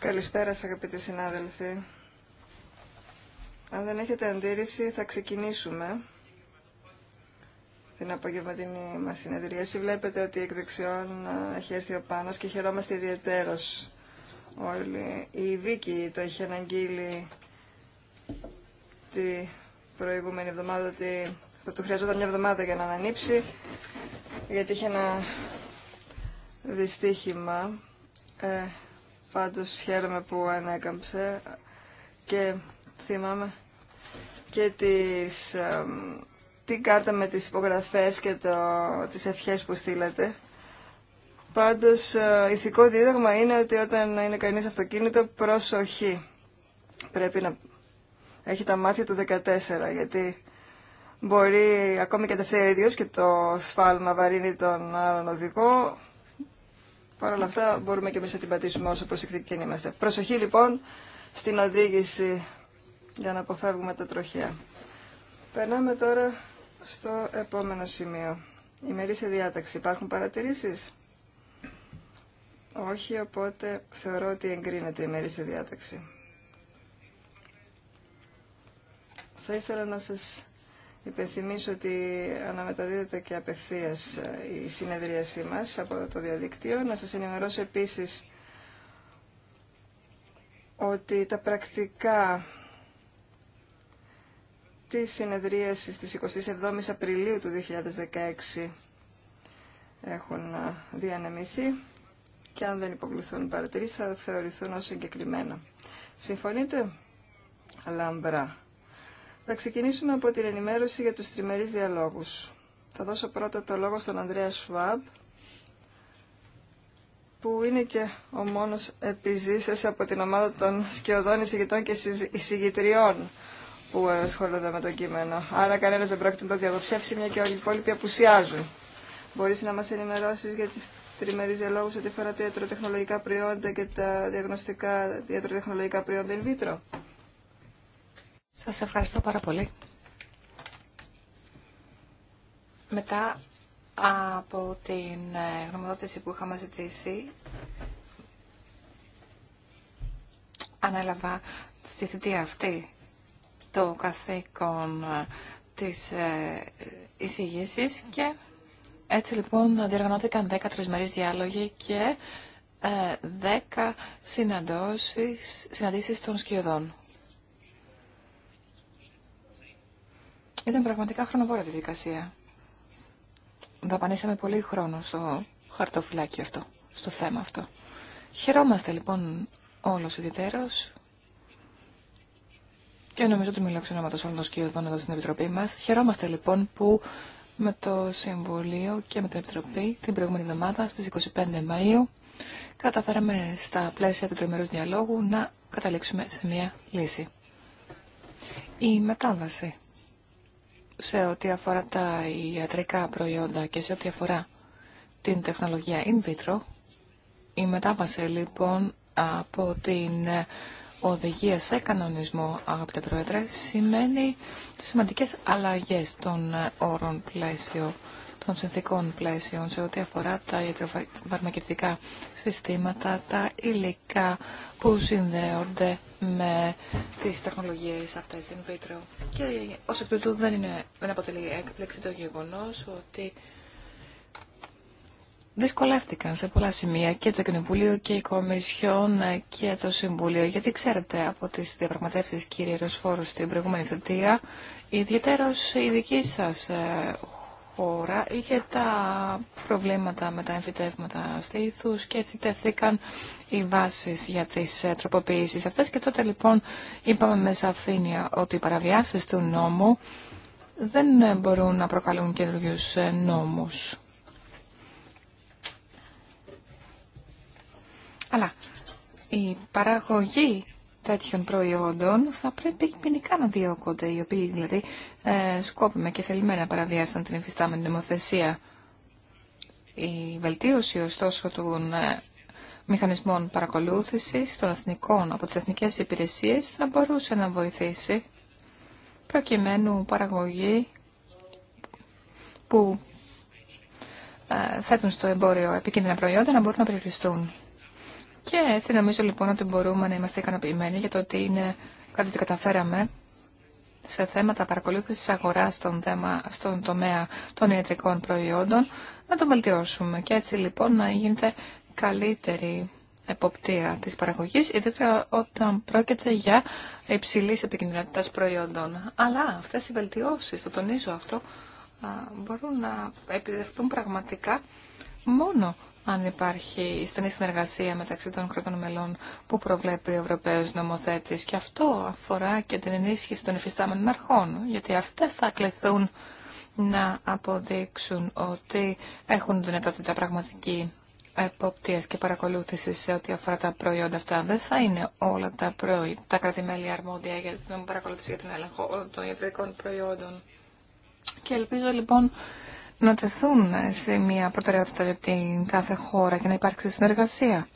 Καλησπέρα σας αγαπητοί συνάδελφοι. Αν δεν έχετε αντίρρηση θα ξεκινήσουμε την απογευματινή μας συνεδρίαση. Βλέπετε ότι εκ δεξιών ε, έχει έρθει ο Πάνος και χαιρόμαστε ιδιαίτερος όλοι. Η Βίκη το είχε αναγγείλει την προηγούμενη εβδομάδα ότι θα του χρειαζόταν μια εβδομάδα για να ανανύψει γιατί είχε ένα δυστύχημα. Ε, πάντως χαίρομαι που ανέκαμψε και θυμάμαι και τις, ε, την κάρτα με τις υπογραφές και το, τις ευχές που στείλατε. Πάντως, ε, ηθικό δίδαγμα είναι ότι όταν είναι κανείς αυτοκίνητο, προσοχή. Πρέπει να έχει τα μάτια του 14, γιατί μπορεί ακόμη και τα ίδιος και το σφάλμα βαρύνει τον άλλον οδηγό, Παρ' όλα αυτά μπορούμε και εμείς να την πατήσουμε όσο προσεκτικοί και είμαστε. Προσοχή λοιπόν στην οδήγηση για να αποφεύγουμε τα τροχιά. Περνάμε τώρα στο επόμενο σημείο. Η Ημερήσια διάταξη. Υπάρχουν παρατηρήσεις? Όχι, οπότε θεωρώ ότι εγκρίνεται η ημερήσια διάταξη. Θα ήθελα να σας Υπενθυμίσω ότι αναμεταδίδεται και απευθείας ε, η συνεδρίασή μας από το διαδίκτυο. Να σας ενημερώσω επίσης ότι τα πρακτικά της συνεδρίασης της 27 η Απριλίου του 2016 έχουν ε, διανεμηθεί και αν δεν υποβληθούν παρατηρήσεις θα θεωρηθούν ως συγκεκριμένα. Συμφωνείτε? Λαμπρά. Θα ξεκινήσουμε από την ενημέρωση για τους τριμερείς διαλόγους. Θα δώσω πρώτα το λόγο στον Ανδρέα Σουάμπ, που είναι και ο μόνος επιζήσας από την ομάδα των σκιωδών εισηγητών και εισηγητριών που ε, ασχολούνται με το κείμενο. Άρα κανένα δεν πρόκειται να το διαβοψεύσει, μια και όλοι οι υπόλοιποι απουσιάζουν. Μπορεί να μα ενημερώσει για τι τριμερεί διαλόγου ό,τι αφορά τα ιατροτεχνολογικά προϊόντα και τα διαγνωστικά ιατροτεχνολογικά προϊόντα in vitro. Σας ευχαριστώ πάρα πολύ. Μετά από την ε, γνωμοδότηση που είχαμε ζητήσει, ανέλαβα στη θητεία αυτή το καθήκον ε, της ε, εισηγήσης και έτσι λοιπόν διοργανώθηκαν 10 τρισμερείς διάλογοι και 10 συναντήσεις των σκιωδών. Ήταν πραγματικά χρονοβόρα τη δικασία. Δαπανίσαμε πολύ χρόνο στο χαρτοφυλάκι αυτό, στο θέμα αυτό. Χαιρόμαστε λοιπόν όλος ιδιαίτερος και νομίζω ότι μιλάω εξ όλων των σκιωδών εδώ στην Επιτροπή μας. Χαιρόμαστε λοιπόν που με το Συμβουλίο και με την Επιτροπή την προηγούμενη εβδομάδα στις 25 Μαΐου καταφέραμε στα πλαίσια του τριμερούς διαλόγου να καταλήξουμε σε μια λύση. Η μετάβαση σε ό,τι αφορά τα ιατρικά προϊόντα και σε ό,τι αφορά την τεχνολογία in vitro, η μετάβαση λοιπόν από την οδηγία σε κανονισμό, αγαπητέ Πρόεδρε, σημαίνει σημαντικές αλλαγές των όρων πλαίσιο των συνθήκων πλαίσιων σε ό,τι αφορά τα ιατροφαρμακευτικά συστήματα, τα υλικά που συνδέονται με τις τεχνολογίες αυτές στην Βήτρο. Και ως εκ τούτου δεν, είναι, δεν αποτελεί έκπληξη το γεγονός ότι δυσκολεύτηκαν σε πολλά σημεία και το Κοινοβούλιο και η Κομισιόν και το Συμβούλιο. Γιατί ξέρετε από τις διαπραγματεύσεις κύριε Ροσφόρου στην προηγούμενη θετία, ιδιαίτερος η δική σας ε, είχε τα προβλήματα με τα εμφυτεύματα στήθους και έτσι τεθήκαν οι βάσεις για τις ε, τροποποιήσεις αυτές και τότε λοιπόν είπαμε με σαφήνεια ότι οι παραβιάσεις του νόμου δεν μπορούν να προκαλούν καινούριου ε, νόμους. Αλλά η παραγωγή τέτοιων προϊόντων θα πρέπει ποινικά να διώκονται, οι οποίοι δηλαδή ε, σκόπιμα και θελημένα παραβιάσαν την εμφιστάμενη νομοθεσία. Η βελτίωση ωστόσο των ε, μηχανισμών παρακολούθησης των εθνικών από τις εθνικές υπηρεσίες θα μπορούσε να βοηθήσει προκειμένου παραγωγή που ε, θέτουν στο εμπόριο επικίνδυνα προϊόντα να μπορούν να περιοριστούν. Και έτσι νομίζω λοιπόν ότι μπορούμε να είμαστε ικανοποιημένοι για το ότι είναι κάτι που καταφέραμε σε θέματα παρακολούθησης αγοράς στον, θέμα, στον τομέα των ιατρικών προϊόντων να το βελτιώσουμε και έτσι λοιπόν να γίνεται καλύτερη εποπτεία της παραγωγής, ιδιαίτερα όταν πρόκειται για υψηλή επικοινωνιότητας προϊόντων. Αλλά αυτές οι βελτιώσεις, το τονίζω αυτό, μπορούν να επιδευτούν πραγματικά μόνο αν υπάρχει στενή συνεργασία μεταξύ των κρατών μελών που προβλέπει ο Ευρωπαίος νομοθέτης. Και αυτό αφορά και την ενίσχυση των υφιστάμενων αρχών, γιατί αυτές θα κληθούν να αποδείξουν ότι έχουν δυνατότητα πραγματική εποπτείας και παρακολούθηση σε ό,τι αφορά τα προϊόντα αυτά. Δεν θα είναι όλα τα, προϊ... τα αρμόδια για την παρακολούθηση για τον έλεγχο των ιατρικών προϊόντων. Και ελπίζω λοιπόν να τεθούν σε μια προτεραιότητα για την κάθε χώρα και να υπάρξει συνεργασία.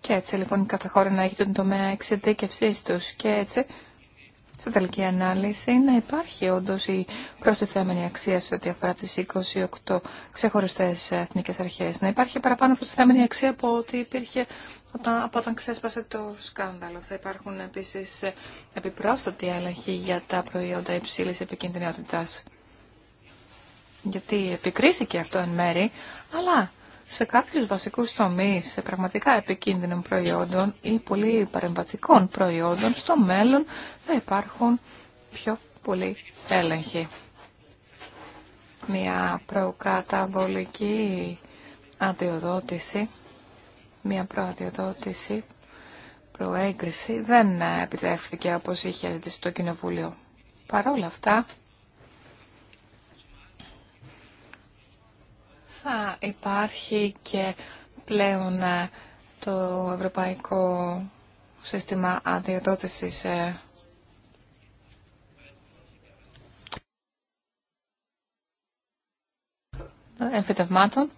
Και έτσι λοιπόν κάθε χώρα να έχει τον τομέα εξειδίκευσή του και έτσι στην τελική ανάλυση να υπάρχει όντω η προστιθέμενη αξία σε ό,τι αφορά τι 28 ξεχωριστέ εθνικέ αρχέ. Να υπάρχει παραπάνω προστιθέμενη αξία από ό,τι υπήρχε όταν, από όταν ξέσπασε το σκάνδαλο. Θα υπάρχουν επίση επιπρόσθετοι έλεγχοι για τα προϊόντα υψηλή επικίνδυνοτητα γιατί επικρίθηκε αυτό εν μέρη, αλλά σε κάποιους βασικούς τομείς, σε πραγματικά επικίνδυνων προϊόντων ή πολύ παρεμβατικών προϊόντων, στο μέλλον θα υπάρχουν πιο πολύ έλεγχοι. Μια προκαταβολική αδειοδότηση, μια προαδειοδότηση, προέγκριση δεν επιτρέφθηκε όπως είχε ζητήσει το Κοινοβούλιο. Παρ' όλα αυτά, θα υπάρχει και πλέον ε, το ευρωπαϊκό σύστημα αδειοδότησης ε. εμφυτευμάτων.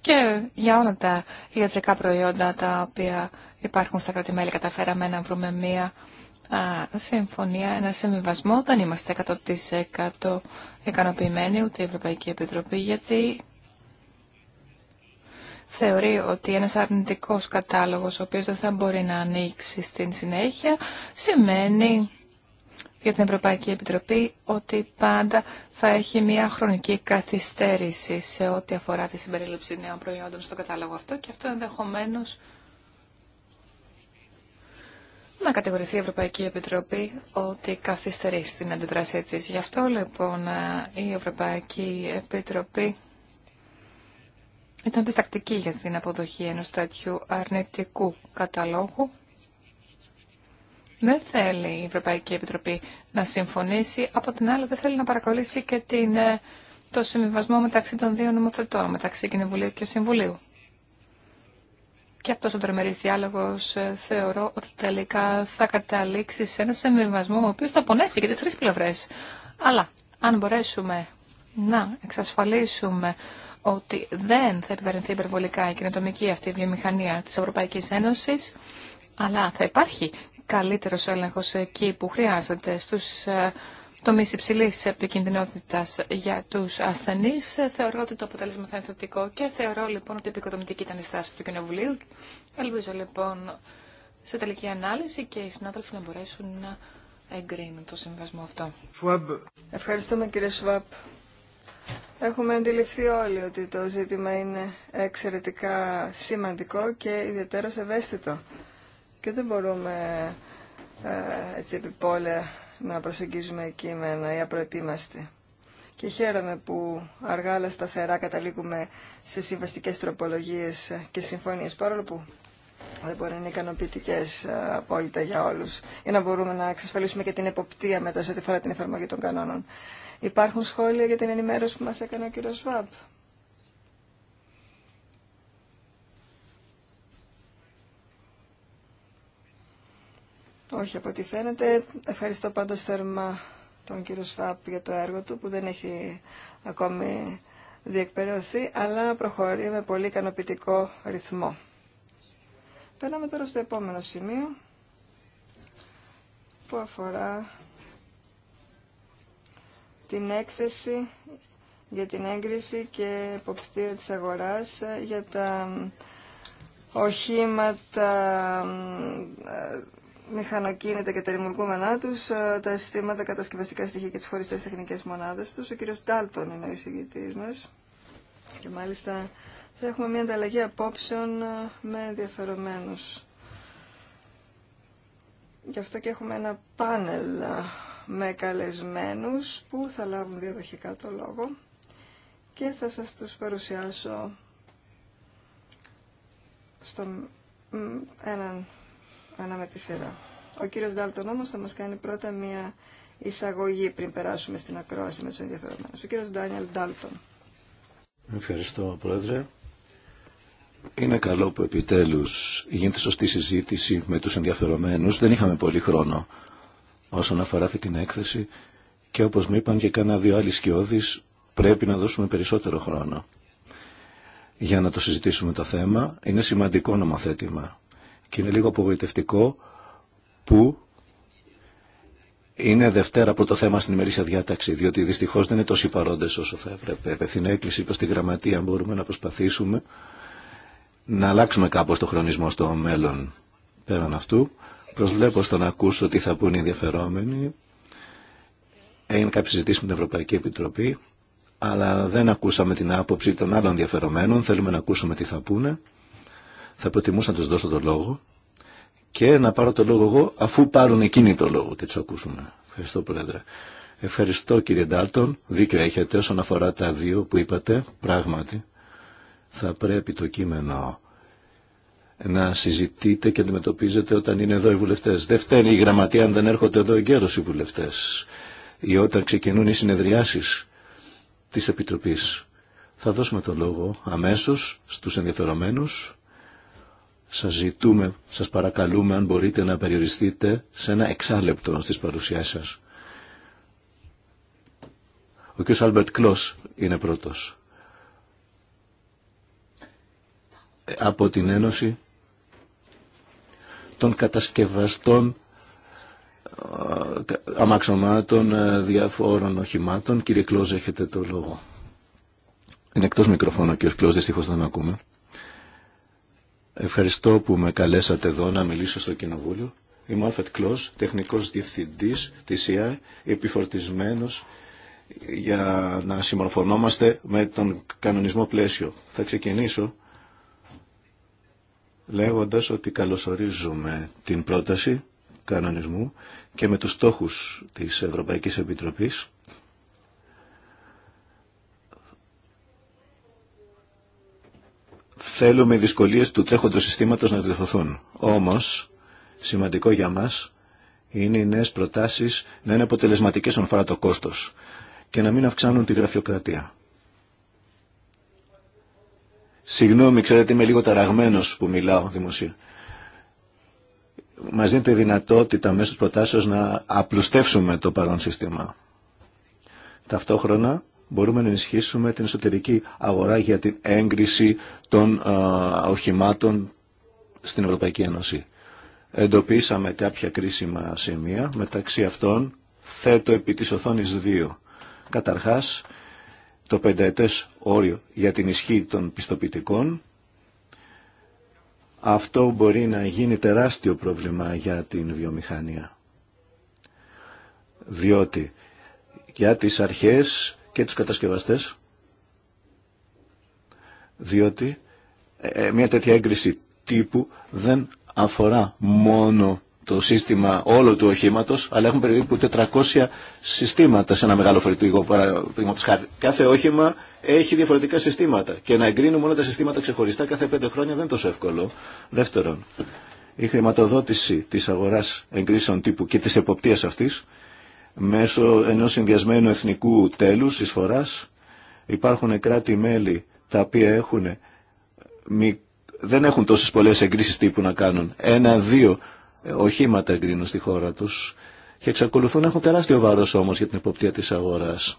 και για όλα τα ιατρικά προϊόντα τα οποία υπάρχουν στα κράτη-μέλη καταφέραμε να βρούμε μία συμφωνία, ένα συμβιβασμό. Δεν είμαστε 100% ικανοποιημένοι, ούτε η Ευρωπαϊκή Επιτροπή, γιατί θεωρεί ότι ένας αρνητικός κατάλογος, ο οποίος δεν θα μπορεί να ανοίξει στην συνέχεια, σημαίνει για την Ευρωπαϊκή Επιτροπή ότι πάντα θα έχει μια χρονική καθυστέρηση σε ό,τι αφορά τη συμπερίληψη νέων προϊόντων στο κατάλογο αυτό και αυτό ενδεχομένως να κατηγορηθεί η Ευρωπαϊκή Επιτροπή ότι καθυστερεί στην αντιδράσή της. Γι' αυτό λοιπόν η Ευρωπαϊκή Επιτροπή ήταν διστακτική για την αποδοχή ενός τέτοιου αρνητικού καταλόγου. Δεν θέλει η Ευρωπαϊκή Επιτροπή να συμφωνήσει, από την άλλη δεν θέλει να παρακολουθήσει και την, ε, το συμβιβασμό μεταξύ των δύο νομοθετών, μεταξύ Κοινοβουλίου και Συμβουλίου και αυτός ο τρομερής διάλογος ε, θεωρώ ότι τελικά θα καταλήξει σε ένα συμβιβασμό ο οποίος θα πονέσει και τις τρεις πλευρές. Αλλά αν μπορέσουμε να εξασφαλίσουμε ότι δεν θα επιβαρυνθεί υπερβολικά η κοινοτομική αυτή βιομηχανία της Ευρωπαϊκής Ένωσης, αλλά θα υπάρχει καλύτερος έλεγχος εκεί που χρειάζεται στους ε, τομείς υψηλή επικινδυνότητας για του ασθενεί. Θεωρώ ότι το αποτέλεσμα θα είναι θετικό και θεωρώ λοιπόν ότι επικοδομητική ήταν η στάση του Κοινοβουλίου. Ελπίζω λοιπόν σε τελική ανάλυση και οι συνάδελφοι να μπορέσουν να εγκρίνουν το συμβασμό αυτό. Ευχαριστούμε κύριε Σουάπ. Έχουμε αντιληφθεί όλοι ότι το ζήτημα είναι εξαιρετικά σημαντικό και ιδιαίτερα ευαίσθητο. Και δεν μπορούμε ε, έτσι επιπόλαια να προσεγγίζουμε κείμενα ή απροετοίμαστοι. Και χαίρομαι που αργά αλλά σταθερά καταλήγουμε σε συμβαστικέ τροπολογίες και συμφωνίες, παρόλο που δεν μπορεί να είναι ικανοποιητικέ ε, απόλυτα για όλους, για να μπορούμε να εξασφαλίσουμε και την εποπτεία μετά σε ό,τι φορά την εφαρμογή των κανόνων. Υπάρχουν σχόλια για την ενημέρωση που μα έκανε ο κ. Σβάμπ. Όχι, από ό,τι φαίνεται. Ευχαριστώ πάντως θερμά τον κύριο Σφάπ για το έργο του που δεν έχει ακόμη διεκπαιρεωθεί, αλλά προχωρεί με πολύ ικανοποιητικό ρυθμό. Περνάμε τώρα στο επόμενο σημείο που αφορά την έκθεση για την έγκριση και υποπτήρια της αγοράς ε, για τα οχήματα ε, μηχανοκίνητα και τα τους του, ε, τα συστήματα, κατασκευαστικά στοιχεία και τι χωριστέ τεχνικέ μονάδε του. Ο κύριο Ντάλτον είναι ο εισηγητή μα. Και μάλιστα θα έχουμε μια ανταλλαγή απόψεων ε, με ενδιαφερομένου. Γι' αυτό και έχουμε ένα πάνελ ε, με καλεσμένους που θα λάβουν διαδοχικά το λόγο και θα σας τους παρουσιάσω στον έναν ανά με τη σειρά. Ο κύριος Ντάλτον όμως θα μας κάνει πρώτα μία εισαγωγή πριν περάσουμε στην ακρόαση με τους ενδιαφερομένους. Ο κύριος Ντάνιελ Ντάλτον. Ευχαριστώ Πρόεδρε. Είναι καλό που επιτέλους γίνεται σωστή συζήτηση με τους ενδιαφερομένους. Δεν είχαμε πολύ χρόνο όσον αφορά αυτή την έκθεση και όπως μου είπαν και κάνα δύο άλλοι σκιώδεις πρέπει να δώσουμε περισσότερο χρόνο για να το συζητήσουμε το θέμα. Είναι σημαντικό νομοθέτημα και είναι λίγο απογοητευτικό που είναι Δευτέρα πρώτο θέμα στην ημερήσια διάταξη, διότι δυστυχώ δεν είναι τόσοι παρόντε όσο θα έπρεπε. Επευθυνώ έκκληση προ τη γραμματεία, μπορούμε να προσπαθήσουμε να αλλάξουμε κάπω το χρονισμό στο μέλλον. Πέραν αυτού, προσβλέπω στο να ακούσω τι θα πούν οι ενδιαφερόμενοι. Έγινε κάποια συζητήση με την Ευρωπαϊκή Επιτροπή, αλλά δεν ακούσαμε την άποψη των άλλων ενδιαφερομένων. Θέλουμε να ακούσουμε τι θα πούνε. Θα προτιμούσα να του δώσω το λόγο και να πάρω το λόγο εγώ αφού πάρουν εκείνοι το λόγο και του ακούσουμε. Ευχαριστώ Πρόεδρε. Ευχαριστώ κύριε Ντάλτον. Δίκιο έχετε όσον αφορά τα δύο που είπατε. Πράγματι θα πρέπει το κείμενο να συζητείτε και αντιμετωπίζετε όταν είναι εδώ οι βουλευτέ. Δεν φταίνει η γραμματεία αν δεν έρχονται εδώ εγκαίρω οι βουλευτέ, ή όταν ξεκινούν οι συνεδριάσει τη επιτροπή. Θα δώσουμε το λόγο αμέσως στους ενδιαφερομένους σας ζητούμε, σας παρακαλούμε αν μπορείτε να περιοριστείτε σε ένα εξάλεπτο στις παρουσιάσεις σας. Ο κ. Άλμπερτ Κλός είναι πρώτος. Ε, από την Ένωση των κατασκευαστών ε, αμαξωμάτων ε, διαφόρων οχημάτων. Κύριε Κλώζ, έχετε το λόγο. Είναι εκτός μικροφώνου ο κ. Κλώζ, δυστυχώς δεν ακούμε. Ευχαριστώ που με καλέσατε εδώ να μιλήσω στο Κοινοβούλιο. Είμαι ο Αλφατ Κλός, τεχνικός διευθυντής της ΙΑΕ, επιφορτισμένος για να συμμορφωνόμαστε με τον κανονισμό πλαίσιο. Θα ξεκινήσω λέγοντας ότι καλωσορίζουμε την πρόταση κανονισμού και με τους στόχους της Ευρωπαϊκής Επιτροπής Θέλουμε οι δυσκολίες του τρέχοντος συστήματος να διορθωθούν. Όμως, σημαντικό για μα είναι οι νέε προτάσεις να είναι αποτελεσματικές όσον αφορά το κόστος και να μην αυξάνουν τη γραφειοκρατία. Συγγνώμη, ξέρετε είμαι λίγο ταραγμένος που μιλάω δημοσίω. Μα δίνεται η δυνατότητα μέσω τη να απλουστεύσουμε το παρόν σύστημα. Ταυτόχρονα μπορούμε να ενισχύσουμε την εσωτερική αγορά για την έγκριση των οχημάτων στην Ευρωπαϊκή Ένωση. Εντοπίσαμε κάποια κρίσιμα σημεία, μεταξύ αυτών θέτω επί της οθόνης 2. Καταρχάς, το πενταετές όριο για την ισχύ των πιστοποιητικών. Αυτό μπορεί να γίνει τεράστιο πρόβλημα για την βιομηχανία. Διότι για τις αρχές και τους κατασκευαστές διότι ε, ε, μια τέτοια έγκριση τύπου δεν αφορά μόνο το σύστημα όλο του οχήματο, αλλά έχουν περίπου 400 συστήματα σε ένα μεγάλο φορτηγό. Κάθε όχημα έχει διαφορετικά συστήματα. Και να εγκρίνουμε όλα τα συστήματα ξεχωριστά κάθε πέντε χρόνια δεν είναι τόσο εύκολο. Δεύτερον, η χρηματοδότηση της αγοράς εγκρίσεων τύπου και τη εποπτείας αυτή μέσω ενός συνδυασμένου εθνικού τέλους εισφοράς. Υπάρχουν κράτη-μέλη τα οποία δεν έχουν τόσες πολλές εγκρίσεις τύπου να κάνουν. Ένα-δύο οχήματα εγκρίνουν στη χώρα τους και εξακολουθούν να έχουν τεράστιο βάρος όμως για την εποπτεία της αγοράς.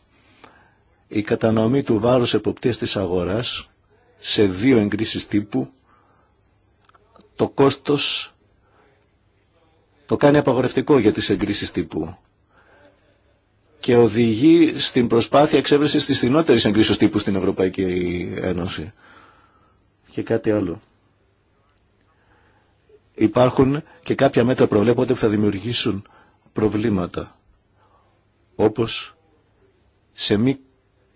Η κατανομή του βάρους εποπτείας της αγοράς σε δύο εγκρίσεις τύπου το κόστος το κάνει απαγορευτικό για τις εγκρίσεις τύπου και οδηγεί στην προσπάθεια εξέβρεσης της φθηνότερης εγκρίσεως τύπου στην Ευρωπαϊκή Ένωση. Και κάτι άλλο. Υπάρχουν και κάποια μέτρα προβλέπονται που θα δημιουργήσουν προβλήματα. Όπως σε μη,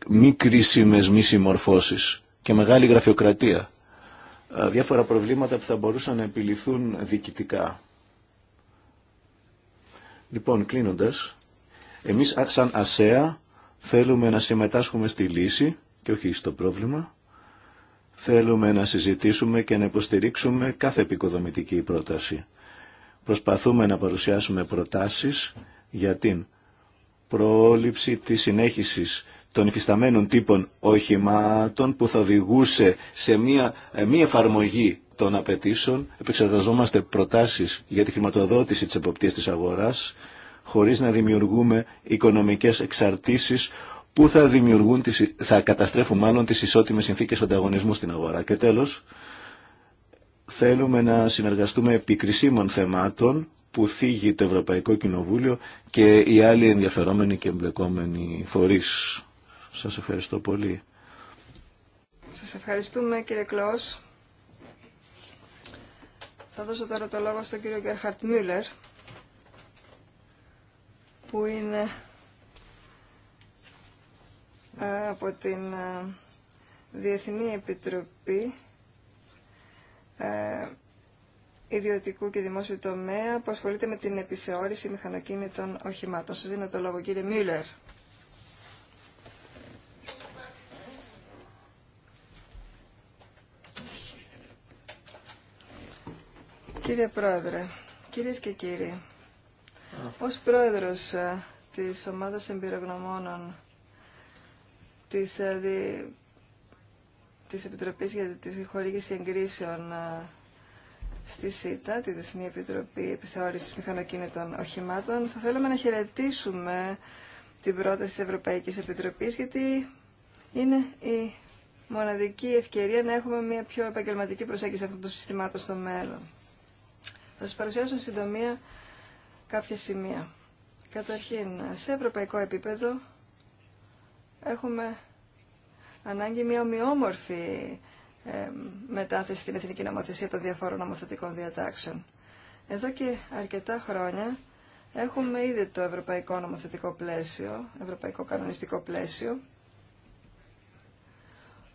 μη κρίσιμες μη και μεγάλη γραφειοκρατία. Διάφορα προβλήματα που θα μπορούσαν να επιληθούν διοικητικά. Λοιπόν, κλείνοντας, εμείς σαν ΑΣΕΑ θέλουμε να συμμετάσχουμε στη λύση και όχι στο πρόβλημα. Θέλουμε να συζητήσουμε και να υποστηρίξουμε κάθε επικοδομητική πρόταση. Προσπαθούμε να παρουσιάσουμε προτάσεις για την πρόληψη της συνέχισης των υφισταμένων τύπων οχημάτων που θα οδηγούσε σε μία ε, μη εφαρμογή των απαιτήσεων. Επεξεργαζόμαστε προτάσεις για τη χρηματοδότηση της εποπτείας της αγοράς χωρίς να δημιουργούμε οικονομικές εξαρτήσεις που θα, δημιουργούν θα καταστρέφουν μάλλον τις ισότιμες συνθήκες ανταγωνισμού στην αγορά. Και τέλος, θέλουμε να συνεργαστούμε κρισίμων θεμάτων που θίγει το Ευρωπαϊκό Κοινοβούλιο και οι άλλοι ενδιαφερόμενοι και εμπλεκόμενοι φορείς. Σας ευχαριστώ πολύ. Σας ευχαριστούμε κύριε Κλώσ. Θα δώσω τώρα το λόγο στον κύριο Γκέρχαρτ Μίλλερ που είναι ε, από την ε, Διεθνή Επιτροπή ε, Ιδιωτικού και Δημόσιου Τομέα που ασχολείται με την επιθεώρηση μηχανοκίνητων οχημάτων. Σας δίνω το λόγο κύριε Μίλλερ. Κύριε Πρόεδρε, κυρίες και κύριοι, ως πρόεδρος ε, της ομάδας εμπειρογνωμόνων της, Επιτροπή της Επιτροπής για τη χορήγηση εγκρίσεων ε, στη ΣΥΤΑ, τη Διεθνή Επιτροπή Επιθεώρησης Μηχανοκίνητων Οχημάτων, θα θέλουμε να χαιρετήσουμε την πρόταση της Ευρωπαϊκής Επιτροπής, γιατί είναι η μοναδική ευκαιρία να έχουμε μια πιο επαγγελματική προσέγγιση αυτών των συστημάτων στο μέλλον. Θα σας παρουσιάσω συντομία κάποια σημεία. Καταρχήν, σε ευρωπαϊκό επίπεδο έχουμε ανάγκη μια ομοιόμορφη ε, μετάθεση στην εθνική νομοθεσία των διαφόρων νομοθετικών διατάξεων. Εδώ και αρκετά χρόνια έχουμε ήδη το ευρωπαϊκό νομοθετικό πλαίσιο, ευρωπαϊκό κανονιστικό πλαίσιο,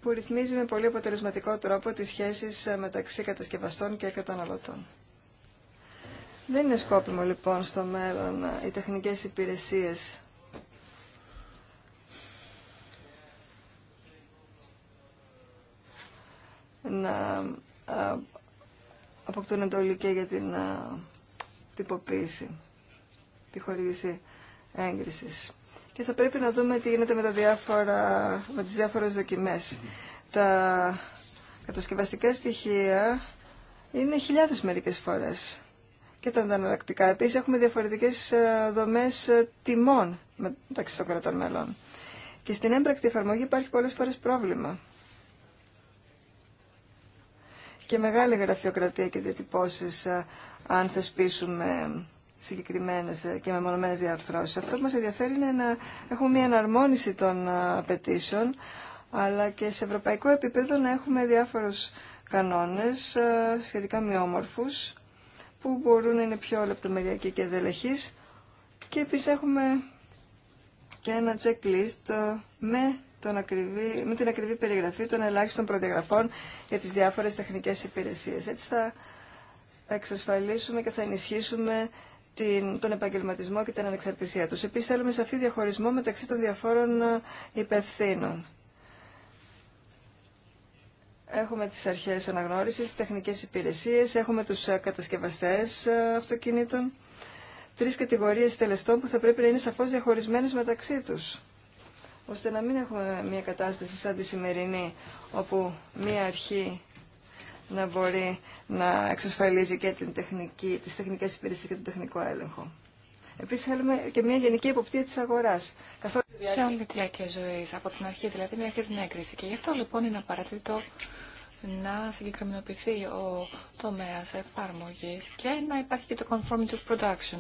που ρυθμίζει με πολύ αποτελεσματικό τρόπο τις σχέσεις ε, μεταξύ κατασκευαστών και καταναλωτών. Δεν είναι σκόπιμο λοιπόν στο μέλλον ε, οι τεχνικές υπηρεσίες να ε, αποκτούν εντολή και για την ε, τυποποίηση, τη χορήγηση έγκρισης. Και θα πρέπει να δούμε τι γίνεται με, τα διάφορα, με τις διάφορες δοκιμές. Τα κατασκευαστικά στοιχεία είναι χιλιάδες μερικές φορές και τα ανταναλλακτικά. Επίσης έχουμε διαφορετικές ε, δομές ε, τιμών μεταξύ των κρατών μελών. Και στην έμπρακτη εφαρμογή υπάρχει πολλές φορές πρόβλημα. Και μεγάλη γραφειοκρατία και διατυπώσει, ε, αν θεσπίσουμε συγκεκριμένε και μεμονωμένε διαρθρώσεις. Αυτό που μας ενδιαφέρει είναι να έχουμε μια εναρμόνιση των απαιτήσεων, αλλά και σε ευρωπαϊκό επίπεδο να έχουμε διάφορου κανόνε σχετικά μειόμορφους, που μπορούν να είναι πιο λεπτομεριακοί και δελεχείς και επίσης έχουμε και ένα checklist ε, με, τον ακριβή, με την ακριβή περιγραφή των ελάχιστων προδιαγραφών για τις διάφορες τεχνικές υπηρεσίες. Έτσι θα εξασφαλίσουμε και θα ενισχύσουμε την, τον επαγγελματισμό και την ανεξαρτησία τους. Επίσης θέλουμε σαφή διαχωρισμό μεταξύ των διαφόρων ε, υπευθύνων. Έχουμε τις αρχές αναγνώρισης, τεχνικές υπηρεσίες, έχουμε τους ε, κατασκευαστές ε, αυτοκινήτων. Τρεις κατηγορίες τελεστών που θα πρέπει να είναι σαφώς διαχωρισμένες μεταξύ τους, ώστε να μην έχουμε μια κατάσταση σαν τη σημερινή, όπου μια αρχή να μπορεί να εξασφαλίζει και την τεχνική, τις τεχνικές υπηρεσίες και τον τεχνικό έλεγχο. Επίσης θέλουμε και μια γενική υποπτία της αγοράς σε όλη τη διάρκεια ζωή, από την αρχή δηλαδή μέχρι την έγκριση. Και γι' αυτό λοιπόν είναι απαραίτητο να συγκεκριμενοποιηθεί ο τομέα εφαρμογή και να υπάρχει και το conformity of production,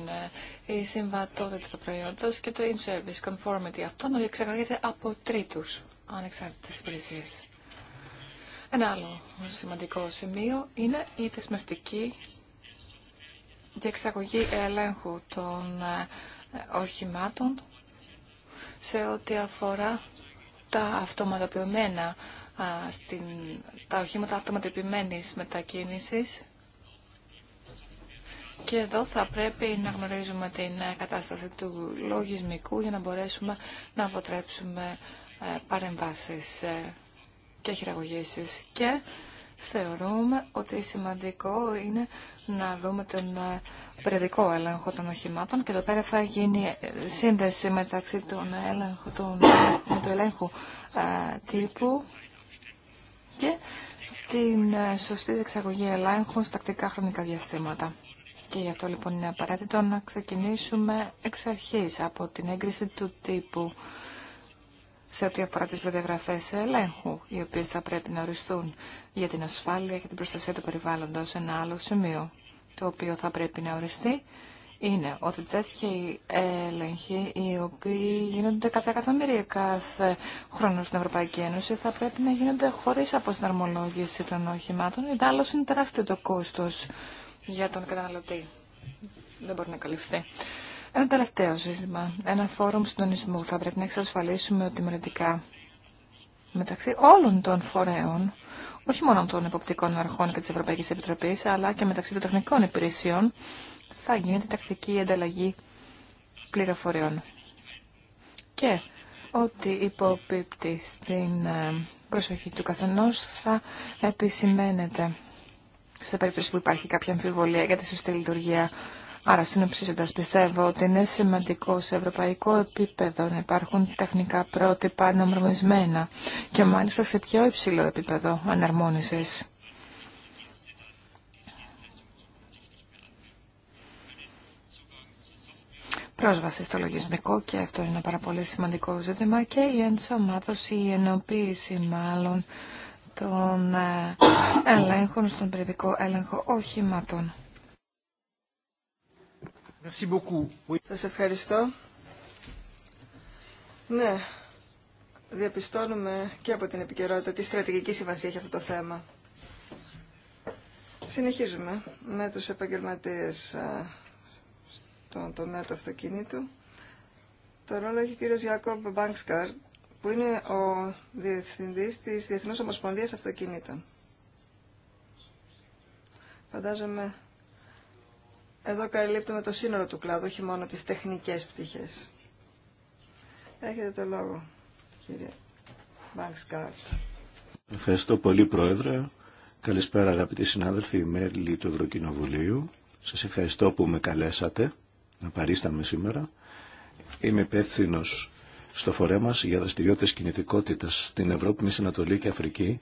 ε, η συμβατότητα του προϊόντο και το in-service conformity. Αυτό να διεξαγαγείται από τρίτου ανεξάρτητε υπηρεσίε. Ένα άλλο σημαντικό σημείο είναι η δεσμευτική διεξαγωγή ελέγχου των ε, οχημάτων σε ό,τι αφορά τα αυτοματοποιημένα, στην, τα οχήματα αυτοματοποιημένης μετακίνησης. Και εδώ θα πρέπει να γνωρίζουμε την ε, κατάσταση του λογισμικού για να μπορέσουμε να αποτρέψουμε ε, παρεμβάσεις ε, και χειραγωγήσεις. Και θεωρούμε ότι σημαντικό είναι να δούμε τον περιοδικό έλεγχο των οχημάτων και εδώ πέρα θα γίνει ε, σύνδεση μεταξύ των έλεγχο, των, με το ελέγχου τύπου και την ε, σωστή εξαγωγή ελέγχου στα τακτικά χρονικά διαστήματα. Και γι' αυτό λοιπόν είναι απαραίτητο να ξεκινήσουμε εξ αρχής από την έγκριση του τύπου σε ό,τι αφορά τις προδιαγραφές ελέγχου, οι οποίες θα πρέπει να οριστούν για την ασφάλεια και την προστασία του περιβάλλοντος. Ένα άλλο σημείο το οποίο θα πρέπει να οριστεί είναι ότι τέτοια έλεγχοι οι οποίοι γίνονται κάθε εκατομμύρια κάθε χρόνο στην Ευρωπαϊκή Ένωση θα πρέπει να γίνονται χωρίς αποσυναρμολόγηση των οχημάτων. Ιδάλλως είναι τεράστιο το κόστος για τον καταναλωτή. Δεν μπορεί να καλυφθεί. Ένα τελευταίο ζήτημα. Ένα φόρουμ συντονισμού. Θα πρέπει να εξασφαλίσουμε ότι μεταξύ όλων των φορέων όχι μόνο των εποπτικών αρχών και της Ευρωπαϊκής Επιτροπής, αλλά και μεταξύ των τεχνικών υπηρεσιών θα γίνεται τακτική ανταλλαγή πληροφοριών. Και ότι υποπίπτει στην ε, προσοχή του καθενός θα επισημαίνεται σε περίπτωση που υπάρχει κάποια αμφιβολία για τη σωστή λειτουργία Άρα, συνοψίζοντα, πιστεύω ότι είναι σημαντικό σε ευρωπαϊκό επίπεδο να υπάρχουν τεχνικά πρότυπα αναρμονισμένα και μάλιστα σε πιο υψηλό επίπεδο αναρμόνιση. πρόσβαση στο λογισμικό και αυτό είναι ένα πάρα πολύ σημαντικό ζήτημα και η ενσωμάτωση, η ενοποίηση μάλλον των ε, ελέγχων στον περιοδικό έλεγχο οχημάτων. Σας ευχαριστώ. Ναι, διαπιστώνουμε και από την επικαιρότητα τι στρατηγική σημασία έχει αυτό το θέμα. Συνεχίζουμε με τους επαγγελματίες στον τομέα του αυτοκινήτου. Το ρόλο έχει ο κύριος Ιάκομπ Μπάνξκαρ, που είναι ο Διευθυντής της Διεθνούς Ομοσπονδίας Αυτοκινήτων. Φαντάζομαι εδώ καλύπτουμε το σύνολο του κλάδου, όχι μόνο τις τεχνικές πτυχές. Έχετε το λόγο, κύριε Μπάνξκαρτ. Ευχαριστώ πολύ, Πρόεδρε. Καλησπέρα, αγαπητοί συνάδελφοι, μέλη του Ευρωκοινοβουλίου. Σας ευχαριστώ που με καλέσατε να παρίσταμε σήμερα. Είμαι υπεύθυνο στο φορέ μας για δραστηριότητες κινητικότητας στην Ευρώπη, Μέση Ανατολή και Αφρική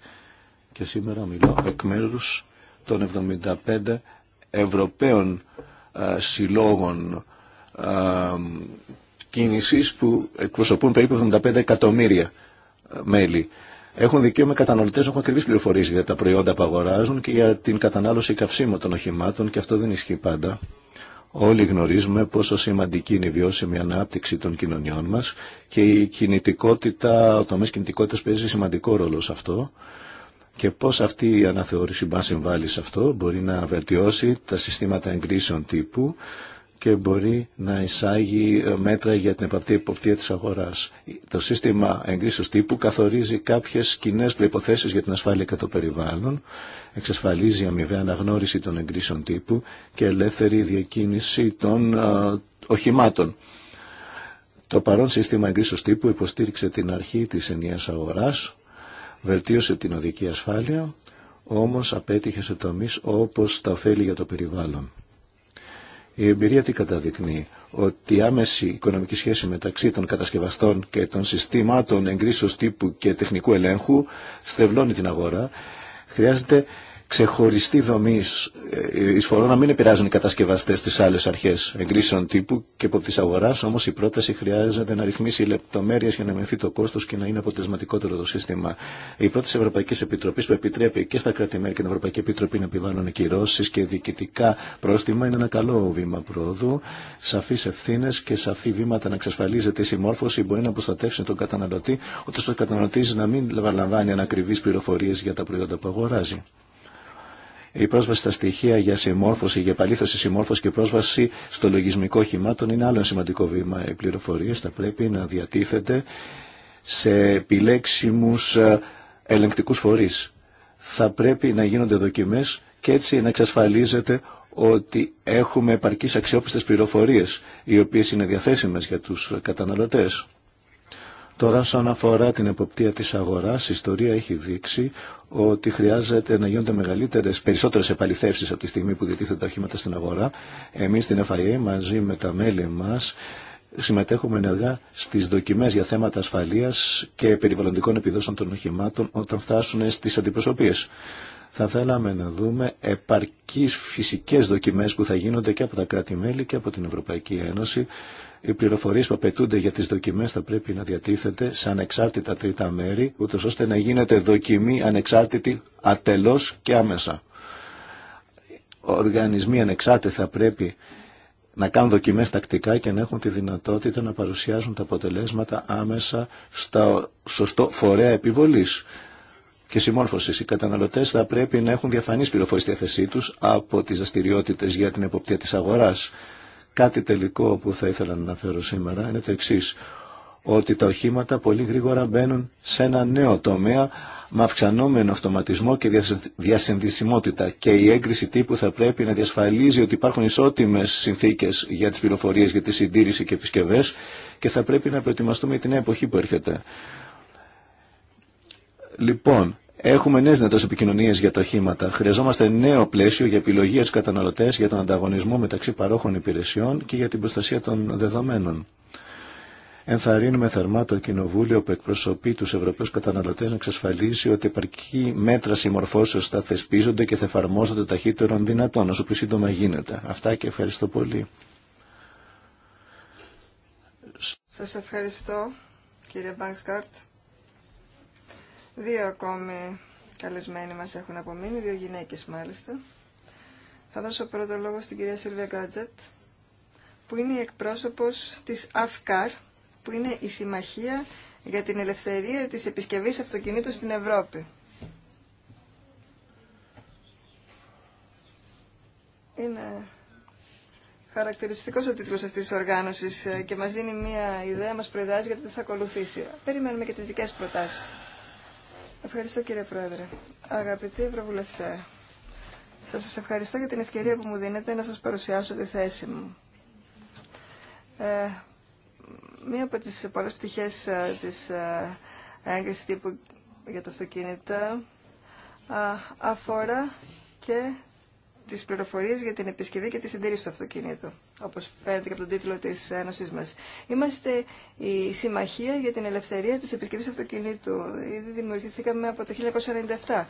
και σήμερα μιλώ εκ μέρους των 75 Ευρωπαίων ε, συλλόγων ε, κίνησης που εκπροσωπούν περίπου 75 εκατομμύρια ε, μέλη. Έχουν δικαίωμα καταναλωτέ να έχουν ακριβεί πληροφορίε για τα προϊόντα που αγοράζουν και για την κατανάλωση καυσίμων των οχημάτων και αυτό δεν ισχύει πάντα. Όλοι γνωρίζουμε πόσο σημαντική είναι η βιώσιμη ανάπτυξη των κοινωνιών μα και η κινητικότητα, ο τομέα κινητικότητα παίζει σημαντικό ρόλο σε αυτό και πώς αυτή η αναθεώρηση μπας συμβάλλει σε αυτό, μπορεί να βελτιώσει τα συστήματα εγκρίσεων τύπου και μπορεί να εισάγει ε, μέτρα για την επαπτή υποπτία της αγοράς. Το σύστημα εγκρίσεως τύπου καθορίζει κάποιες κοινέ προϋποθέσεις για την ασφάλεια και το περιβάλλον, εξασφαλίζει αμοιβαία αναγνώριση των εγκρίσεων τύπου και ελεύθερη διακίνηση των α, ε, οχημάτων. Το παρόν σύστημα εγκρίσεως τύπου υποστήριξε την αρχή της ενιαίας αγοράς, Βελτίωσε την οδική ασφάλεια, όμως απέτυχε σε τομείς όπως τα ωφέλη για το περιβάλλον. Η εμπειρία τι καταδεικνύει, ότι η άμεση οικονομική σχέση μεταξύ των κατασκευαστών και των συστήματων εγκρίσεως τύπου και τεχνικού ελέγχου στρεβλώνει την αγορά. Χρειάζεται ξεχωριστή δομή ε, εισφορών να μην επηρεάζουν οι κατασκευαστέ τις άλλε αρχέ εγκρίσεων τύπου και από τη αγορά, όμω η πρόταση χρειάζεται να ρυθμίσει λεπτομέρειε για να μειωθεί το κόστο και να είναι αποτελεσματικότερο το σύστημα. Η πρώτη Ευρωπαϊκή Επιτροπή που επιτρέπει και στα κρατημέρια και την Ευρωπαϊκή Επιτροπή να επιβάλλουν κυρώσει και διοικητικά πρόστιμα είναι ένα καλό βήμα πρόοδου, Σαφεί ευθύνε και σαφή βήματα να εξασφαλίζεται η συμμόρφωση μπορεί να προστατεύσει τον καταναλωτή, ώστε ο καταναλωτή να μην λαμβάνει ανακριβεί πληροφορίε για τα προϊόντα που αγοράζει. Η πρόσβαση στα στοιχεία για συμμόρφωση, για επαλήθευση συμμόρφωση και πρόσβαση στο λογισμικό χυμάτων είναι άλλο σημαντικό βήμα. Οι πληροφορίε θα πρέπει να διατίθεται σε επιλέξιμου ε, ελεγκτικού φορεί. Θα πρέπει να γίνονται δοκιμέ και έτσι να εξασφαλίζεται ότι έχουμε επαρκείς αξιόπιστες πληροφορίες οι οποίες είναι διαθέσιμες για τους καταναλωτές. Τώρα, σαν αφορά την εποπτεία της αγοράς, η ιστορία έχει δείξει ότι χρειάζεται να γίνονται μεγαλύτερες, περισσότερες επαληθεύσεις από τη στιγμή που διτίθεται τα οχήματα στην αγορά. Εμείς στην FIA μαζί με τα μέλη μας συμμετέχουμε ενεργά στις δοκιμές για θέματα ασφαλείας και περιβαλλοντικών επιδόσεων των οχημάτων όταν φτάσουν στις αντιπροσωπείες. Θα θέλαμε να δούμε επαρκείς φυσικές δοκιμές που θα γίνονται και από τα κράτη-μέλη και από την Ευρωπαϊκή Ένωση οι πληροφορίε που απαιτούνται για τις δοκιμές θα πρέπει να διατίθεται σε ανεξάρτητα τρίτα μέρη, ούτω ώστε να γίνεται δοκιμή ανεξάρτητη ατελώ και άμεσα. Οργανισμοί ανεξάρτητα θα πρέπει να κάνουν δοκιμές τακτικά και να έχουν τη δυνατότητα να παρουσιάζουν τα αποτελέσματα άμεσα στο σωστό φορέα επιβολής και συμμόρφωση. Οι καταναλωτέ θα πρέπει να έχουν διαφανεί πληροφορίε στη θέση του από τι δραστηριότητε για την εποπτεία τη αγορά. Κάτι τελικό που θα ήθελα να αναφέρω σήμερα είναι το εξή ότι τα οχήματα πολύ γρήγορα μπαίνουν σε ένα νέο τομέα με αυξανόμενο αυτοματισμό και διασυνδυσιμότητα και η έγκριση τύπου θα πρέπει να διασφαλίζει ότι υπάρχουν ισότιμες συνθήκες για τις πληροφορίες, για τη συντήρηση και επισκευές και θα πρέπει να προετοιμαστούμε για την εποχή που έρχεται. Λοιπόν, Έχουμε νέε δυνατέ επικοινωνίε για τα οχήματα. Χρειαζόμαστε νέο πλαίσιο για επιλογή για του καταναλωτέ, για τον ανταγωνισμό μεταξύ παρόχων υπηρεσιών και για την προστασία των δεδομένων. Ενθαρρύνουμε θερμά το Κοινοβούλιο που εκπροσωπεί του Ευρωπαίου καταναλωτέ να εξασφαλίσει ότι επαρκή μέτρα συμμορφώσεω θα θεσπίζονται και θα εφαρμόζονται ταχύτερον δυνατόν, όσο πιο σύντομα γίνεται. Αυτά και ευχαριστώ πολύ. Σα ευχαριστώ κύριε Μπάνσκαρτ. Δύο ακόμη καλεσμένοι μας έχουν απομείνει, δύο γυναίκες μάλιστα. Θα δώσω πρώτο λόγο στην κυρία Σίλβια Γκάτζετ, που είναι η εκπρόσωπος της ΑΦΚΑΡ, που είναι η Συμμαχία για την Ελευθερία της Επισκευής Αυτοκινήτων στην Ευρώπη. Είναι χαρακτηριστικό ο τίτλο αυτής της οργάνωσης ε, και μας δίνει μια ιδέα, μας προειδάζει για το τι θα ακολουθήσει. Περιμένουμε και τι δικέ προτάσει. Ευχαριστώ κύριε Πρόεδρε. Αγαπητοί Ευρωβουλευτέ, σας ευχαριστώ για την ευκαιρία που μου δίνετε να σας παρουσιάσω τη θέση μου. Ε, μία από τις πολλές πτυχές ε, της ε, έγκρισης τύπου για το αυτοκίνητα αφορά και τις πληροφορίες για την επισκευή και τη συντήρηση του αυτοκινήτου, όπως φαίνεται και από τον τίτλο της Ένωση μας. Είμαστε η Συμμαχία για την Ελευθερία της Επισκευής Αυτοκινήτου. Ήδη δημιουργηθήκαμε από το 1997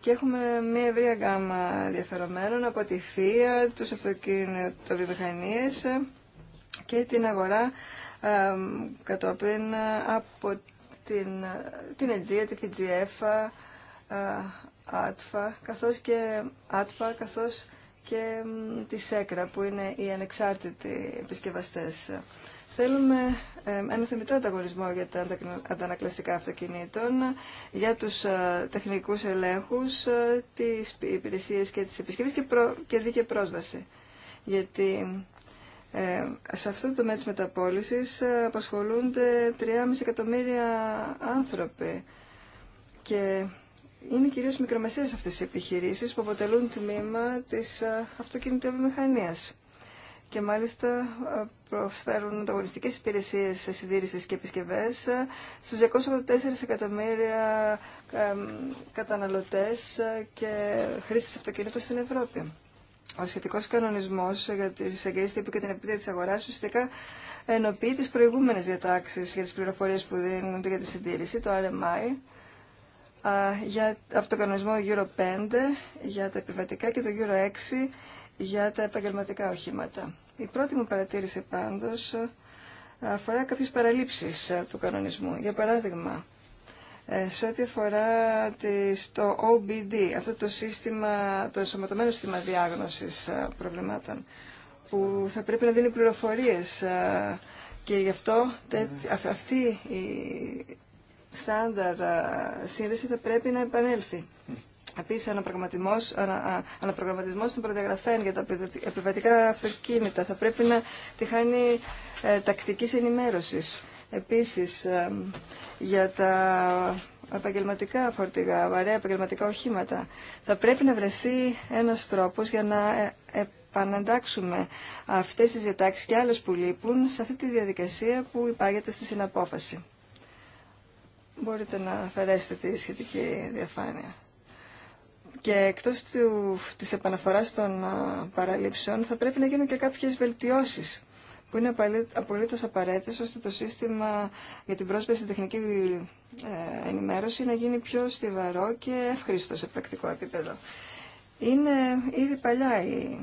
και έχουμε μια ευρία γάμα ενδιαφερομένων από τη ΦΙΑ, τους αυτοκινητοβιομηχανίες και την αγορά ε, κατόπιν από την, την Αιτζία, τη ΦΙΤΖΙΕΦΑ, ΑΤΦΑ, καθώς και ΑΤΦΑ, καθώς και τη ΣΕΚΡΑ, που είναι οι ανεξάρτητοι επισκευαστές. Θέλουμε ε, ένα θεμητό ανταγωνισμό για τα αντανακλαστικά αυτοκινήτων, για τους ε, τεχνικούς ελέγχους, ε, τις υπηρεσίες και τις επισκευές και, και δίκαιη πρόσβαση. Γιατί σε αυτό το τομέα της μεταπόλησης απασχολούνται 3,5 εκατομμύρια άνθρωποι και είναι κυρίως μικρομεσαίες αυτές οι επιχειρήσεις που αποτελούν τμήμα της ε, αυτοκινητοβιομηχανίας και μάλιστα ε, προσφέρουν ανταγωνιστικές υπηρεσίες συντήρησης και επισκευές ε, στους 284 εκατομμύρια καταναλωτές και χρήστες αυτοκινήτων στην Ευρώπη. Ο σχετικό κανονισμό για τι εγκρίσει τύπου και την επίτευξη τη αγορά ουσιαστικά ενοποιεί τι προηγούμενε διατάξει για τι πληροφορίε που δίνονται για τη συντήρηση, το RMI, για, από τον κανονισμό Euro 5 για τα επιβατικά και το Euro 6 για τα επαγγελματικά οχήματα. Η πρώτη μου παρατήρηση πάντως αφορά κάποιες παραλήψεις ε, του κανονισμού. Για παράδειγμα, ε, σε ό,τι αφορά το OBD, αυτό το σύστημα, το ενσωματωμένο σύστημα διάγνωσης ε, προβλημάτων, που θα πρέπει να δίνει πληροφορίες και γι' αυτό αυτή η στάνταρ σύνδεση θα πρέπει να επανέλθει. Επίση, αναπρογραμματισμός, των προδιαγραφέων για τα επιβατικά αυτοκίνητα θα πρέπει να τη χάνει ε, τακτικής ενημέρωσης. Επίσης, ε, για τα επαγγελματικά φορτηγά, βαρέα επαγγελματικά οχήματα, θα πρέπει να βρεθεί ένας τρόπος για να ε, επαναντάξουμε αυτές τις διατάξεις και άλλες που λείπουν σε αυτή τη διαδικασία που υπάγεται στη συναπόφαση. Μπορείτε να αφαιρέσετε τη σχετική διαφάνεια. Και εκτός του, της επαναφοράς των παραλήψεων θα πρέπει να γίνουν και κάποιες βελτιώσεις που είναι απολύτως απαραίτητες ώστε το σύστημα για την πρόσβαση στην τεχνική ε, ενημέρωση να γίνει πιο στιβαρό και εύχριστο σε πρακτικό επίπεδο. Είναι ήδη παλιά η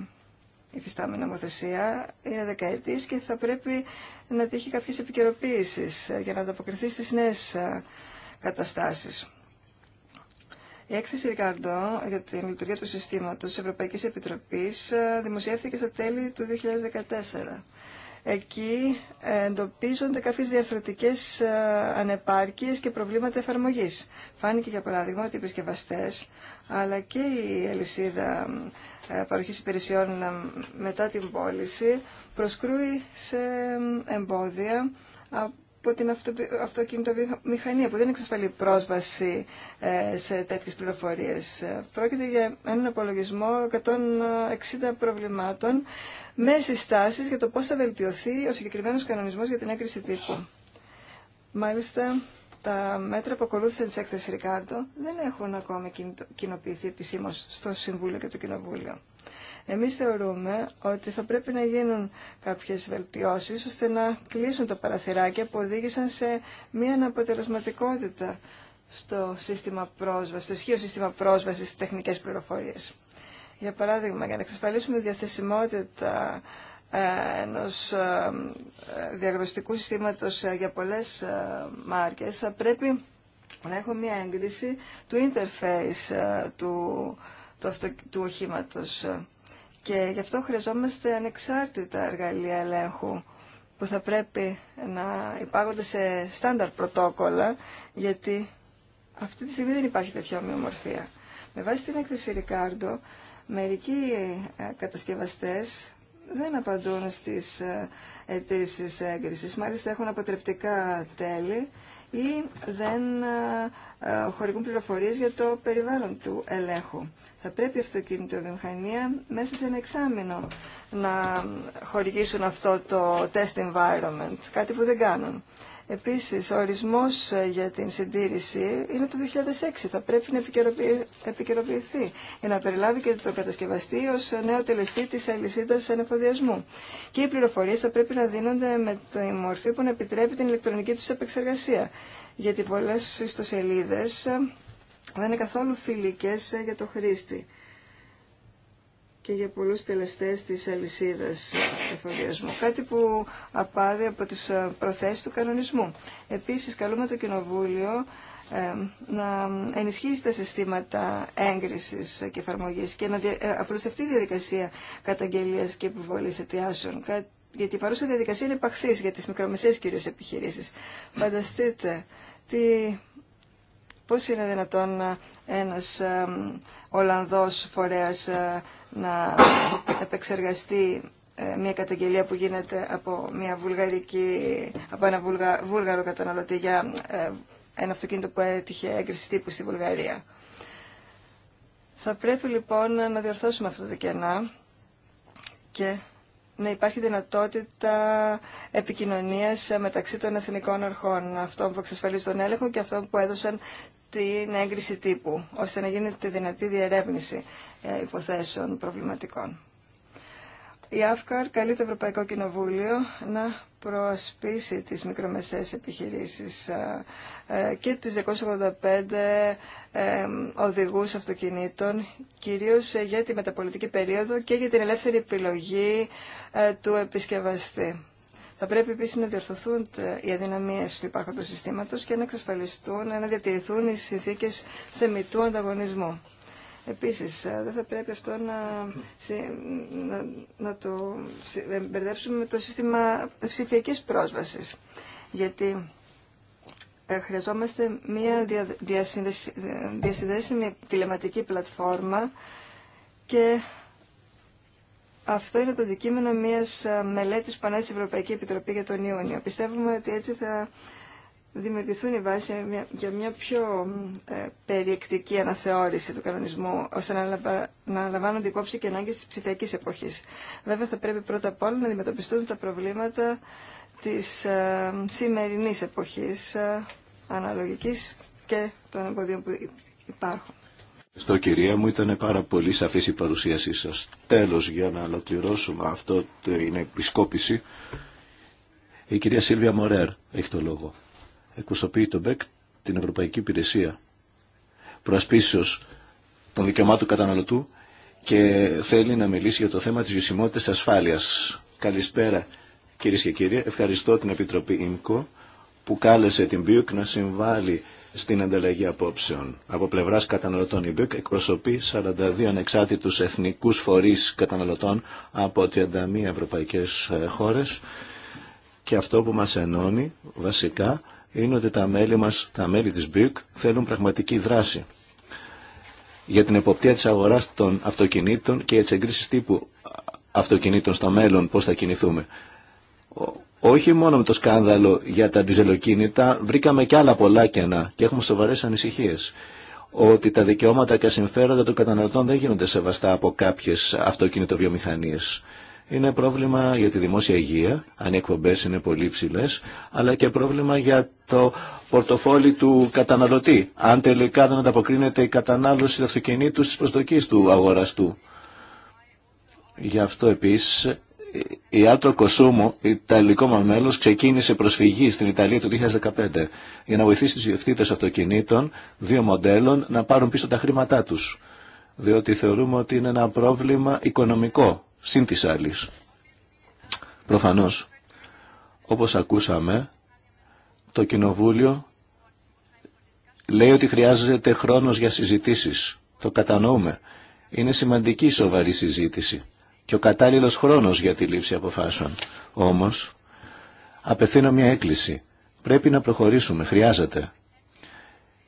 υφιστάμενη νομοθεσία, είναι δεκαετής και θα πρέπει να τύχει κάποιες επικαιροποίησεις ε, για να ανταποκριθεί στις νέες ε, καταστάσεις. Η έκθεση Ρικαρντό για την λειτουργία του συστήματος της Ευρωπαϊκής Επιτροπής ε, δημοσιεύθηκε στα τέλη του 2014. Εκεί εντοπίζονται κάποιες διαφορετικές ε, ανεπάρκειες και προβλήματα εφαρμογής. Φάνηκε για παράδειγμα ότι οι επισκευαστέ, αλλά και η αλυσίδα ε, παροχής υπηρεσιών ε, μετά την πώληση προσκρούει σε εμπόδια από την αυτοκινητομηχανία που δεν εξασφαλεί πρόσβαση ε, σε τέτοιες πληροφορίες. Πρόκειται για έναν απολογισμό 160 προβλημάτων με συστάσεις για το πώς θα βελτιωθεί ο συγκεκριμένος κανονισμός για την έκρηση τύπου. Μάλιστα, τα μέτρα που ακολούθησαν τη έκθεση Ρικάρντο δεν έχουν ακόμη κοινοποιηθεί επισήμω στο Συμβούλιο και το Κοινοβούλιο. Εμείς θεωρούμε ότι θα πρέπει να γίνουν κάποιες βελτιώσεις ώστε να κλείσουν τα παραθυράκια που οδήγησαν σε μία αναποτελεσματικότητα στο, σύστημα πρόσβασης, στο ισχύο σύστημα πρόσβασης στις τεχνικές πληροφορίες. Για παράδειγμα, για να εξασφαλίσουμε διαθεσιμότητα ε, ενός ε, διαγνωστικού συστήματος ε, για πολλές μάρκες θα πρέπει να έχω μια έγκριση του interface του του, αυτο, του οχήματος. Και γι' αυτό χρειαζόμαστε ανεξάρτητα εργαλεία ελέγχου που θα πρέπει να υπάγονται σε στάνταρ πρωτόκολλα, γιατί αυτή τη στιγμή δεν υπάρχει τέτοια ομοιομορφία. Με βάση την έκθεση Ρικάρντο, μερικοί ε, κατασκευαστές δεν απαντούν στις ε, αιτήσει έγκρισης. Μάλιστα έχουν αποτρεπτικά τέλη ή δεν ε, ε, χορηγούν πληροφορίες για το περιβάλλον του ελέγχου. Θα πρέπει η αυτοκινητοβιομηχανία μέσα σε ένα εξάμεινο να χορηγήσουν αυτό το test environment, κάτι που δεν κάνουν. Επίσης, ο ορισμός ε, για την συντήρηση είναι το 2006. Θα πρέπει να επικαιροποιηθεί για να περιλάβει και το κατασκευαστή ως νέο τελεστή της αλυσίδας ανεφοδιασμού. Και οι πληροφορίες θα πρέπει να δίνονται με τη μορφή που να επιτρέπει την ηλεκτρονική τους επεξεργασία. Γιατί πολλές ιστοσελίδες ε, δεν είναι καθόλου φιλικές ε, για το χρήστη και για πολλούς τελεστές της αλυσίδας εφοδιασμού. Κάτι που απάδει από τις ε, προθέσεις του κανονισμού. Επίσης, καλούμε το Κοινοβούλιο ε, να ενισχύσει τα συστήματα έγκρισης και εφαρμογής και να ε, απλουστευτεί η διαδικασία καταγγελίας και επιβολής αιτιάσεων. Γιατί η παρούσα διαδικασία είναι παχθής για τις μικρομεσαίες κυρίως επιχειρήσεις. Φανταστείτε τι Πώς είναι δυνατόν ένας Ολλανδός φορέας να επεξεργαστεί ε, μια καταγγελία που γίνεται από, μια βουλγαρική, από ένα βούλγαρο καταναλωτή για ε, ένα αυτοκίνητο που έτυχε έγκριση τύπου στη Βουλγαρία. Θα πρέπει λοιπόν να διορθώσουμε αυτό το κενά και να υπάρχει δυνατότητα επικοινωνίας μεταξύ των εθνικών αρχών, αυτών που εξασφαλίζουν τον έλεγχο και αυτών που έδωσαν την έγκριση τύπου, ώστε να γίνεται δυνατή διερεύνηση ε, υποθέσεων προβληματικών. Η ΑΦΚΑΡ καλεί το Ευρωπαϊκό Κοινοβούλιο να προασπίσει τις μικρομεσαίες επιχειρήσεις ε, ε, και τους 285 οδηγούς αυτοκινήτων, κυρίως για τη μεταπολιτική περίοδο και για την ελεύθερη επιλογή του επισκευαστή. Θα πρέπει επίση να διορθωθούν οι αδυναμίε του υπάρχοντο συστήματο και να εξασφαλιστούν, να διατηρηθούν οι συνθήκε θεμητού ανταγωνισμού. Επίση, ε, δεν θα πρέπει αυτό να, να, να το μπερδέψουμε με το σύστημα ψηφιακή πρόσβαση. Γιατί ε, χρειαζόμαστε μια ε, διασυνδέσιμη τηλεματική πλατφόρμα και αυτό είναι το αντικείμενο μια ε, μελέτη που ανέθεσε η Ευρωπαϊκή Επιτροπή για τον Ιούνιο. Πιστεύουμε ότι έτσι θα δημιουργηθούν οι βάσει για μια πιο ε, περιεκτική αναθεώρηση του κανονισμού, ώστε να λαμβάνονται υπόψη και ανάγκε τη ψηφιακή εποχή. Βέβαια θα πρέπει πρώτα απ' όλα να αντιμετωπιστούν τα προβλήματα της ε, σημερινής εποχής, αναλογική και των εμποδίων που υπάρχουν. Στο κυρία μου ήταν πάρα πολύ σαφής η παρουσίασή σας. Τέλος για να ολοκληρώσουμε αυτό είναι επισκόπηση. Η κυρία Σίλβια Μορέρ έχει το λόγο. Εκπροσωπεί το ΜΠΕΚ την Ευρωπαϊκή Υπηρεσία Προασπίσεως των Δικαιωμάτων Καταναλωτού και θέλει να μιλήσει για το θέμα της βιωσιμότητας ασφάλειας. Καλησπέρα κυρίες και κύριοι. Ευχαριστώ την Επιτροπή ΙΜΚΟ που κάλεσε την ΠΙΟΚ να συμβάλλει στην ανταλλαγή απόψεων. Από πλευράς καταναλωτών η ΜΠΕΚ εκπροσωπεί 42 ανεξάρτητους εθνικούς φορείς καταναλωτών από 31 ευρωπαϊκές ε, χώρες και αυτό που μας ενώνει βασικά είναι ότι τα μέλη μας, τα μέλη της ΜΠΕΚ θέλουν πραγματική δράση για την εποπτεία της αγοράς των αυτοκινήτων και τις εγκρίσεις τύπου αυτοκινήτων στο μέλλον, πώς θα κινηθούμε όχι μόνο με το σκάνδαλο για τα διζελοκίνητα, βρήκαμε και άλλα πολλά κενά και έχουμε σοβαρές ανησυχίες ότι τα δικαιώματα και συμφέροντα των καταναλωτών δεν γίνονται σεβαστά από κάποιες αυτοκινητοβιομηχανίες. Είναι πρόβλημα για τη δημόσια υγεία, αν οι εκπομπέ είναι πολύ ψηλέ, αλλά και πρόβλημα για το πορτοφόλι του καταναλωτή, αν τελικά δεν ανταποκρίνεται η κατανάλωση του αυτοκινήτου στι προσδοκίε του αγοραστού. Γι' αυτό επίση η Άλτρο Κοσούμου, Ιταλικό μα μέλο, ξεκίνησε προσφυγή στην Ιταλία το 2015 για να βοηθήσει του ιδιοκτήτε αυτοκινήτων δύο μοντέλων να πάρουν πίσω τα χρήματά του. Διότι θεωρούμε ότι είναι ένα πρόβλημα οικονομικό, συν τη άλλη. Προφανώ, όπω ακούσαμε, το Κοινοβούλιο λέει ότι χρειάζεται χρόνο για συζητήσει. Το κατανοούμε. Είναι σημαντική σοβαρή συζήτηση και ο κατάλληλος χρόνος για τη λήψη αποφάσεων. Όμως, απευθύνω μια έκκληση. Πρέπει να προχωρήσουμε, χρειάζεται.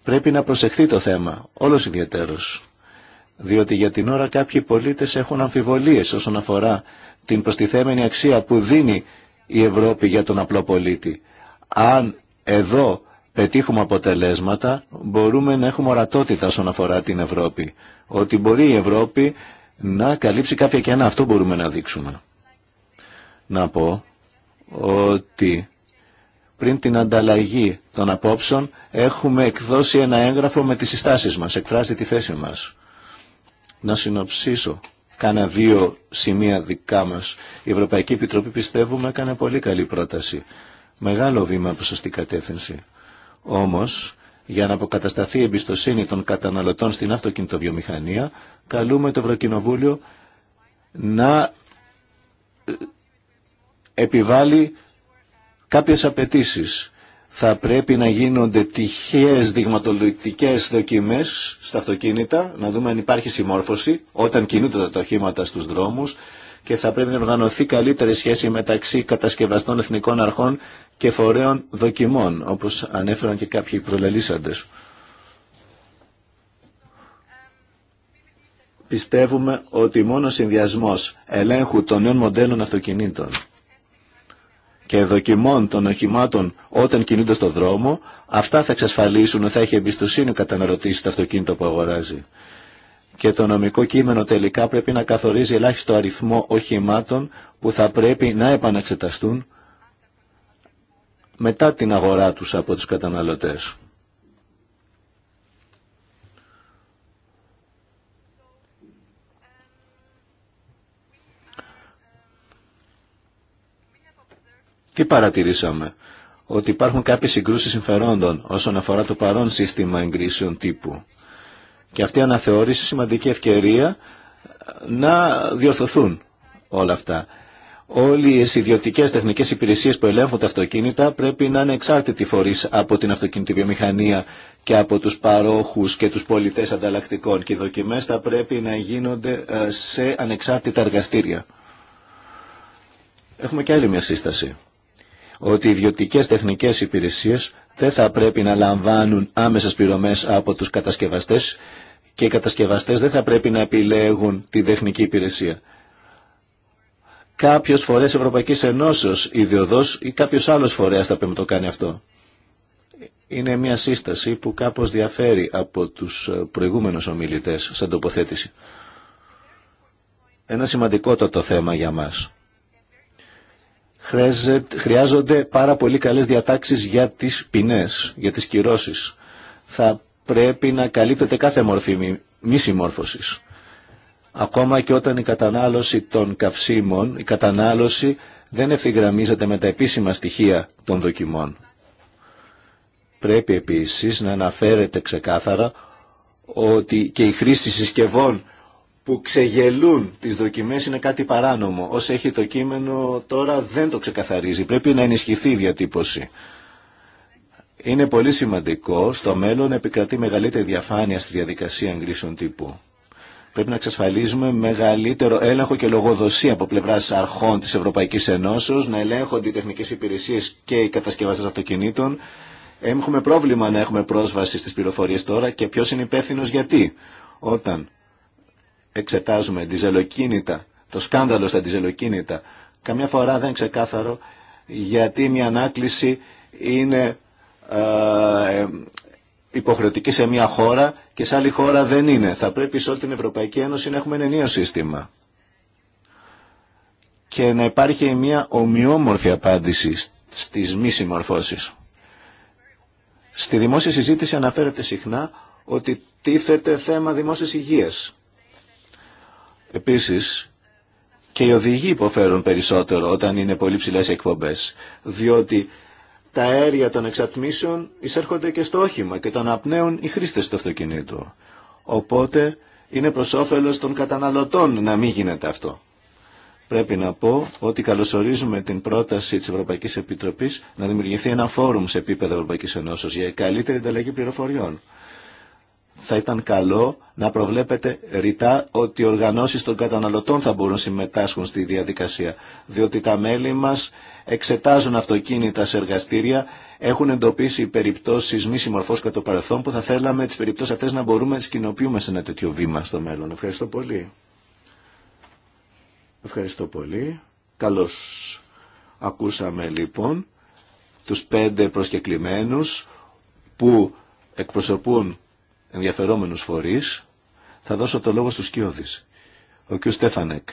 Πρέπει να προσεχθεί το θέμα, όλος ιδιαίτερος. Διότι για την ώρα κάποιοι πολίτες έχουν αμφιβολίες όσον αφορά την προστιθέμενη αξία που δίνει η Ευρώπη για τον απλό πολίτη. Αν εδώ πετύχουμε αποτελέσματα, μπορούμε να έχουμε ορατότητα όσον αφορά την Ευρώπη. Ότι μπορεί η Ευρώπη να καλύψει κάποια κενά. Αυτό μπορούμε να δείξουμε. Να πω ότι πριν την ανταλλαγή των απόψεων έχουμε εκδώσει ένα έγγραφο με τις συστάσεις μας, εκφράζει τη θέση μας. Να συνοψίσω κάνα δύο σημεία δικά μας. Η Ευρωπαϊκή Επιτροπή πιστεύουμε έκανε πολύ καλή πρόταση. Μεγάλο βήμα προς σωστή κατεύθυνση. Όμως για να αποκατασταθεί η εμπιστοσύνη των καταναλωτών στην αυτοκινητοβιομηχανία, καλούμε το Ευρωκοινοβούλιο να ε, επιβάλλει κάποιες απαιτήσει. Θα πρέπει να γίνονται τυχαίες δειγματοληπτικές δοκιμές στα αυτοκίνητα, να δούμε αν υπάρχει συμμόρφωση όταν κινούνται τα οχήματα στους δρόμους, και θα πρέπει να οργανωθεί καλύτερη σχέση μεταξύ κατασκευαστών εθνικών αρχών και φορέων δοκιμών, όπως ανέφεραν και κάποιοι προλελήσαντες. Πιστεύουμε ότι μόνο συνδυασμός ελέγχου των νέων μοντέλων αυτοκινήτων και δοκιμών των οχημάτων όταν κινούνται στον δρόμο, αυτά θα εξασφαλίσουν ότι θα έχει εμπιστοσύνη ο καταναλωτής στο αυτοκίνητο που αγοράζει και το νομικό κείμενο τελικά πρέπει να καθορίζει ελάχιστο αριθμό οχημάτων που θα πρέπει να επαναξεταστούν μετά την αγορά τους από τους καταναλωτές. Τι παρατηρήσαμε, ότι υπάρχουν κάποιες συγκρούσεις συμφερόντων όσον αφορά το παρόν σύστημα εγκρίσεων τύπου και αυτή αναθεώρηση σημαντική ευκαιρία να διορθωθούν όλα αυτά. Όλοι οι ιδιωτικέ τεχνικέ υπηρεσίε που ελέγχουν τα αυτοκίνητα πρέπει να είναι εξάρτητοι φορεί από την βιομηχανία και από του παρόχου και του πολιτέ ανταλλακτικών. Και οι δοκιμέ θα πρέπει να γίνονται ε, σε ανεξάρτητα εργαστήρια. Έχουμε και άλλη μια σύσταση. Ότι οι ιδιωτικέ τεχνικέ υπηρεσίε δεν θα πρέπει να λαμβάνουν άμεσες πληρωμές από τους κατασκευαστές και οι κατασκευαστές δεν θα πρέπει να επιλέγουν τη τεχνική υπηρεσία. Κάποιος φορέας Ευρωπαϊκής Ενώσεως ιδιωδός ή κάποιος άλλος φορέας θα πρέπει να το κάνει αυτό. Είναι μια σύσταση που κάπως διαφέρει από τους προηγούμενους ομιλητές σαν τοποθέτηση. Ένα σημαντικότατο θέμα για μας χρειάζονται πάρα πολύ καλές διατάξεις για τις πινές, για τις κυρώσεις. Θα πρέπει να καλύπτεται κάθε μορφή μη συμμόρφωσης. Ακόμα και όταν η κατανάλωση των καυσίμων, η κατανάλωση δεν ευθυγραμμίζεται με τα επίσημα στοιχεία των δοκιμών. Πρέπει επίσης να αναφέρεται ξεκάθαρα ότι και η χρήση συσκευών που ξεγελούν τις δοκιμές είναι κάτι παράνομο. Όσο έχει το κείμενο τώρα δεν το ξεκαθαρίζει. Πρέπει να ενισχυθεί η διατύπωση. Είναι πολύ σημαντικό στο μέλλον να επικρατεί μεγαλύτερη διαφάνεια στη διαδικασία εγκρίσεων τύπου. Πρέπει να εξασφαλίζουμε μεγαλύτερο έλεγχο και λογοδοσία από πλευρά αρχών τη Ευρωπαϊκή Ενώσεω, να ελέγχονται οι τεχνικέ υπηρεσίε και οι κατασκευαστέ αυτοκινήτων. Έχουμε πρόβλημα να έχουμε πρόσβαση στι πληροφορίε τώρα και ποιο είναι υπεύθυνο γιατί. Όταν εξετάζουμε ζελοκίνητα το σκάνδαλο στα ζελοκίνητα Καμιά φορά δεν ξεκάθαρο γιατί μια ανάκληση είναι ε, υποχρεωτική σε μια χώρα και σε άλλη χώρα δεν είναι. Θα πρέπει σε όλη την Ευρωπαϊκή Ένωση να έχουμε ένα νέο σύστημα και να υπάρχει μια ομοιόμορφη απάντηση στις μη συμμορφώσεις. Στη δημόσια συζήτηση αναφέρεται συχνά ότι τίθεται θέμα δημόσιας υγείας. Επίσης, και οι οδηγοί υποφέρουν περισσότερο όταν είναι πολύ ψηλές οι εκπομπές, διότι τα αέρια των εξατμίσεων εισέρχονται και στο όχημα και τον απνέουν οι χρήστες του αυτοκινήτου. Οπότε είναι προς όφελος των καταναλωτών να μην γίνεται αυτό. Πρέπει να πω ότι καλωσορίζουμε την πρόταση της Ευρωπαϊκής Επιτροπής να δημιουργηθεί ένα φόρουμ σε επίπεδο Ευρωπαϊκής Ενώσεως για καλύτερη ανταλλαγή πληροφοριών θα ήταν καλό να προβλέπετε ρητά ότι οι οργανώσεις των καταναλωτών θα μπορούν να συμμετάσχουν στη διαδικασία, διότι τα μέλη μας εξετάζουν αυτοκίνητα σε εργαστήρια, έχουν εντοπίσει περιπτώσεις μη συμμορφώς κατά το παρελθόν που θα θέλαμε τις περιπτώσεις αυτές να μπορούμε να σκηνοποιούμε σε ένα τέτοιο βήμα στο μέλλον. Ευχαριστώ πολύ. Ευχαριστώ πολύ. Καλώς ακούσαμε λοιπόν τους πέντε προσκεκλημένους που εκπροσωπούν ενδιαφερόμενους φορείς, θα δώσω το λόγο στους Σκιώδης. Ο κ. Στέφανεκ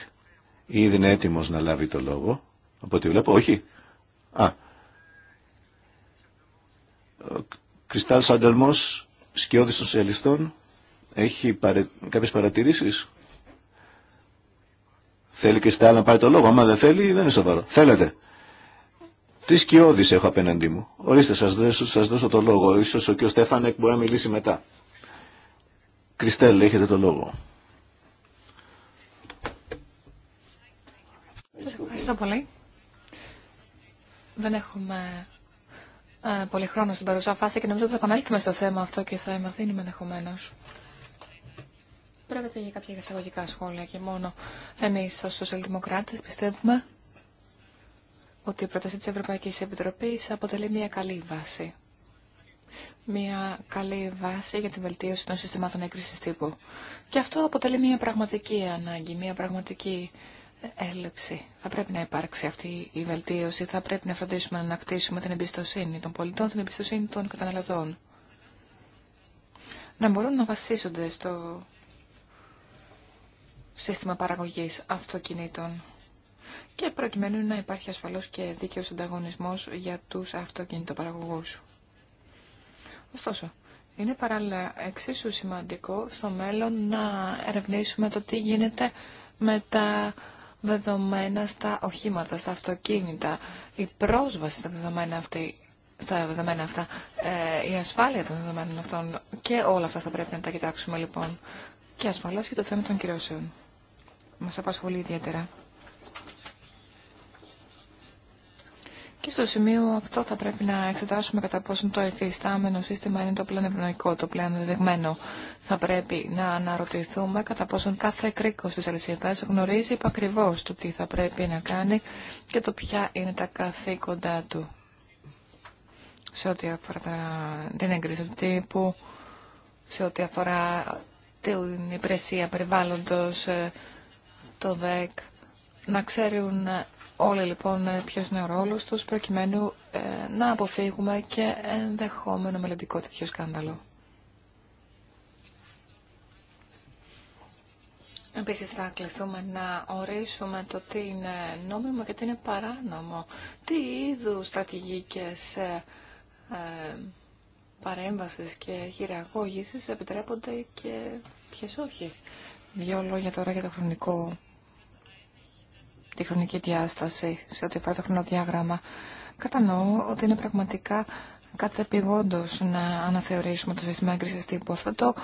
ήδη είναι έτοιμος να λάβει το λόγο. Από ό,τι βλέπω, όχι. Α. Ο Κρυστάλ Σάντελμος, Σκιώδης των Σελιστών, έχει παρε... κάποιες παρατηρήσεις. Θέλει Κριστάλ να πάρει το λόγο. Άμα δεν θέλει, δεν είναι σοβαρό. Θέλετε. Τι σκιώδης έχω απέναντί μου. Ορίστε, σα δώσω, σας δώσω το λόγο. ίσως ο κ. Στέφανεκ μπορεί να μιλήσει μετά. Κριστέλ, έχετε το λόγο. Σας ευχαριστώ πολύ. Δεν έχουμε ε, πολύ χρόνο στην παρουσιά φάση και νομίζω ότι θα επανέλθουμε στο θέμα αυτό και θα εμαθύνουμε ενδεχομένω. Πρόκειται για κάποια εισαγωγικά σχόλια και μόνο εμείς ως σοσιαλδημοκράτες πιστεύουμε ότι η πρόταση της Ευρωπαϊκής Επιτροπής αποτελεί μια καλή βάση μια καλή βάση για την βελτίωση των συστημάτων έκρησης τύπου. Και αυτό αποτελεί μια πραγματική ανάγκη, μια πραγματική έλλειψη. Θα πρέπει να υπάρξει αυτή η βελτίωση, θα πρέπει να φροντίσουμε να ανακτήσουμε την εμπιστοσύνη των πολιτών, την εμπιστοσύνη των καταναλωτών. Να μπορούν να βασίζονται στο σύστημα παραγωγής αυτοκινήτων και προκειμένου να υπάρχει ασφαλώς και δίκαιος ανταγωνισμός για τους αυτοκινητοπαραγωγούς. Ωστόσο, είναι παράλληλα εξίσου σημαντικό στο μέλλον να ερευνήσουμε το τι γίνεται με τα δεδομένα στα οχήματα, στα αυτοκίνητα, η πρόσβαση στα δεδομένα αυτή στα δεδομένα αυτά, ε, η ασφάλεια των δεδομένων αυτών και όλα αυτά θα πρέπει να τα κοιτάξουμε λοιπόν. Και ασφαλώς και το θέμα των κυρώσεων. Μας απασχολεί ιδιαίτερα. Και στο σημείο αυτό θα πρέπει να εξετάσουμε κατά πόσον το εφιστάμενο σύστημα είναι το πλέον ευνοϊκό, το πλέον δεδειγμένο. Θα πρέπει να αναρωτηθούμε κατά πόσον κάθε κρίκος της αλυσίδας γνωρίζει επακριβώ το τι θα πρέπει να κάνει και το ποια είναι τα καθήκοντά του. Σε ό,τι αφορά την έγκριση του τύπου, σε ό,τι αφορά την υπηρεσία περιβάλλοντος, ε, το ΔΕΚ, να ξέρουν ε, Όλοι λοιπόν ε, ποιο είναι ο τους προκειμένου ε, να αποφύγουμε και ενδεχόμενο μελλοντικό τέτοιο σκάνδαλο. Επίση, θα κληθούμε να ορίσουμε το τι είναι νόμιμο και τι είναι παράνομο. Τι είδου στρατηγικέ ε, ε παρέμβαση και χειραγώγηση επιτρέπονται και ποιε όχι. Δύο λόγια τώρα για το χρονικό τη χρονική διάσταση σε ό,τι αφορά το χρονοδιάγραμμα. Κατανοώ ότι είναι πραγματικά επιγόντω να αναθεωρήσουμε το σύστημα έγκρισης τύπου. Αυτό το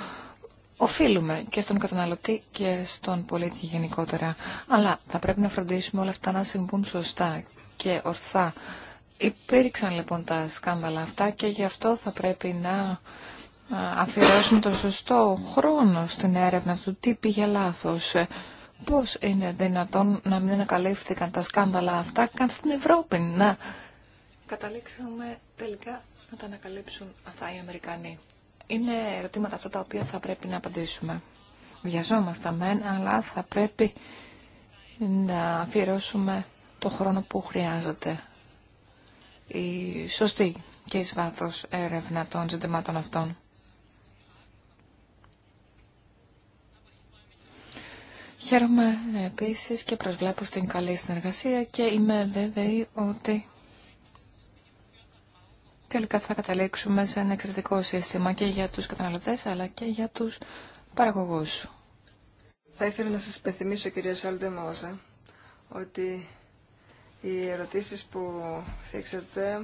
οφείλουμε και στον καταναλωτή και στον πολίτη γενικότερα. Αλλά θα πρέπει να φροντίσουμε όλα αυτά να συμβούν σωστά και ορθά. Υπήρξαν λοιπόν τα σκάνδαλα αυτά και γι' αυτό θα πρέπει να αφιερώσουμε το σωστό χρόνο στην έρευνα του τι πήγε λάθος. Πώς είναι δυνατόν να μην ανακαλύφθηκαν τα σκάνδαλα αυτά καν στην Ευρώπη, να καταλήξουμε τελικά να τα ανακαλύψουν αυτά οι Αμερικανοί. Είναι ερωτήματα αυτά τα οποία θα πρέπει να απαντήσουμε. Βιαζόμαστε μεν, αλλά θα πρέπει να αφιερώσουμε το χρόνο που χρειάζεται. Η σωστή και εις βάθος έρευνα των ζητημάτων αυτών. Χαίρομαι επίσης και προσβλέπω στην καλή συνεργασία και είμαι βέβαιη ότι τελικά θα καταλήξουμε σε ένα εξαιρετικό σύστημα και για τους καταναλωτές αλλά και για τους παραγωγούς. Θα ήθελα να σας υπενθυμίσω κυρία Σάλντε Μόζα ότι οι ερωτήσεις που θίξατε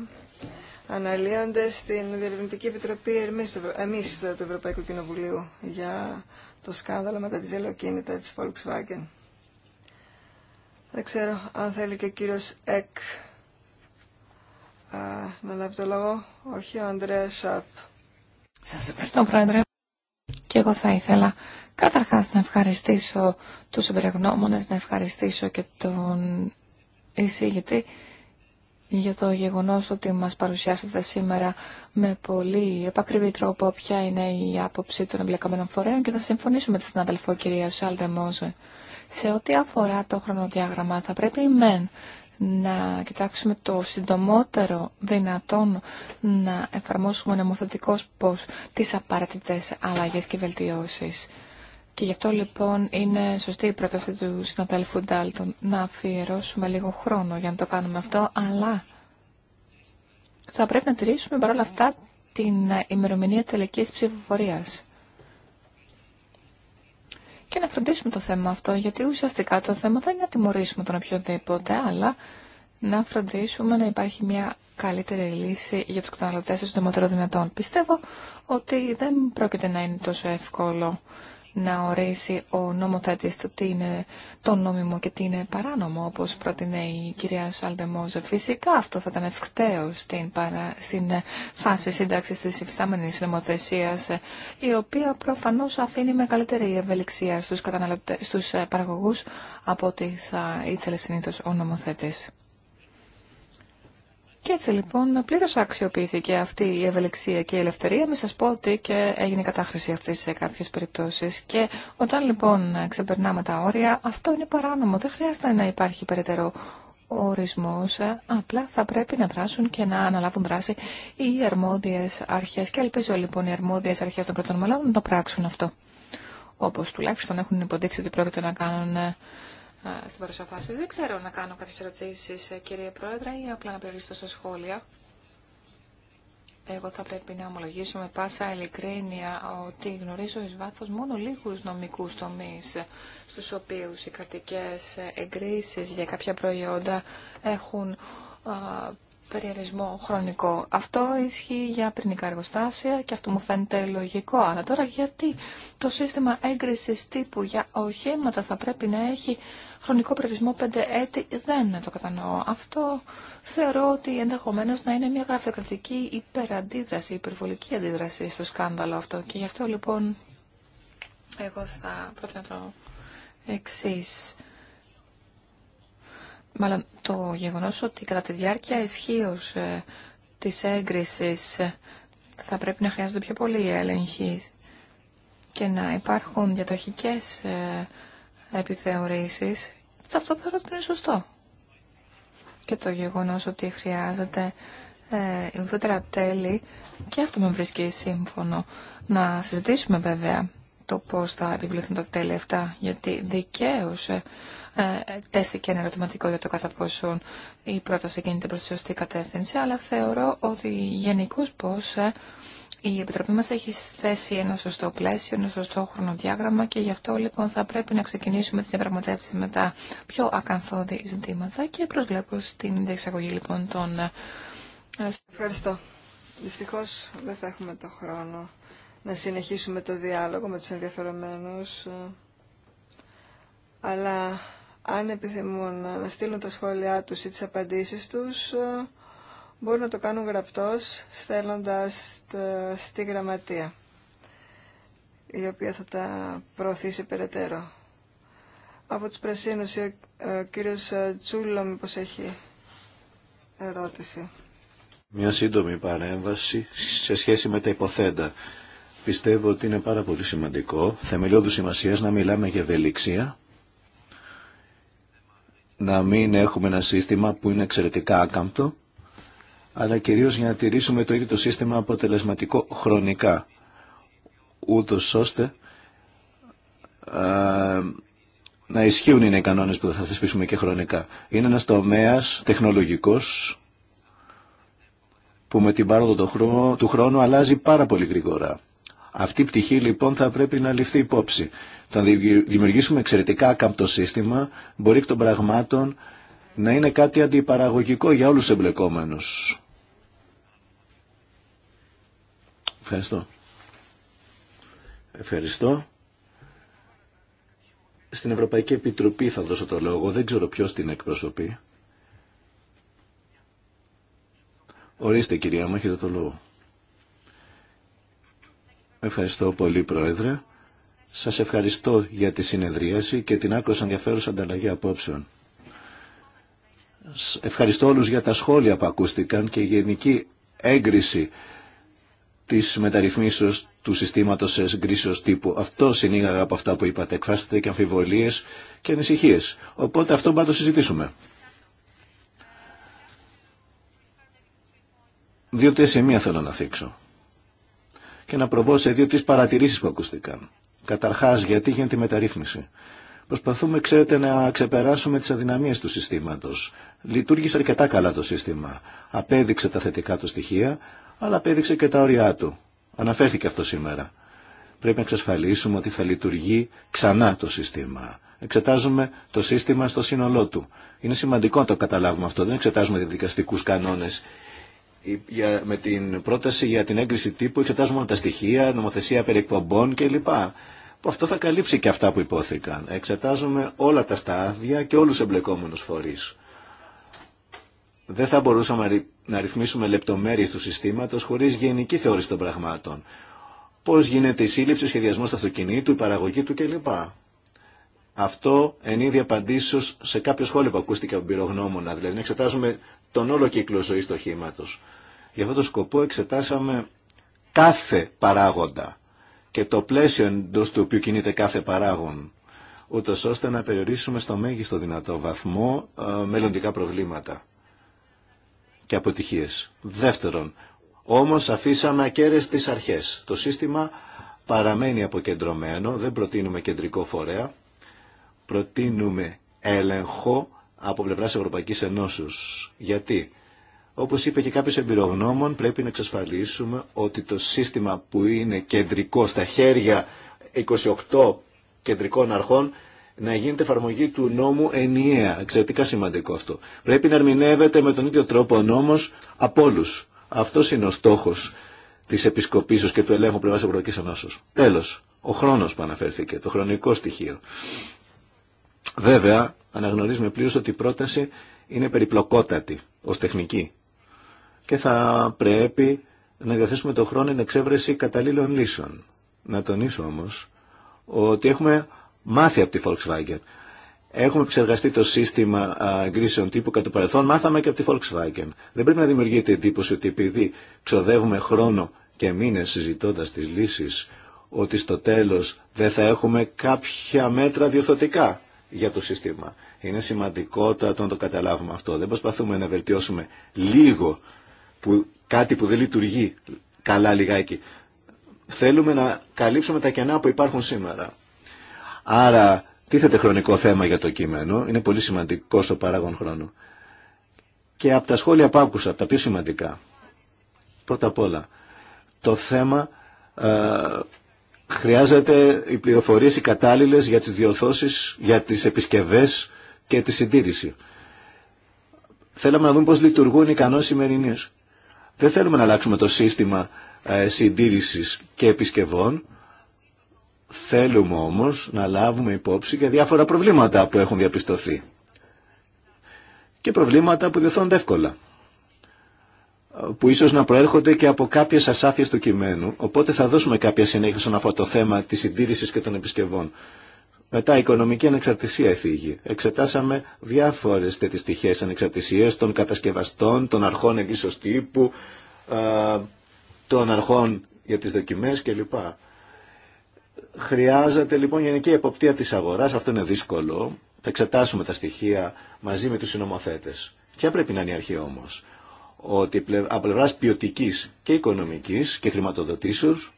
αναλύονται στην Διερευνητική Επιτροπή εμείς ε, του Ευρωπαϊκού Κοινοβουλίου για το σκάνδαλο με τα τζελοκίνητα της Volkswagen. Δεν ξέρω αν θέλει και ο κύριος Εκ α, να λάβει το λόγο. Όχι, ο Ανδρέας Σαπ. Σας ευχαριστώ, Πρόεδρε. Και εγώ θα ήθελα καταρχάς να ευχαριστήσω τους εμπειρογνώμονες, να ευχαριστήσω και τον εισηγητή για το γεγονός ότι μας παρουσιάσατε σήμερα με πολύ επακριβή τρόπο ποια είναι η άποψη των εμπλεκομένων φορέων και θα συμφωνήσουμε με την συνάδελφο κυρία Σάλτε Μόζε. Σε ό,τι αφορά το χρονοδιάγραμμα θα πρέπει μεν να κοιτάξουμε το συντομότερο δυνατόν να εφαρμόσουμε νομοθετικώς πως τις απαραίτητες αλλαγές και βελτιώσεις. Και γι' αυτό λοιπόν είναι σωστή η πρόταση του συναδέλφου Ντάλτον να αφιερώσουμε λίγο χρόνο για να το κάνουμε αυτό, αλλά θα πρέπει να τηρήσουμε παρόλα αυτά την ημερομηνία τελικής ψηφοφορίας. Και να φροντίσουμε το θέμα αυτό, γιατί ουσιαστικά το θέμα δεν είναι να τιμωρήσουμε τον οποιοδήποτε, αλλά να φροντίσουμε να υπάρχει μια καλύτερη λύση για τους καταναλωτές των συντομότερων δυνατόν. Πιστεύω ότι δεν πρόκειται να είναι τόσο εύκολο να ορίσει ο νομοθέτης του τι είναι το νόμιμο και τι είναι παράνομο, όπως προτείνει η κυρία Σαλδεμόζε. Φυσικά αυτό θα ήταν ευκταίο στην, στην φάση σύνταξης της υφιστάμενης νομοθεσίας, η οποία προφανώς αφήνει μεγαλύτερη ευελιξία στους, καταναλωτε... στους ε, παραγωγούς από ό,τι θα ήθελε συνήθως ο νομοθέτης. Και έτσι λοιπόν πλήρω αξιοποιήθηκε αυτή η ευελιξία και η ελευθερία. Μην σα πω ότι και έγινε κατάχρηση αυτή σε κάποιε περιπτώσει. Και όταν λοιπόν ξεπερνάμε τα όρια, αυτό είναι παράνομο. Δεν χρειάζεται να υπάρχει περαιτέρω ορισμό. Απλά θα πρέπει να δράσουν και να αναλάβουν δράση οι αρμόδιε αρχέ. Και ελπίζω λοιπόν οι αρμόδιε αρχέ των κρατών μελών να το πράξουν αυτό. Όπω τουλάχιστον έχουν υποδείξει ότι πρόκειται να κάνουν στην παρουσία φάση. Δεν ξέρω να κάνω κάποιε ερωτήσει, ε, κύριε Πρόεδρε, ή απλά να περιοριστώ στα σχόλια. Εγώ θα πρέπει να ομολογήσω με πάσα ειλικρίνεια ότι γνωρίζω εις βάθος μόνο λίγους νομικούς τομείς στους οποίους οι κρατικέ ε, εγκρίσεις για κάποια προϊόντα έχουν α, περιορισμό χρονικό. Αυτό ισχύει για πυρηνικά εργοστάσια και αυτό μου φαίνεται λογικό. Αλλά τώρα γιατί το σύστημα έγκρισης τύπου για οχήματα θα πρέπει να έχει χρονικό περιορισμό 5 έτη δεν το κατανοώ. Αυτό θεωρώ ότι ενδεχομένω να είναι μια γραφειοκρατική υπεραντίδραση, υπερβολική αντίδραση στο σκάνδαλο αυτό. Και γι' αυτό λοιπόν εγώ θα πρότεινα το εξή. Μάλλον το γεγονός ότι κατά τη διάρκεια ισχύω ε, της έγκρισης ε, θα πρέπει να χρειάζονται πιο πολλοί έλεγχοι και να υπάρχουν διαδοχικές ε, επιθεωρήσεις. Αυτό θεωρώ ότι είναι σωστό. Και το γεγονός ότι χρειάζεται ε, ουδέτερα τέλη και αυτό με βρίσκει σύμφωνο. Να συζητήσουμε βέβαια το πώς θα επιβληθούν τα τέλη αυτά, γιατί δικαίω ε, ε, τέθηκε ένα ερωτηματικό για το κατά πόσον η πρόταση γίνεται προ τη σωστή κατεύθυνση, αλλά θεωρώ ότι γενικώ πώ. Ε, η Επιτροπή μας έχει θέσει ένα σωστό πλαίσιο, ένα σωστό χρονοδιάγραμμα και γι' αυτό λοιπόν θα πρέπει να ξεκινήσουμε τις διαπραγματεύσεις με τα πιο ακαθόδη ζητήματα και προσβλέπω στην διεξαγωγή λοιπόν των... Ε, Ευχαριστώ. Δυστυχώς δεν θα έχουμε το χρόνο να συνεχίσουμε το διάλογο με τους ενδιαφερομένους, ε, αλλά αν επιθυμούν να στείλουν τα σχόλιά τους ή τις απαντήσεις τους, ε, μπορούν να το κάνουν γραπτός στέλνοντας στη γραμματεία η οποία θα τα προωθήσει περαιτέρω. Από τους Πρασίνους ο, ο κύριος Τσούλο μήπως έχει ερώτηση. Μια σύντομη παρέμβαση σε σχέση με τα υποθέντα. Πιστεύω ότι είναι πάρα πολύ σημαντικό, θεμελιώδου σημασία να μιλάμε για ευελιξία, να μην έχουμε ένα σύστημα που είναι εξαιρετικά άκαμπτο αλλά κυρίως για να τηρήσουμε το ίδιο το σύστημα αποτελεσματικό χρονικά, ούτως ώστε α, να ισχύουν είναι οι κανόνες που θα θεσπίσουμε και χρονικά. Είναι ένας τομέας τεχνολογικός που με την πάροδο του χρόνου αλλάζει πάρα πολύ γρήγορα. Αυτή η πτυχή λοιπόν θα πρέπει να ληφθεί υπόψη. Το να δημιουργήσουμε εξαιρετικά κάμπτο σύστημα μπορεί εκ των πραγμάτων να είναι κάτι αντιπαραγωγικό για όλους τους εμπλεκόμενους. Ευχαριστώ. Ευχαριστώ. Στην Ευρωπαϊκή Επιτροπή θα δώσω το λόγο. Δεν ξέρω ποιος την εκπροσωπεί. Ορίστε κυρία μου, έχετε το λόγο. Ευχαριστώ πολύ Πρόεδρε. Σας ευχαριστώ για τη συνεδρίαση και την άκρως ενδιαφέρουσα ανταλλαγή απόψεων. Ευχαριστώ όλους για τα σχόλια που ακούστηκαν και η γενική έγκριση της μεταρρυθμίσεως του συστήματος εγκρίσεως τύπου. Αυτό συνήγαγα από αυτά που είπατε. Εκφράστηκε και αμφιβολίες και ανησυχίες. Οπότε αυτό πάνω το συζητήσουμε. Δύο-τρία σημεία θέλω να θίξω και να προβώ σε δύο-τρει παρατηρήσει που ακούστηκαν. Καταρχά, γιατί γίνεται η μεταρρύθμιση. Προσπαθούμε, ξέρετε, να ξεπεράσουμε τι αδυναμίε του συστήματο. Λειτουργήσε αρκετά καλά το σύστημα. Απέδειξε τα θετικά του στοιχεία, αλλά απέδειξε και τα όρια του. Αναφέρθηκε αυτό σήμερα. Πρέπει να εξασφαλίσουμε ότι θα λειτουργεί ξανά το σύστημα. Εξετάζουμε το σύστημα στο σύνολό του. Είναι σημαντικό να το καταλάβουμε αυτό. Δεν εξετάζουμε διαδικαστικού κανόνε. Με την πρόταση για την έγκριση τύπου εξετάζουμε τα στοιχεία, νομοθεσία περί εκπομπών κλπ. Που αυτό θα καλύψει και αυτά που υπόθηκαν. Εξετάζουμε όλα τα στάδια και όλου του εμπλεκόμενου φορεί δεν θα μπορούσαμε να ρυθμίσουμε λεπτομέρειες του συστήματος χωρίς γενική θεώρηση των πραγμάτων. Πώς γίνεται η σύλληψη, ο σχεδιασμός του αυτοκινήτου, η παραγωγή του κλπ. Αυτό εν είδη απαντήσεω σε κάποιο σχόλιο που ακούστηκε από πυρογνώμονα, δηλαδή να εξετάζουμε τον όλο κύκλο ζωή του οχήματο. Για αυτόν τον σκοπό εξετάσαμε κάθε παράγοντα και το πλαίσιο εντό του οποίου κινείται κάθε παράγον, ούτω ώστε να περιορίσουμε στο μέγιστο δυνατό βαθμό ε, μελλοντικά προβλήματα και αποτυχίες. Δεύτερον, όμως αφήσαμε ακέρες τις αρχές. Το σύστημα παραμένει αποκεντρωμένο, δεν προτείνουμε κεντρικό φορέα, προτείνουμε έλεγχο από πλευράς Ευρωπαϊκής Ενώσεως. Γιατί, όπως είπε και κάποιος εμπειρογνώμων, πρέπει να εξασφαλίσουμε ότι το σύστημα που είναι κεντρικό στα χέρια 28 κεντρικών αρχών να γίνεται εφαρμογή του νόμου ενιαία. Εξαιρετικά σημαντικό αυτό. Πρέπει να ερμηνεύεται με τον ίδιο τρόπο ο νόμος από όλου. Αυτό είναι ο στόχο τη επισκοπή και του ελέγχου πλευρά Ευρωπαϊκή Ενώσεω. Τέλο, ο χρόνο που αναφέρθηκε, το χρονικό στοιχείο. Βέβαια, αναγνωρίζουμε πλήρω ότι η πρόταση είναι περιπλοκότατη ω τεχνική και θα πρέπει να διαθέσουμε τον χρόνο εν εξέβρεση καταλήλων λύσεων. Να τονίσω όμω ότι έχουμε μάθει από τη Volkswagen. Έχουμε εξεργαστεί το σύστημα εγκρίσεων τύπου κατά το παρελθόν, μάθαμε και από τη Volkswagen. Δεν πρέπει να δημιουργείται εντύπωση ότι επειδή ξοδεύουμε χρόνο και μήνες συζητώντας τις λύσεις, ότι στο τέλος δεν θα έχουμε κάποια μέτρα διορθωτικά για το σύστημα. Είναι σημαντικότατο να το καταλάβουμε αυτό. Δεν προσπαθούμε να βελτιώσουμε λίγο που, κάτι που δεν λειτουργεί καλά λιγάκι. Θέλουμε να καλύψουμε τα κενά που υπάρχουν σήμερα. Άρα τίθεται χρονικό θέμα για το κείμενο, είναι πολύ σημαντικό ο παράγον χρόνο. Και από τα σχόλια που άκουσα, τα πιο σημαντικά, πρώτα απ' όλα, το θέμα ε, χρειάζεται οι πληροφορίες οι κατάλληλες για τις διορθώσεις, για τις επισκευές και τη συντήρηση. Θέλαμε να δούμε πώς λειτουργούν οι κανόνες σημερινής. Δεν θέλουμε να αλλάξουμε το σύστημα ε, και επισκευών, Θέλουμε όμως να λάβουμε υπόψη για διάφορα προβλήματα που έχουν διαπιστωθεί και προβλήματα που διωθώνται εύκολα που ίσως να προέρχονται και από κάποιες ασάφειες του κειμένου, οπότε θα δώσουμε κάποια συνέχεια στον αυτό το θέμα της συντήρησης και των επισκευών. Μετά, η οικονομική ανεξαρτησία εθίγει. Εξετάσαμε διάφορες τέτοιες στοιχείες ανεξαρτησίες των κατασκευαστών, των αρχών εγγύσεως τύπου, ε, των αρχών για τις δοκιμές κλπ. Χρειάζεται λοιπόν γενική εποπτεία της αγοράς, αυτό είναι δύσκολο. Θα εξετάσουμε τα στοιχεία μαζί με τους συνομοθέτες. Ποια πρέπει να είναι η αρχή όμως, ότι από πλευρά ποιοτική και οικονομικής και χρηματοδοτήσεως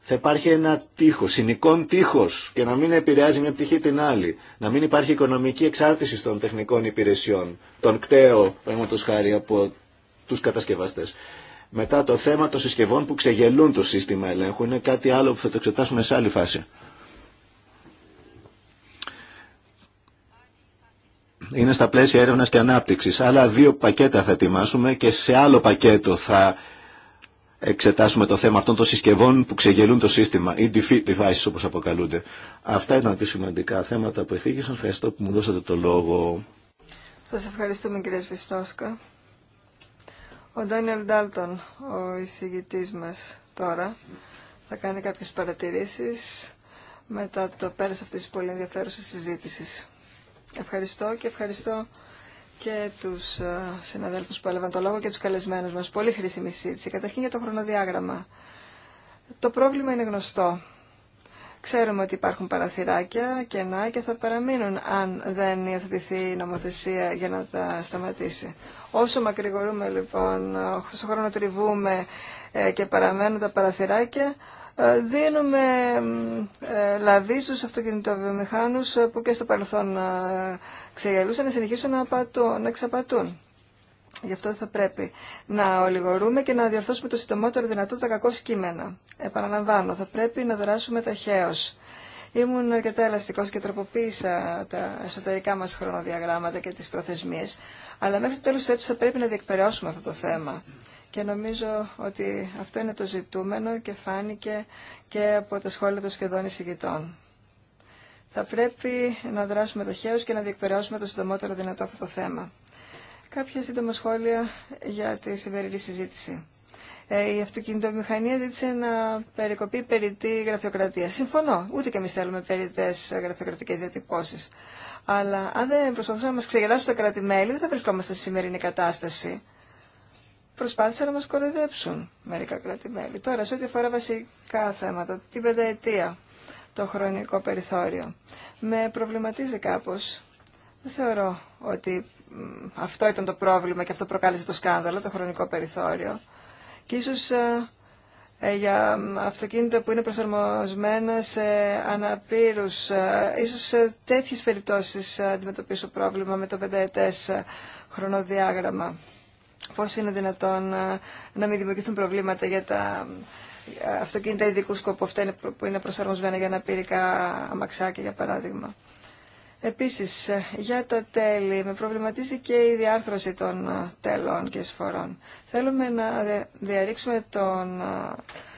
θα υπάρχει ένα τείχο, συνικών τείχο και να μην επηρεάζει μια πτυχή την άλλη. Να μην υπάρχει οικονομική εξάρτηση των τεχνικών υπηρεσιών, των κταίων, παραδείγματο χάρη, από του κατασκευαστέ. Μετά το θέμα των συσκευών που ξεγελούν το σύστημα ελέγχου είναι κάτι άλλο που θα το εξετάσουμε σε άλλη φάση. Είναι στα πλαίσια έρευνας και ανάπτυξης. Άλλα δύο πακέτα θα ετοιμάσουμε και σε άλλο πακέτο θα εξετάσουμε το θέμα αυτών των συσκευών που ξεγελούν το σύστημα ή defeat devices όπως αποκαλούνται. Αυτά ήταν πιο σημαντικά θέματα που εθήκησαν. Ευχαριστώ που μου δώσατε το λόγο. Σας ευχαριστούμε κύριε Σβιστόσκα. Ο Ντάνιελ Ντάλτον, ο εισηγητής μας τώρα, θα κάνει κάποιες παρατηρήσεις μετά το πέρας αυτής της πολύ ενδιαφέρουσας συζήτησης. Ευχαριστώ και ευχαριστώ και τους ε, συναδέλφους που έλαβαν το λόγο και τους καλεσμένους μας. Πολύ χρήσιμη συζήτηση. Καταρχήν για το χρονοδιάγραμμα. Το πρόβλημα είναι γνωστό. Ξέρουμε ότι υπάρχουν παραθυράκια, κενά και θα παραμείνουν αν δεν υιοθετηθεί η νομοθεσία για να τα σταματήσει. Όσο μακρηγορούμε λοιπόν, όσο χρόνο τριβούμε ε, και παραμένουν τα παραθυράκια, ε, δίνουμε ε, λαβή στου αυτοκινητοβιομηχάνους που και στο παρελθόν ξεγελούσαν να συνεχίσουν να, απατούν, να εξαπατούν. Γι' αυτό θα πρέπει να ολιγορούμε και να διορθώσουμε το συντομότερο δυνατό τα κακό σκήμενα. Επαναλαμβάνω, θα πρέπει να δράσουμε ταχαίως. Ήμουν αρκετά ελαστικός και τροποποίησα τα εσωτερικά μας χρονοδιαγράμματα και τις προθεσμίες, αλλά μέχρι το τέλος του έτους θα πρέπει να διεκπαιρεώσουμε αυτό το θέμα. Και νομίζω ότι αυτό είναι το ζητούμενο και φάνηκε και από τα σχόλια των σχεδόν εισηγητών. Θα πρέπει να δράσουμε ταχαίως και να διεκπαιρεώσουμε το συντομότερο δυνατό αυτό το θέμα. Κάποια σύντομα σχόλια για τη σημερινή συζήτηση. Ε, η αυτοκινητομηχανία ζήτησε να περικοπεί περιττή γραφειοκρατία. Συμφωνώ. Ούτε και εμεί θέλουμε περιττέ γραφειοκρατικέ διατυπώσει. Αλλά αν δεν προσπαθούσαμε να μα ξεγελάσουν τα κράτη-μέλη, δεν θα βρισκόμαστε στη σημερινή κατάσταση. Προσπάθησαν να μα κοροϊδέψουν μερικά κράτη-μέλη. Τώρα, σε ό,τι αφορά βασικά θέματα, την πενταετία, το χρονικό περιθώριο, με προβληματίζει κάπω. Δεν θεωρώ ότι αυτό ήταν το πρόβλημα και αυτό προκάλεσε το σκάνδαλο, το χρονικό περιθώριο. Και ίσως ε, ε, για αυτοκίνητα που είναι προσαρμοσμένα σε αναπήρους. Ε, ίσως σε τέτοιες περιπτώσεις αντιμετωπίσω πρόβλημα με το πενταετές χρονοδιάγραμμα. Πώς είναι δυνατόν να μην δημιουργηθούν προβλήματα για τα αυτοκίνητα ειδικού σκοπού, αυτά που είναι προσαρμοσμένα για αναπήρικα αμαξάκια, για παράδειγμα. Επίσης, για τα τέλη, με προβληματίζει και η διάρθρωση των ε, τέλων και σφορών Θέλουμε να διαρρήξουμε τον ε,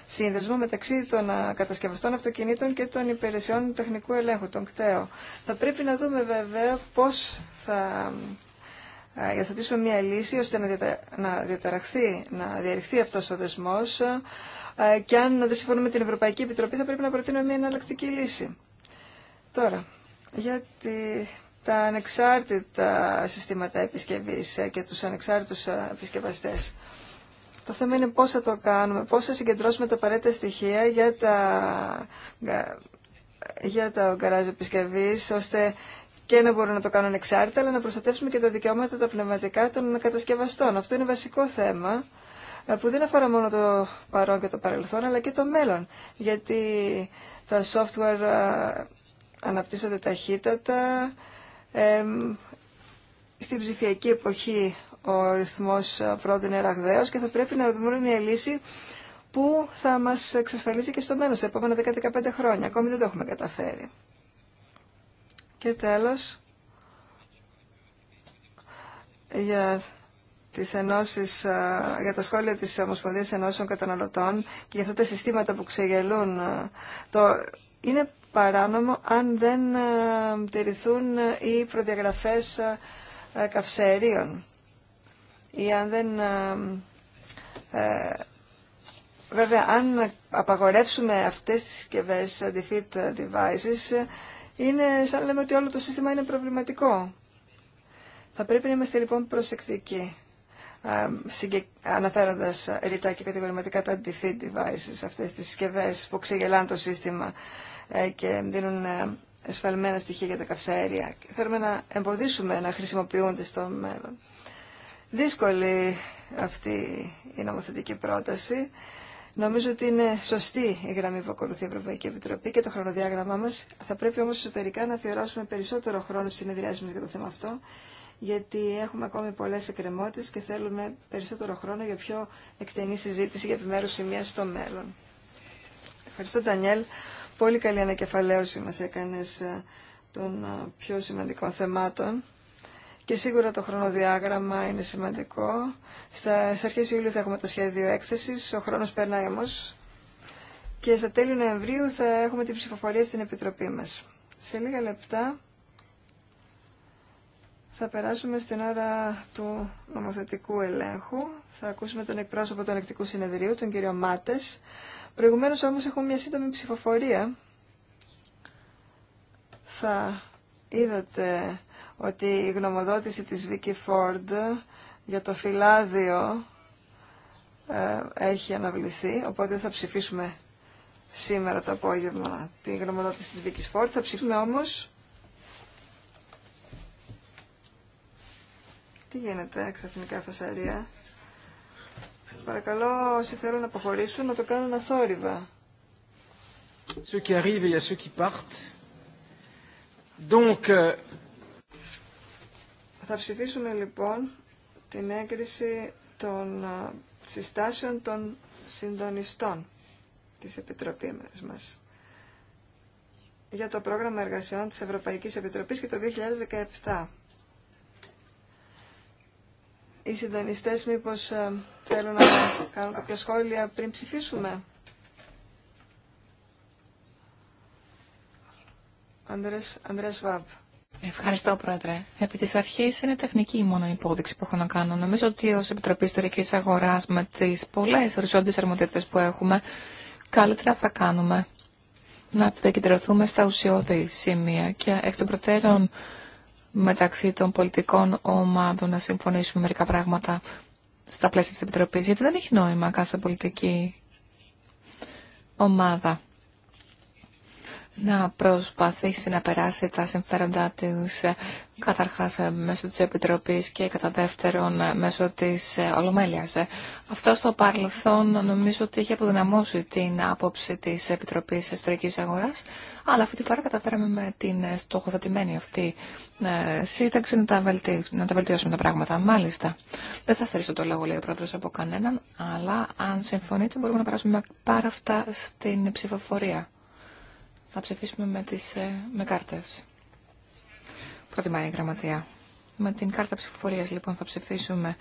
σύνδεσμο μεταξύ των ε, κατασκευαστών αυτοκινήτων και των υπηρεσιών τεχνικού ελέγχου, των ΚΤΕΟ. Θα πρέπει να δούμε βέβαια πώς θα υιοθετήσουμε μια λύση ώστε να διαταραχθεί, να διαρριχθεί αυτός ο δεσμός και αν δεν συμφωνούμε με την Ευρωπαϊκή Επιτροπή θα πρέπει να προτείνουμε μια εναλλακτική λύση. Τώρα, γιατί τα ανεξάρτητα συστήματα επισκευής ε, και τους ανεξάρτητους ε, επισκευαστές. Το θέμα είναι πώς θα το κάνουμε, πώς θα συγκεντρώσουμε τα απαραίτητα στοιχεία για τα, για τα γκαράζ επισκευής, ώστε και να μπορούν να το κάνουν εξάρτητα, αλλά να προστατεύσουμε και τα δικαιώματα τα πνευματικά των κατασκευαστών. Αυτό είναι βασικό θέμα ε, που δεν αφορά μόνο το παρόν και το παρελθόν, αλλά και το μέλλον. Γιατί τα software αναπτύσσονται ταχύτατα. Ε, στην ψηφιακή εποχή ο ρυθμός πρότεινε ραγδαίος και θα πρέπει να δούμε μια λύση που θα μας εξασφαλίσει και στο μέλλον, σε επόμενα 10-15 χρόνια. Ακόμη δεν το έχουμε καταφέρει. Και τέλος, για τις ενώσεις, για τα σχόλια της Ομοσπονδίας Ενώσεων Καταναλωτών και για αυτά τα συστήματα που ξεγελούν, το είναι παράνομο αν δεν ε, τηρηθούν οι προδιαγραφές ε, ε, καυσέριων. ή αν δεν... Βέβαια, αν απαγορεύσουμε αυτές τις συσκευέ defeat devices, είναι σαν να λέμε ότι όλο το σύστημα είναι προβληματικό. Θα πρέπει να είμαστε λοιπόν προσεκτικοί, αναφέροντας ρητά και κατηγορηματικά τα defeat devices, αυτές τις συσκευέ που ξεγελάνε το σύστημα. Ε, και δίνουν ε, εσφαλμένα στοιχεία για τα καυσαέρια. Θέλουμε να εμποδίσουμε να χρησιμοποιούνται στο μέλλον. Δύσκολη αυτή η νομοθετική πρόταση. Νομίζω ότι είναι σωστή η γραμμή που ακολουθεί η Ευρωπαϊκή Επιτροπή και το χρονοδιάγραμμά μας. Θα πρέπει όμως εσωτερικά να αφιερώσουμε περισσότερο χρόνο στις συνεδριάσεις μα για το θέμα αυτό, γιατί έχουμε ακόμη πολλές εκκρεμότητες και θέλουμε περισσότερο χρόνο για πιο εκτενή συζήτηση για επιμέρου σημεία στο μέλλον. Ευχαριστώ, Ντανιέλ. Πολύ καλή ανακεφαλαίωση μας έκανες ε, των ε, πιο σημαντικών θεμάτων. Και σίγουρα το χρονοδιάγραμμα είναι σημαντικό. Στα αρχές Ιουλίου θα έχουμε το σχέδιο έκθεσης, ο χρόνος περνάει όμω. Και στα τέλη Νοεμβρίου θα έχουμε την ψηφοφορία στην Επιτροπή μας. Σε λίγα λεπτά θα περάσουμε στην ώρα του νομοθετικού ελέγχου. Θα ακούσουμε τον εκπρόσωπο του Ανεκτικού Συνεδρίου, τον κύριο Μάτες, Προηγουμένως όμως έχουμε μια σύντομη ψηφοφορία. Θα είδατε ότι η γνωμοδότηση της Vicky Φόρντ για το φυλάδιο ε, έχει αναβληθεί, οπότε θα ψηφίσουμε σήμερα το απόγευμα τη γνωμοδότηση της Βίκης Φόρντ. Θα ψηφίσουμε όμως... Τι γίνεται ξαφνικά φασαρία. Παρακαλώ όσοι θέλουν να αποχωρήσουν να το κάνουν αθόρυβα. Donc, euh, θα ψηφίσουμε λοιπόν την έγκριση των ε, συστάσεων των συντονιστών της Επιτροπής μας για το πρόγραμμα εργασιών της Ευρωπαϊκής Επιτροπής και το 2017 οι συντονιστές μήπως ε, θέλουν να κάνουν κάποια σχόλια πριν ψηφίσουμε. Ανδρές, Βάμπ. Ευχαριστώ, Πρόεδρε. Επί τη αρχή είναι τεχνική μόνο υπόδειξη που έχω να κάνω. Νομίζω ότι ω Επιτροπή Ιστορική Αγορά, με τι πολλέ οριζόντιε αρμοδιότητε που έχουμε, καλύτερα θα κάνουμε να επικεντρωθούμε στα ουσιώδη σημεία και εκ των προτέρων μεταξύ των πολιτικών ομάδων να συμφωνήσουμε μερικά πράγματα στα πλαίσια της Επιτροπής, γιατί δεν έχει νόημα κάθε πολιτική ομάδα να προσπαθήσει να περάσει τα συμφέροντά της ε, καταρχάς ε, μέσω της Επιτροπής και κατά δεύτερον ε, μέσω της Ολομέλειας. Αυτό στο παρελθόν νομίζω ότι είχε αποδυναμώσει την άποψη της Επιτροπής Εστρικής Αγοράς, αλλά αυτή τη φορά καταφέραμε με την στοχοθετημένη αυτή σύνταξη να τα, βελτι... να τα βελτιώσουμε τα πράγματα. Μάλιστα, δεν θα στερήσω το λόγο, λέει ο πρόεδρος, από κανέναν, αλλά αν συμφωνείτε μπορούμε να περάσουμε πάρα αυτά στην ψηφοφορία. Θα ψηφίσουμε με, τις, ε, με κάρτες. Προτιμάει η γραμματεία. Με την κάρτα ψηφοφορίας λοιπόν θα ψηφίσουμε.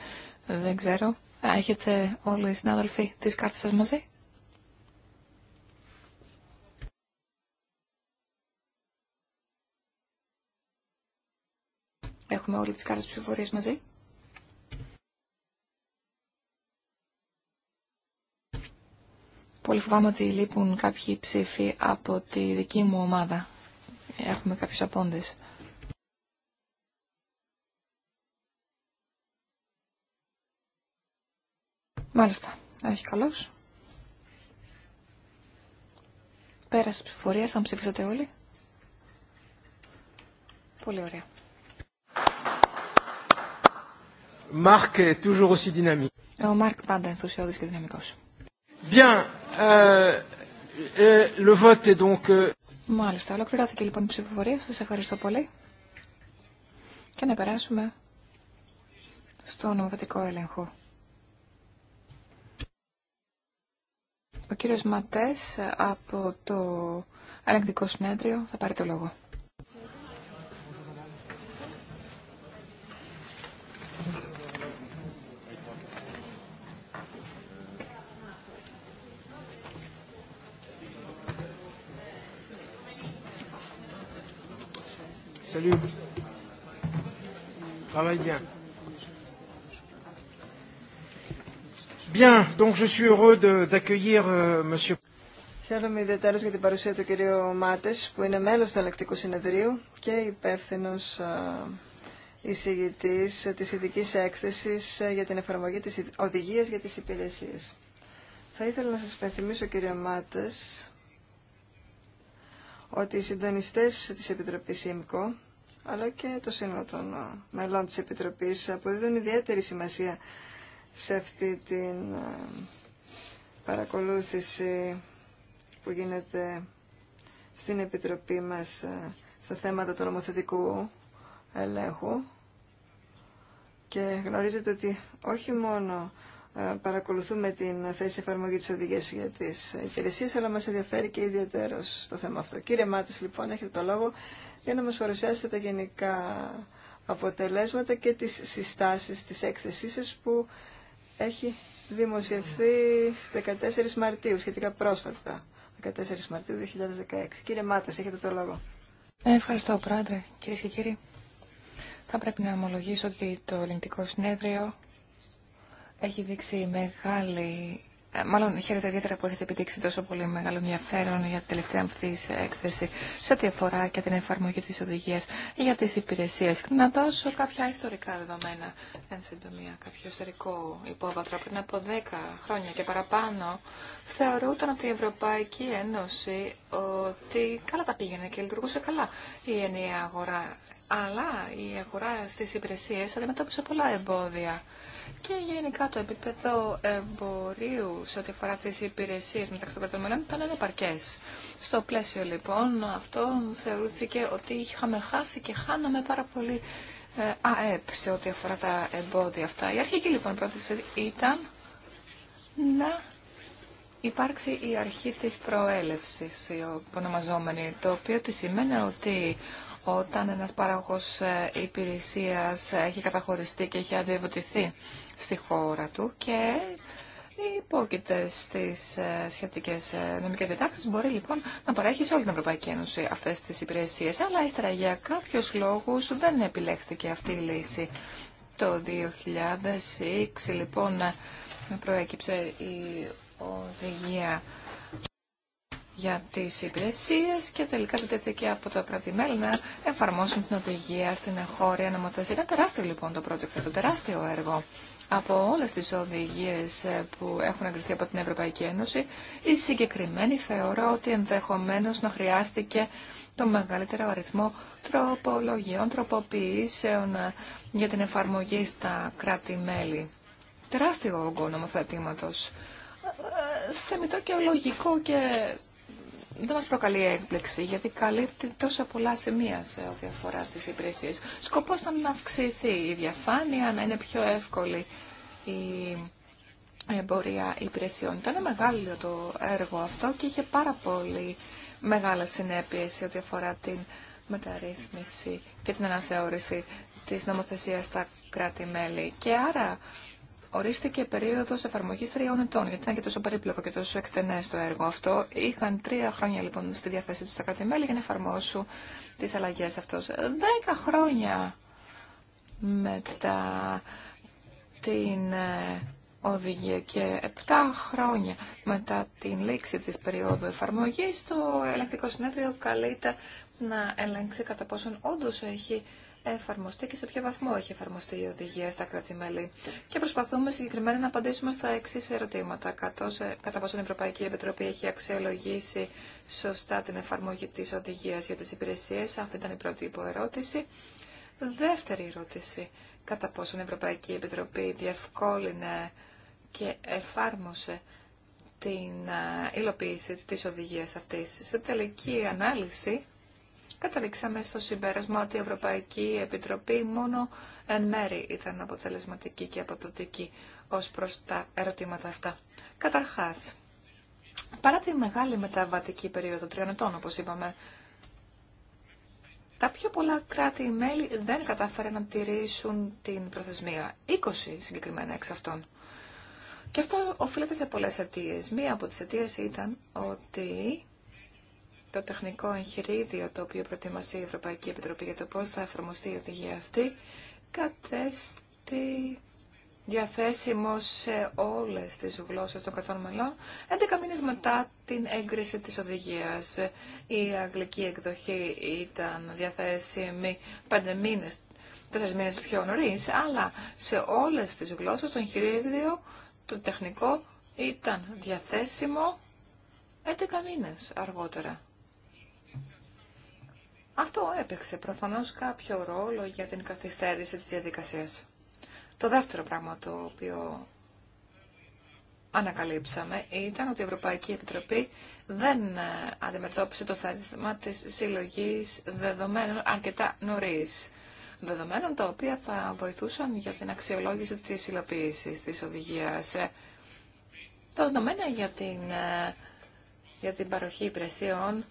Δεν ξέρω. Έχετε όλοι οι συνάδελφοι τις κάρτες σας μαζί. Έχουμε όλοι τις κάρτες ψηφοφορίας μαζί. Πολύ φοβάμαι ότι λείπουν κάποιοι ψήφοι από τη δική μου ομάδα. Έχουμε κάποιους απόντες. Μάλιστα. Έχει καλώς. Πέρασε τη ψηφορίας, αν ψήφισατε όλοι. Πολύ ωραία. toujours ε, Ο Μάρκ πάντα ενθουσιώδης και δυναμικός. Bien, Euh, euh, le vote donc... Euh, Μάλιστα, ολοκληρώθηκε λοιπόν η ψηφοφορία. Σα ευχαριστώ πολύ. Και να περάσουμε στο νομοθετικό έλεγχο. Ο κύριος Ματές από το ελεγκτικό συνέδριο θα πάρει το λόγο. Chevaillat. Bien, donc je suis heureux d'accueillir euh, Monsieur. Χαίρομαι ιδιαίτερα για την παρουσία του κυρίου Μάτε, που είναι μέλο του Ελεκτικού Συνεδρίου και υπεύθυνο ε, εισηγητή τη ειδική έκθεση ε, για την εφαρμογή τη οδηγία για τι Υπηρεσίε. Θα ήθελα να σα πενθυμίσω, κύριε Μάτε, ότι οι συντονιστέ τη Επιτροπή ΣΥΜΚΟ αλλά και το σύνολο των ε, μελών της Επιτροπής αποδίδουν ε, ιδιαίτερη σημασία σε αυτή την ε, παρακολούθηση που γίνεται στην Επιτροπή μας στα θέματα του νομοθετικού ελέγχου και γνωρίζετε ότι όχι μόνο παρακολουθούμε την θέση εφαρμογή της οδηγίας για τις υπηρεσίες, αλλά μας ενδιαφέρει και ιδιαίτερος το θέμα αυτό. Κύριε Μάτης, λοιπόν, έχετε το λόγο για να μας παρουσιάσετε τα γενικά αποτελέσματα και τις συστάσεις της έκθεσής σας που έχει δημοσιευθεί στις 14 Μαρτίου, σχετικά πρόσφατα, 14 Μαρτίου 2016. Κύριε Μάτας, έχετε το λόγο. Ε, ευχαριστώ, Πρόεδρε. Κυρίε και κύριοι, θα πρέπει να ομολογήσω ότι το ελληνικό συνέδριο έχει δείξει μεγάλη ε, μάλλον χαίρεται ιδιαίτερα που έχετε επιδείξει τόσο πολύ μεγάλο ενδιαφέρον για την τελευταία αυτή έκθεση σε ό,τι αφορά και την εφαρμογή τη οδηγία για τι υπηρεσίε. Να δώσω κάποια ιστορικά δεδομένα, εν συντομία, κάποιο ιστορικό υπόβαθρο. Πριν από 10 χρόνια και παραπάνω θεωρούταν ότι η Ευρωπαϊκή Ένωση ότι καλά τα πήγαινε και λειτουργούσε καλά η ενιαία αγορά αλλά η αγορά στις υπηρεσίες αντιμετώπισε πολλά εμπόδια. Και γενικά το επίπεδο εμπορίου σε ό,τι αφορά τις υπηρεσίες μεταξύ των κρατών ήταν ανεπαρκές. Στο πλαίσιο λοιπόν αυτό θεωρούθηκε ότι είχαμε χάσει και χάναμε πάρα πολύ ε, ΑΕΠ σε ό,τι αφορά τα εμπόδια αυτά. Η αρχική λοιπόν πρόθεση ήταν να υπάρξει η αρχή της προέλευση η ονομαζόμενη, το οποίο τι σημαίνει ότι όταν ένας παραγωγός ε, υπηρεσίας ε, έχει καταχωριστεί και έχει αντιβοτηθεί στη χώρα του και υπόκειται στις ε, σχετικές νομικές διτάξεις, μπορεί λοιπόν να παρέχει σε όλη την Ευρωπαϊκή Ένωση αυτές τις υπηρεσίες. Αλλά ύστερα για κάποιους λόγους δεν επιλέχθηκε αυτή η λύση. Το 2006 λοιπόν προέκυψε η οδηγία για τις υπηρεσίες και τελικά και από το κρατημέλη να εφαρμόσουν την οδηγία στην εγχώρια νομοθεσία. Ήταν τεράστιο λοιπόν το project το τεράστιο έργο. Από όλες τις οδηγίες ε, που έχουν εγκριθεί από την Ευρωπαϊκή Ένωση, η συγκεκριμένη θεωρώ ότι ενδεχομένως να χρειάστηκε το μεγαλύτερο αριθμό τροπολογιών, τροποποιήσεων ε, για την εφαρμογή στα κράτη-μέλη. Τεράστιο όγκο νομοθετήματος ε, θεμητό και λογικό και δεν μας προκαλεί έκπληξη, γιατί καλύπτει τόσα πολλά σημεία σε ό,τι αφορά τις υπηρεσίες. Σκοπός ήταν να αυξηθεί η διαφάνεια, να είναι πιο εύκολη η εμπορία υπηρεσιών. Ήταν μεγάλο το έργο αυτό και είχε πάρα πολύ μεγάλη συνέπειες σε ό,τι αφορά την μεταρρύθμιση και την αναθεώρηση της νομοθεσία στα κράτη-μέλη. Και άρα ορίστηκε περίοδο εφαρμογή τριών ετών, γιατί ήταν και τόσο περίπλοκο και τόσο εκτενέ το έργο αυτό. Είχαν τρία χρόνια λοιπόν στη διάθεσή του τα κρατημέλη για να εφαρμόσουν τι αλλαγέ αυτό. Δέκα χρόνια μετά την ε, οδηγία και 7 χρόνια μετά την λήξη της περίοδου εφαρμογής το ελεγκτικό συνέδριο καλείται να ελέγξει κατά πόσον όντως έχει εφαρμοστεί και σε ποιο βαθμό έχει εφαρμοστεί η οδηγία στα κράτη-μέλη. Και προσπαθούμε συγκεκριμένα να απαντήσουμε στα εξή ερωτήματα. Κατά πόσο η Ευρωπαϊκή Επιτροπή έχει αξιολογήσει σωστά την εφαρμογή τη οδηγία για τι υπηρεσίε, αυτή ήταν η πρώτη υποερώτηση. Δεύτερη ερώτηση. Κατά πόσο η Ευρωπαϊκή Επιτροπή διευκόλυνε και εφάρμοσε την ε, υλοποίηση της οδηγίας αυτής. Σε τελική ανάλυση καταλήξαμε στο συμπέρασμα ότι η Ευρωπαϊκή Επιτροπή μόνο εν μέρη ήταν αποτελεσματική και αποδοτική ως προς τα ερωτήματα αυτά. Καταρχάς, παρά τη μεγάλη μεταβατική περίοδο τριών ετών, όπως είπαμε, τα πιο πολλά κράτη-μέλη δεν κατάφεραν να τηρήσουν την προθεσμία. 20 συγκεκριμένα εξ αυτών. Και αυτό οφείλεται σε πολλές αιτίε. Μία από τις αιτίε ήταν ότι το τεχνικό εγχειρίδιο το οποίο προετοιμασεί η Ευρωπαϊκή Επιτροπή για το πώς θα εφαρμοστεί η οδηγία αυτή, κατέστη διαθέσιμο σε όλες τις γλώσσες των κρατών μελών 11 μήνες μετά την έγκριση της οδηγίας. Η αγγλική εκδοχή ήταν διαθέσιμη 5 μήνες, 4 μήνες πιο νωρίς, αλλά σε όλες τις γλώσσες το εγχειρίδιο, το τεχνικό ήταν διαθέσιμο 11 μήνες αργότερα. Αυτό έπαιξε προφανώς κάποιο ρόλο για την καθυστέρηση της διαδικασίας. Το δεύτερο πράγμα το οποίο ανακαλύψαμε ήταν ότι η Ευρωπαϊκή Επιτροπή δεν ε, αντιμετώπισε το θέμα της συλλογής δεδομένων αρκετά νωρίς. Δεδομένων τα οποία θα βοηθούσαν για την αξιολόγηση της υλοποίησης της οδηγίας. Ε, τα δεδομένα για την, ε, για την παροχή υπηρεσιών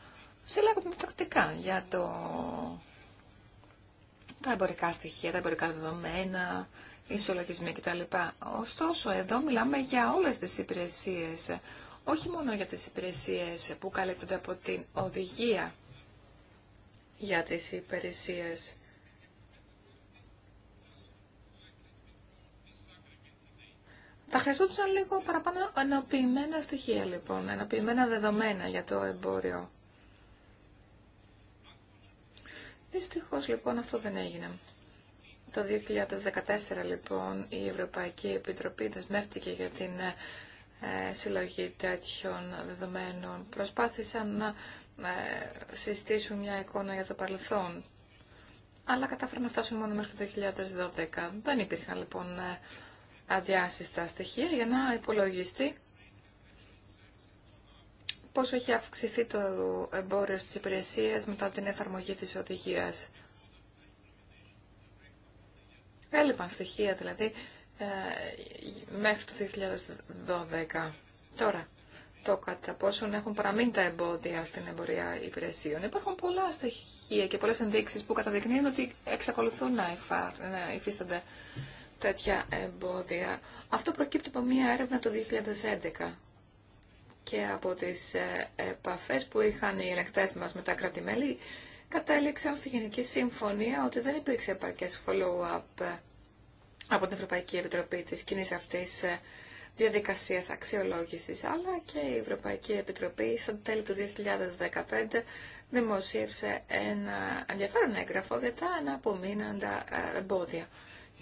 τα πρακτικά για το... τα εμπορικά στοιχεία, τα εμπορικά δεδομένα, ισολογισμοί κτλ. Ωστόσο, εδώ μιλάμε για όλες τις υπηρεσίες, όχι μόνο για τις υπηρεσίες που καλύπτονται από την οδηγία για τις υπηρεσίες. Θα χρειαζόντουσαν λίγο παραπάνω ενοποιημένα στοιχεία, λοιπόν, ενοποιημένα δεδομένα για το εμπόριο. Δυστυχώς λοιπόν αυτό δεν έγινε. Το 2014 λοιπόν η Ευρωπαϊκή Επιτροπή δεσμεύτηκε για την ε, συλλογή τέτοιων δεδομένων. Προσπάθησαν να ε, συστήσουν μια εικόνα για το παρελθόν. Αλλά κατάφεραν να φτάσουν μόνο μέχρι το 2012. Δεν υπήρχαν λοιπόν ε, αδιάσυστα στοιχεία για να υπολογιστεί πόσο έχει αυξηθεί το εμπόριο στις υπηρεσίες μετά την εφαρμογή της οδηγίας. Έλειπαν στοιχεία δηλαδή ε, μέχρι το 2012. Τώρα, το κατά πόσον έχουν παραμείνει τα εμπόδια στην εμπορία υπηρεσίων. Υπάρχουν πολλά στοιχεία και πολλές ενδείξεις που καταδεικνύουν ότι εξακολουθούν να, υφαρ, να υφίστανται τέτοια εμπόδια. Αυτό προκύπτει από μία έρευνα το 2011 και από τις ε, επαφές που είχαν οι ελεκτές μας με τα κρατημέλη κατέληξαν στη Γενική Συμφωνία ότι δεν υπήρξε επαρκές follow-up από την Ευρωπαϊκή Επιτροπή της κοινή αυτής ε, διαδικασίας αξιολόγησης, αλλά και η Ευρωπαϊκή Επιτροπή στο τέλη του 2015 δημοσίευσε ένα ενδιαφέρον έγγραφο για τα αναπομείναντα ε, εμπόδια.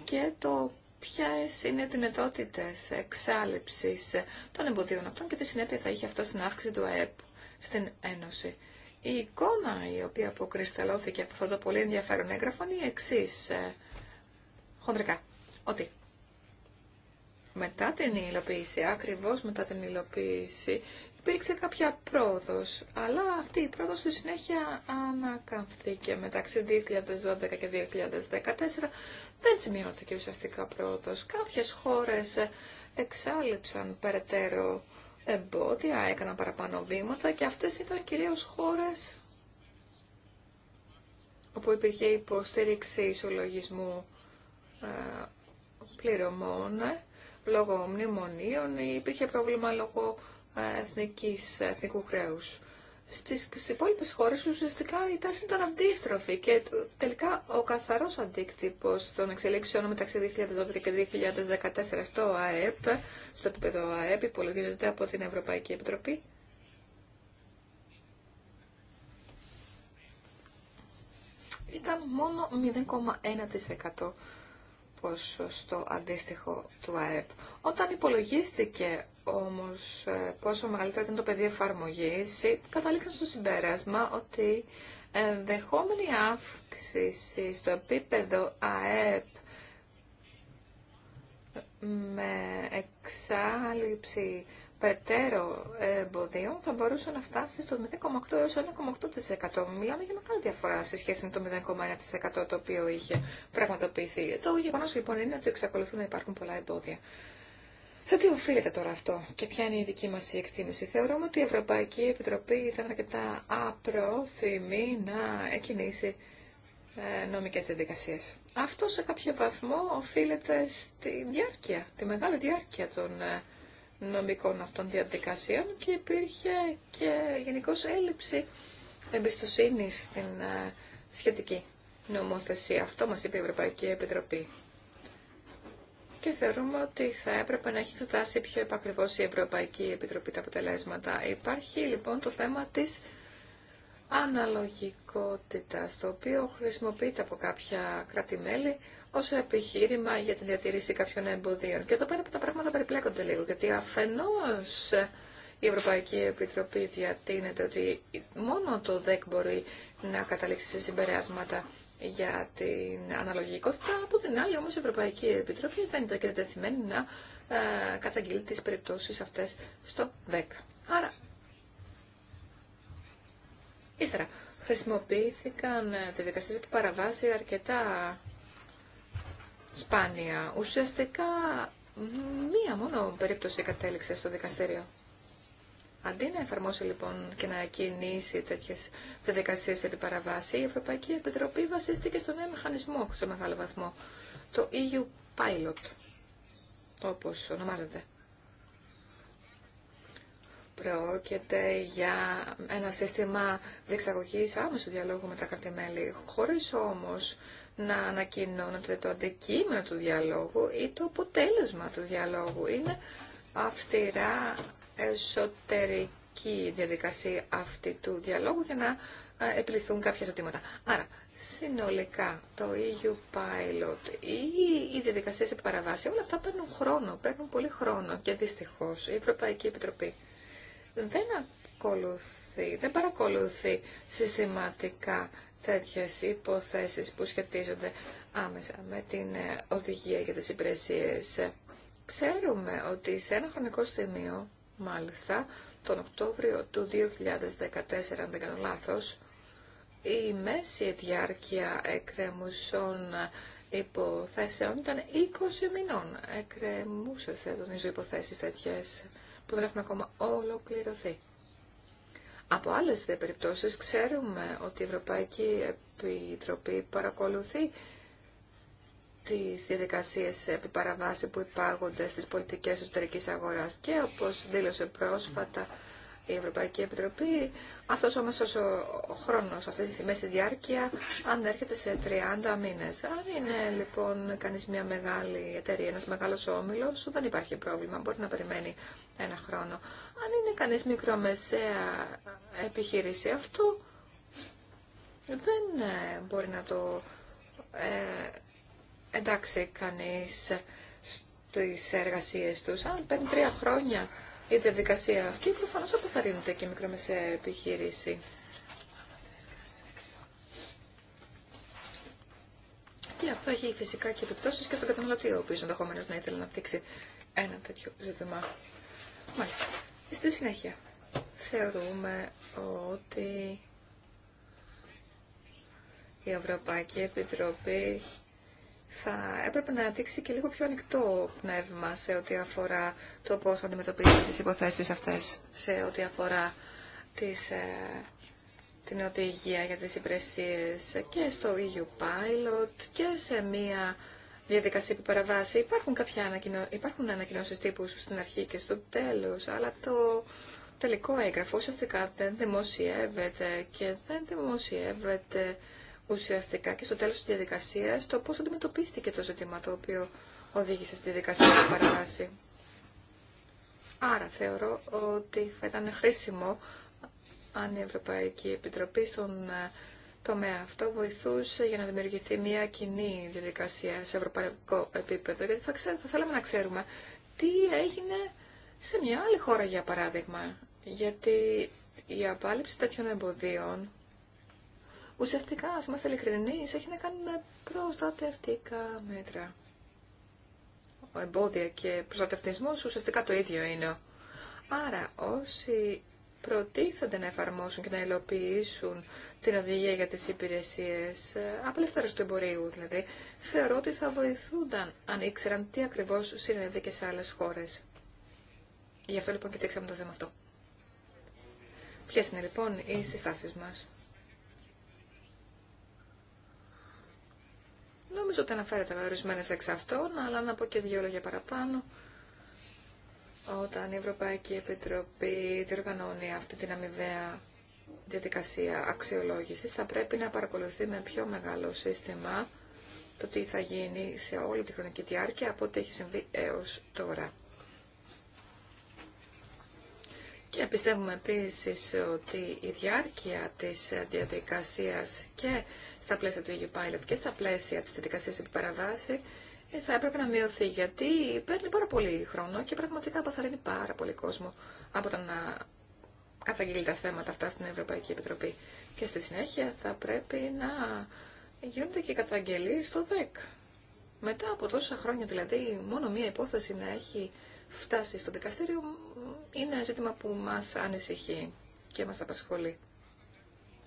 Και το ποιες είναι οι δυνατότητες εξάλληψης των εμποδίων αυτών και τι συνέπεια θα είχε αυτό στην αύξηση του ΑΕΠ στην Ένωση. Η εικόνα η οποία αποκρισταλώθηκε από αυτό το πολύ ενδιαφέρον έγγραφο είναι η εξή. Ε, χοντρικά. Ότι μετά την υλοποίηση, ακριβώς μετά την υλοποίηση, υπήρξε κάποια πρόοδος, αλλά αυτή η πρόοδος στη συνέχεια ανακαμφθήκε μεταξύ 2012 και 2014 δεν σημειώθηκε ουσιαστικά πρόοδο. Κάποιες χώρες εξάλληψαν περαιτέρω εμπόδια, έκαναν παραπάνω βήματα και αυτές ήταν κυρίως χώρες όπου υπήρχε υποστήριξη ισολογισμού ε, πληρωμών ε, λόγω μνημονίων ή υπήρχε πρόβλημα λόγω ε, εθνικής, εθνικού χρέους στις υπόλοιπες χώρες ουσιαστικά η τάση ήταν αντίστροφη και τελικά ο καθαρός αντίκτυπος των εξελίξεων μεταξύ 2012 και 2014 στο ΑΕΠ, στο επίπεδο ΑΕΠ υπολογίζεται από την Ευρωπαϊκή Επιτροπή. Ήταν μόνο 0,1% ποσοστό αντίστοιχο του ΑΕΠ. Όταν υπολογίστηκε όμως ε, πόσο μεγαλύτερο ήταν το πεδίο εφαρμογή, ε, καταλήξαν στο συμπέρασμα ότι ενδεχόμενη αύξηση στο επίπεδο ΑΕΠ με εξάλληψη περαιτέρω εμποδίων θα μπορούσε να φτάσει στο 0,8 έως 1,8%. Μιλάμε για μεγάλη διαφορά σε σχέση με το 0,1% το οποίο είχε πραγματοποιηθεί. Το γεγονό λοιπόν είναι ότι εξακολουθούν να υπάρχουν πολλά εμπόδια σε τι οφείλεται τώρα αυτό και ποια είναι η δική μας η εκτίμηση. Θεωρούμε ότι η Ευρωπαϊκή Επιτροπή ήταν αρκετά απρόθυμη να εκκινήσει ε, νομικές διαδικασίες. Αυτό σε κάποιο βαθμό οφείλεται στη διάρκεια, τη μεγάλη διάρκεια των ε, νομικών αυτών διαδικασίων και υπήρχε και γενικώ έλλειψη εμπιστοσύνη στην ε, σχετική νομοθεσία. Αυτό μας είπε η Ευρωπαϊκή Επιτροπή και θεωρούμε ότι θα έπρεπε να έχει εκτάσει πιο επακριβώς η Ευρωπαϊκή Επιτροπή τα αποτελέσματα. Υπάρχει λοιπόν το θέμα της αναλογικότητας, το οποίο χρησιμοποιείται από κάποια κράτη-μέλη ως επιχείρημα για τη διατήρηση κάποιων εμποδίων. Και εδώ πέρα τα πράγματα περιπλέκονται λίγο, γιατί αφενό η Ευρωπαϊκή Επιτροπή διατείνεται ότι μόνο το ΔΕΚ μπορεί να καταλήξει σε συμπεράσματα για την αναλογικότητα. Από την άλλη όμως η Ευρωπαϊκή Επιτροπή δεν ήταν και να ε, καταγγείλει τις περιπτώσεις αυτές στο 10. Άρα, ύστερα, χρησιμοποιήθηκαν ε, τη δικασία που παραβάζει αρκετά σπάνια. Ουσιαστικά, μία μόνο περίπτωση κατέληξε στο δικαστήριο. Αντί να εφαρμόσει λοιπόν και να κινήσει τέτοιε διαδικασίε επί παραβάση, η Ευρωπαϊκή Επιτροπή βασίστηκε στον νέο μηχανισμό σε μεγάλο βαθμό. Το EU Pilot, όπω ονομάζεται. Πρόκειται για ένα σύστημα διεξαγωγή άμεσου διαλόγου με τα κρατημέλη, χωρί όμω να ανακοινώνεται το αντικείμενο του διαλόγου ή το αποτέλεσμα του διαλόγου. Είναι αυστηρά εσωτερική διαδικασία αυτή του διαλόγου για να επιληθούν κάποια ζητήματα. Άρα, συνολικά το EU Pilot ή οι διαδικασίες επί παραβάση, όλα αυτά παίρνουν χρόνο, παίρνουν πολύ χρόνο και δυστυχώς η οι διαδικασιες επι ολα αυτα παιρνουν χρονο Επιτροπή δεν ακολουθεί, δεν παρακολουθεί συστηματικά τέτοιες υποθέσεις που σχετίζονται άμεσα με την ε, οδηγία για τις υπηρεσίες. Ξέρουμε ότι σε ένα χρονικό σημείο μάλιστα, τον Οκτώβριο του 2014, αν δεν κάνω λάθος, η μέση διάρκεια εκκρεμουσών υποθέσεων ήταν 20 μηνών. Εκκρεμούσε, σε τονίζω, υποθέσεις τέτοιες που δεν έχουν ακόμα ολοκληρωθεί. Από άλλες δε ξέρουμε ότι η Ευρωπαϊκή Επιτροπή παρακολουθεί τις διαδικασίες επί παραβάση που υπάγονται στις πολιτικές εσωτερικής αγοράς και όπως δήλωσε πρόσφατα η Ευρωπαϊκή Επιτροπή, αυτός όμως ο χρόνος, αυτή τη μέση διάρκεια, έρχεται σε 30 μήνες. Αν είναι λοιπόν κανείς μια μεγάλη εταιρεία, ένας μεγάλος όμιλος, δεν υπάρχει πρόβλημα, μπορεί να περιμένει ένα χρόνο. Αν είναι κανείς μικρομεσαία επιχείρηση, αυτού, δεν ε, μπορεί να το ε, εντάξει κανείς στις εργασίες τους. Αν παίρνει τρία χρόνια η διαδικασία αυτή, προφανώς αποθαρρύνεται και η μικρομεσαία επιχείρηση. Και αυτό έχει φυσικά και επιπτώσεις και στον καταναλωτή, ο οποίος ενδεχομένω να ήθελε να δείξει ένα τέτοιο ζήτημα. Μάλιστα. Στη συνέχεια, θεωρούμε ότι η Ευρωπαϊκή Επιτροπή θα έπρεπε να δείξει και λίγο πιο ανοιχτό πνεύμα σε ό,τι αφορά το πώς αντιμετωπίζουμε τις υποθέσεις αυτές, σε ό,τι αφορά τις, ε, την οδηγία για τις υπηρεσίες και στο EU Pilot και σε μία διαδικασία που παραβάσει. Υπάρχουν, κάποια υπάρχουν ανακοινώσεις τύπου στην αρχή και στο τέλος, αλλά το τελικό έγγραφο ουσιαστικά δεν δημοσιεύεται και δεν δημοσιεύεται ουσιαστικά και στο τέλος της διαδικασίας το πώς αντιμετωπίστηκε το ζήτημα το οποίο οδήγησε στη διαδικασία να παραβάσει. Άρα θεωρώ ότι θα ήταν χρήσιμο αν η Ευρωπαϊκή Επιτροπή στον ε, τομέα αυτό βοηθούσε για να δημιουργηθεί μια κοινή διαδικασία σε ευρωπαϊκό επίπεδο, γιατί θα, θα θέλαμε να ξέρουμε τι έγινε σε μια άλλη χώρα, για παράδειγμα. Γιατί η απάλληψη τέτοιων εμποδίων Ουσιαστικά, α είμαστε ειλικρινεί, έχει να κάνει με προστατευτικά μέτρα. Ο εμπόδια και προστατευτισμός ουσιαστικά το ίδιο είναι. Άρα, όσοι προτίθενται να εφαρμόσουν και να υλοποιήσουν την οδηγία για τις υπηρεσίες ε, απελευθέρωση του εμπορίου, δηλαδή, θεωρώ ότι θα βοηθούνταν αν ήξεραν τι ακριβώς συνέβη σε άλλες χώρες. Γι' αυτό λοιπόν κοιτάξαμε το θέμα αυτό. Ποιες είναι λοιπόν οι συστάσεις μας. Νομίζω ότι αναφέρεται με ορισμένε εξ αυτών, αλλά να πω και δύο λόγια παραπάνω. Όταν η Ευρωπαϊκή Επιτροπή διοργανώνει αυτή την αμοιβαία διαδικασία αξιολόγηση, θα πρέπει να παρακολουθεί με πιο μεγάλο σύστημα το τι θα γίνει σε όλη τη χρονική διάρκεια από ό,τι έχει συμβεί έως τώρα. Και πιστεύουμε επίσης ότι η διάρκεια της διαδικασίας και στα πλαίσια του EU Pilot και στα πλαίσια της διαδικασίας επιπαραβάση ε, θα έπρεπε να μειωθεί γιατί παίρνει πάρα πολύ χρόνο και πραγματικά απαθαρρύνει πάρα πολύ κόσμο από το να καταγγείλει τα θέματα αυτά στην Ευρωπαϊκή Επιτροπή. Και στη συνέχεια θα πρέπει να γίνονται και καταγγελίες στο ΔΕΚ. Μετά από τόσα χρόνια δηλαδή μόνο μία υπόθεση να έχει φτάσει στο δικαστήριο είναι ένα ζήτημα που μας ανησυχεί και μας απασχολεί.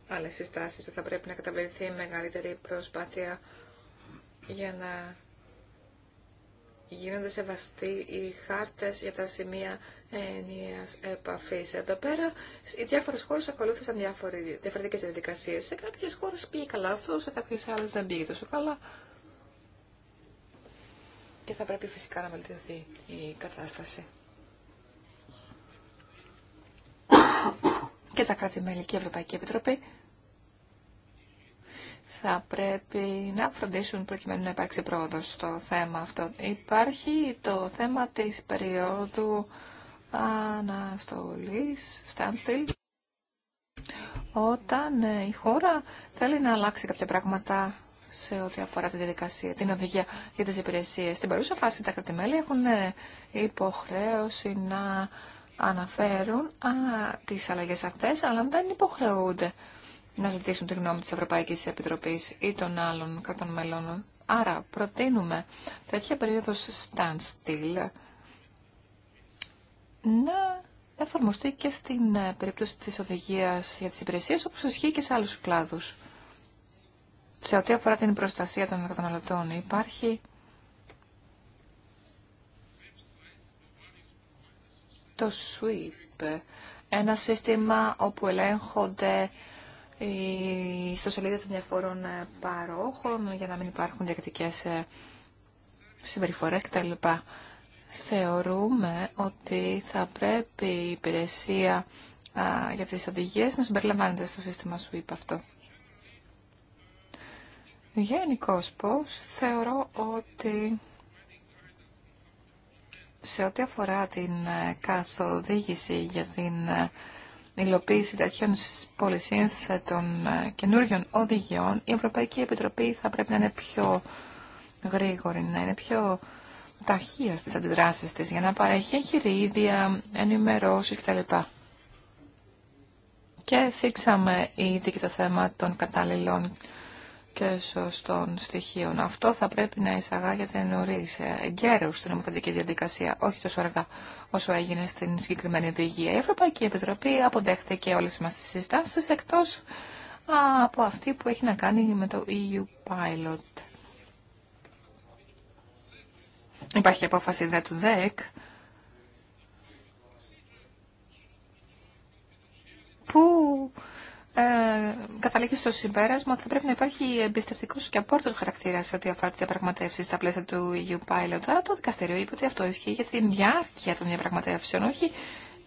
Άλλες συστάσεις θα πρέπει να καταβληθεί μεγαλύτερη προσπάθεια για να γίνονται σεβαστοί οι χάρτες για τα σημεία ενιαίας επαφής. Εδώ πέρα, οι διάφορες χώρες ακολούθησαν διάφορες διαφορετικές διαδικασίες. Σε κάποιες χώρες πήγε καλά αυτό, σε κάποιες άλλες δεν πήγε τόσο καλά. Και θα πρέπει φυσικά να βελτιωθεί η κατάσταση. και τα κράτη-μέλη και η Ευρωπαϊκή Επιτροπή θα πρέπει να φροντίσουν προκειμένου να υπάρξει πρόοδο στο θέμα αυτό. Υπάρχει το θέμα της περίοδου αναστολής, standstill, όταν ε, η χώρα θέλει να αλλάξει κάποια πράγματα σε ό,τι αφορά τη διαδικασία, την οδηγία για τις υπηρεσίες. Στην παρούσα φάση τα κρατημέλη έχουν ε, υποχρέωση να αναφέρουν α, τις αλλαγές αυτές, αλλά δεν υποχρεούνται να ζητήσουν τη γνώμη της Ευρωπαϊκής Επιτροπής ή των άλλων κρατών μελών. Άρα προτείνουμε τέτοια περίοδος standstill να εφαρμοστεί και στην ε, περίπτωση της οδηγίας για τις υπηρεσίες, όπως ισχύει και σε άλλους κλάδους. Σε ό,τι αφορά την προστασία των καταναλωτών, υπάρχει το SWEEP ένα σύστημα όπου ελέγχονται οι ιστοσελίδε των διαφόρων παρόχων για να μην υπάρχουν διακριτικέ ε, συμπεριφορέ κτλ. Θεωρούμε ότι θα πρέπει η υπηρεσία για τις οδηγίες να συμπεριλαμβάνεται στο σύστημα SWEEP αυτό. Γενικώ πώς θεωρώ ότι σε ό,τι αφορά την ε, καθοδήγηση για την ε, υλοποίηση τέτοιων πολυσύνθετων ε, καινούριων οδηγιών, η Ευρωπαϊκή Επιτροπή θα πρέπει να είναι πιο γρήγορη, να είναι πιο ταχεία στις αντιδράσεις της, για να παρέχει εγχειρίδια, ενημερώσεις κτλ. Και θίξαμε ήδη και το θέμα των κατάλληλων και σωστών στοιχείων. Αυτό θα πρέπει να εισαγάγεται νωρί, ε, εγκαίρω στην νομοθετική διαδικασία, όχι τόσο αργά όσο έγινε στην συγκεκριμένη οδηγία. Η Ευρωπαϊκή Επιτροπή αποδέχθηκε όλε μα τι συστάσει, εκτό από αυτή που έχει να κάνει με το EU Pilot. Υπάρχει απόφαση δε του ΔΕΚ που ε, καταλήγει στο συμπέρασμα ότι θα πρέπει να υπάρχει εμπιστευτικό και απόρριτο χαρακτήρα σε ό,τι αφορά τι διαπραγματεύσει στα πλαίσια του EU Pilot. Αλλά το δικαστήριο είπε ότι αυτό ισχύει για την διάρκεια των διαπραγματεύσεων, όχι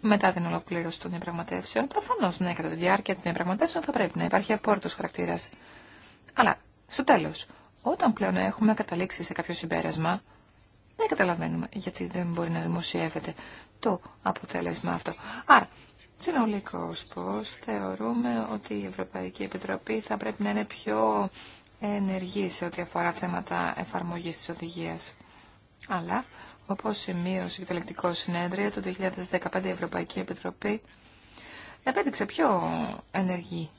μετά την ολοκλήρωση των διαπραγματεύσεων. Προφανώ, ναι, κατά τη διάρκεια των διαπραγματεύσεων θα πρέπει να υπάρχει απόρριτο χαρακτήρα. Αλλά στο τέλο, όταν πλέον έχουμε καταλήξει σε κάποιο συμπέρασμα, δεν καταλαβαίνουμε γιατί δεν μπορεί να δημοσιεύεται το αποτέλεσμα αυτό. Άρα, Συνολικό πώς θεωρούμε ότι η Ευρωπαϊκή Επιτροπή θα πρέπει να είναι πιο ενεργή σε ό,τι αφορά θέματα εφαρμογής της οδηγίας. Αλλά, όπως σημείωσε το ελεκτικό συνέδριο, το 2015 η Ευρωπαϊκή Επιτροπή επέδειξε πιο ενεργή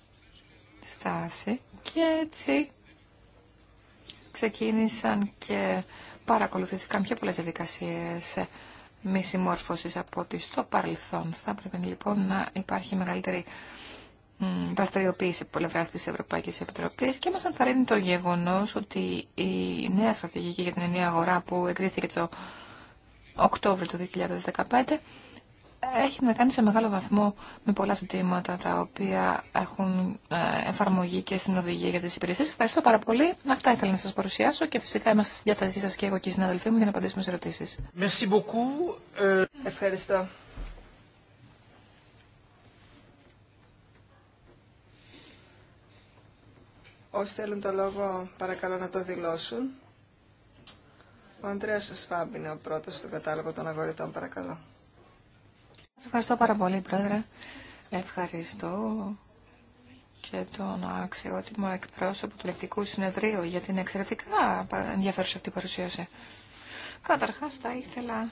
στάση και έτσι ξεκίνησαν και παρακολουθήθηκαν πιο πολλές διαδικασίες μη συμμόρφωση από ότι στο παρελθόν θα πρέπει λοιπόν να υπάρχει μεγαλύτερη δραστηριοποίηση από πλευρά τη Ευρωπαϊκή Επιτροπή και μα ενθαρρύνει το γεγονό ότι η νέα στρατηγική για την ενιαία αγορά που εγκρίθηκε το Οκτώβριο του 2015 έχει να κάνει σε μεγάλο βαθμό με πολλά ζητήματα τα οποία έχουν ε, εφαρμογή και στην οδηγία για τι υπηρεσίε. Ευχαριστώ πάρα πολύ. Αυτά ήθελα να σας παρουσιάσω και φυσικά είμαστε στη διάθεσή σα και εγώ και οι συναδελφοί μου για να απαντήσουμε σε ερωτήσεις. Ε, Ευχαριστώ. Όσοι θέλουν το λόγο παρακαλώ να το δηλώσουν. Ο Αντρέας Σφάμπ είναι ο πρώτος στον κατάλογο των αγορητών παρακαλώ. Σας ευχαριστώ πάρα πολύ, Πρόεδρε. Ευχαριστώ και τον αξιότιμο εκπρόσωπο του ηλεκτρικού Συνεδρίου για την εξαιρετικά ενδιαφέρουσα αυτή παρουσίαση. Καταρχάς, θα ήθελα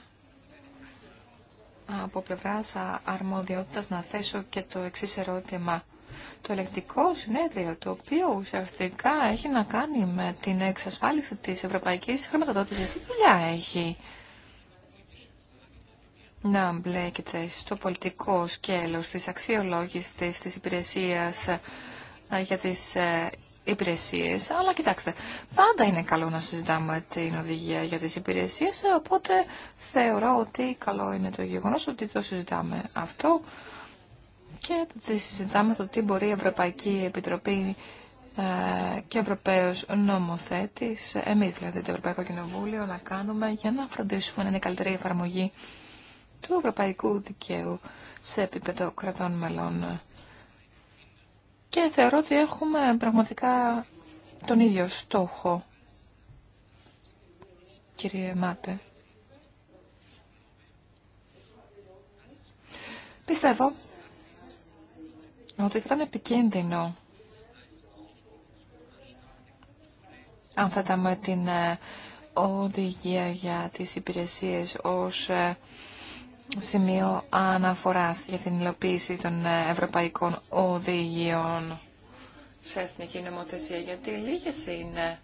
από πλευρά αρμοδιότητας να θέσω και το εξή ερώτημα. Το ελεκτικό συνέδριο, το οποίο ουσιαστικά έχει να κάνει με την εξασφάλιση της ευρωπαϊκής χρηματοδότησης, τι δουλειά έχει να μπλέκεται στο πολιτικό σκέλος της αξιολόγησης της υπηρεσίας ε, για τις ε, υπηρεσίες. Αλλά κοιτάξτε, πάντα είναι καλό να συζητάμε την οδηγία για τις υπηρεσίες, οπότε θεωρώ ότι καλό είναι το γεγονός ότι το συζητάμε αυτό και ότι συζητάμε το τι μπορεί η Ευρωπαϊκή Επιτροπή ε, και Ευρωπαίος νομοθέτης, εμείς δηλαδή το Ευρωπαϊκό Κοινοβούλιο, να κάνουμε για να φροντίσουμε να είναι καλύτερη εφαρμογή του ευρωπαϊκού δικαίου σε επίπεδο κρατών μελών. Και θεωρώ ότι έχουμε πραγματικά τον ίδιο στόχο, κύριε Μάτε. Πιστεύω ότι ήταν επικίνδυνο αν θέταμε την ε, οδηγία για τις υπηρεσίες ως ε, σημείο αναφοράς για την υλοποίηση των ευρωπαϊκών οδηγιών σε εθνική νομοθεσία, γιατί λίγες είναι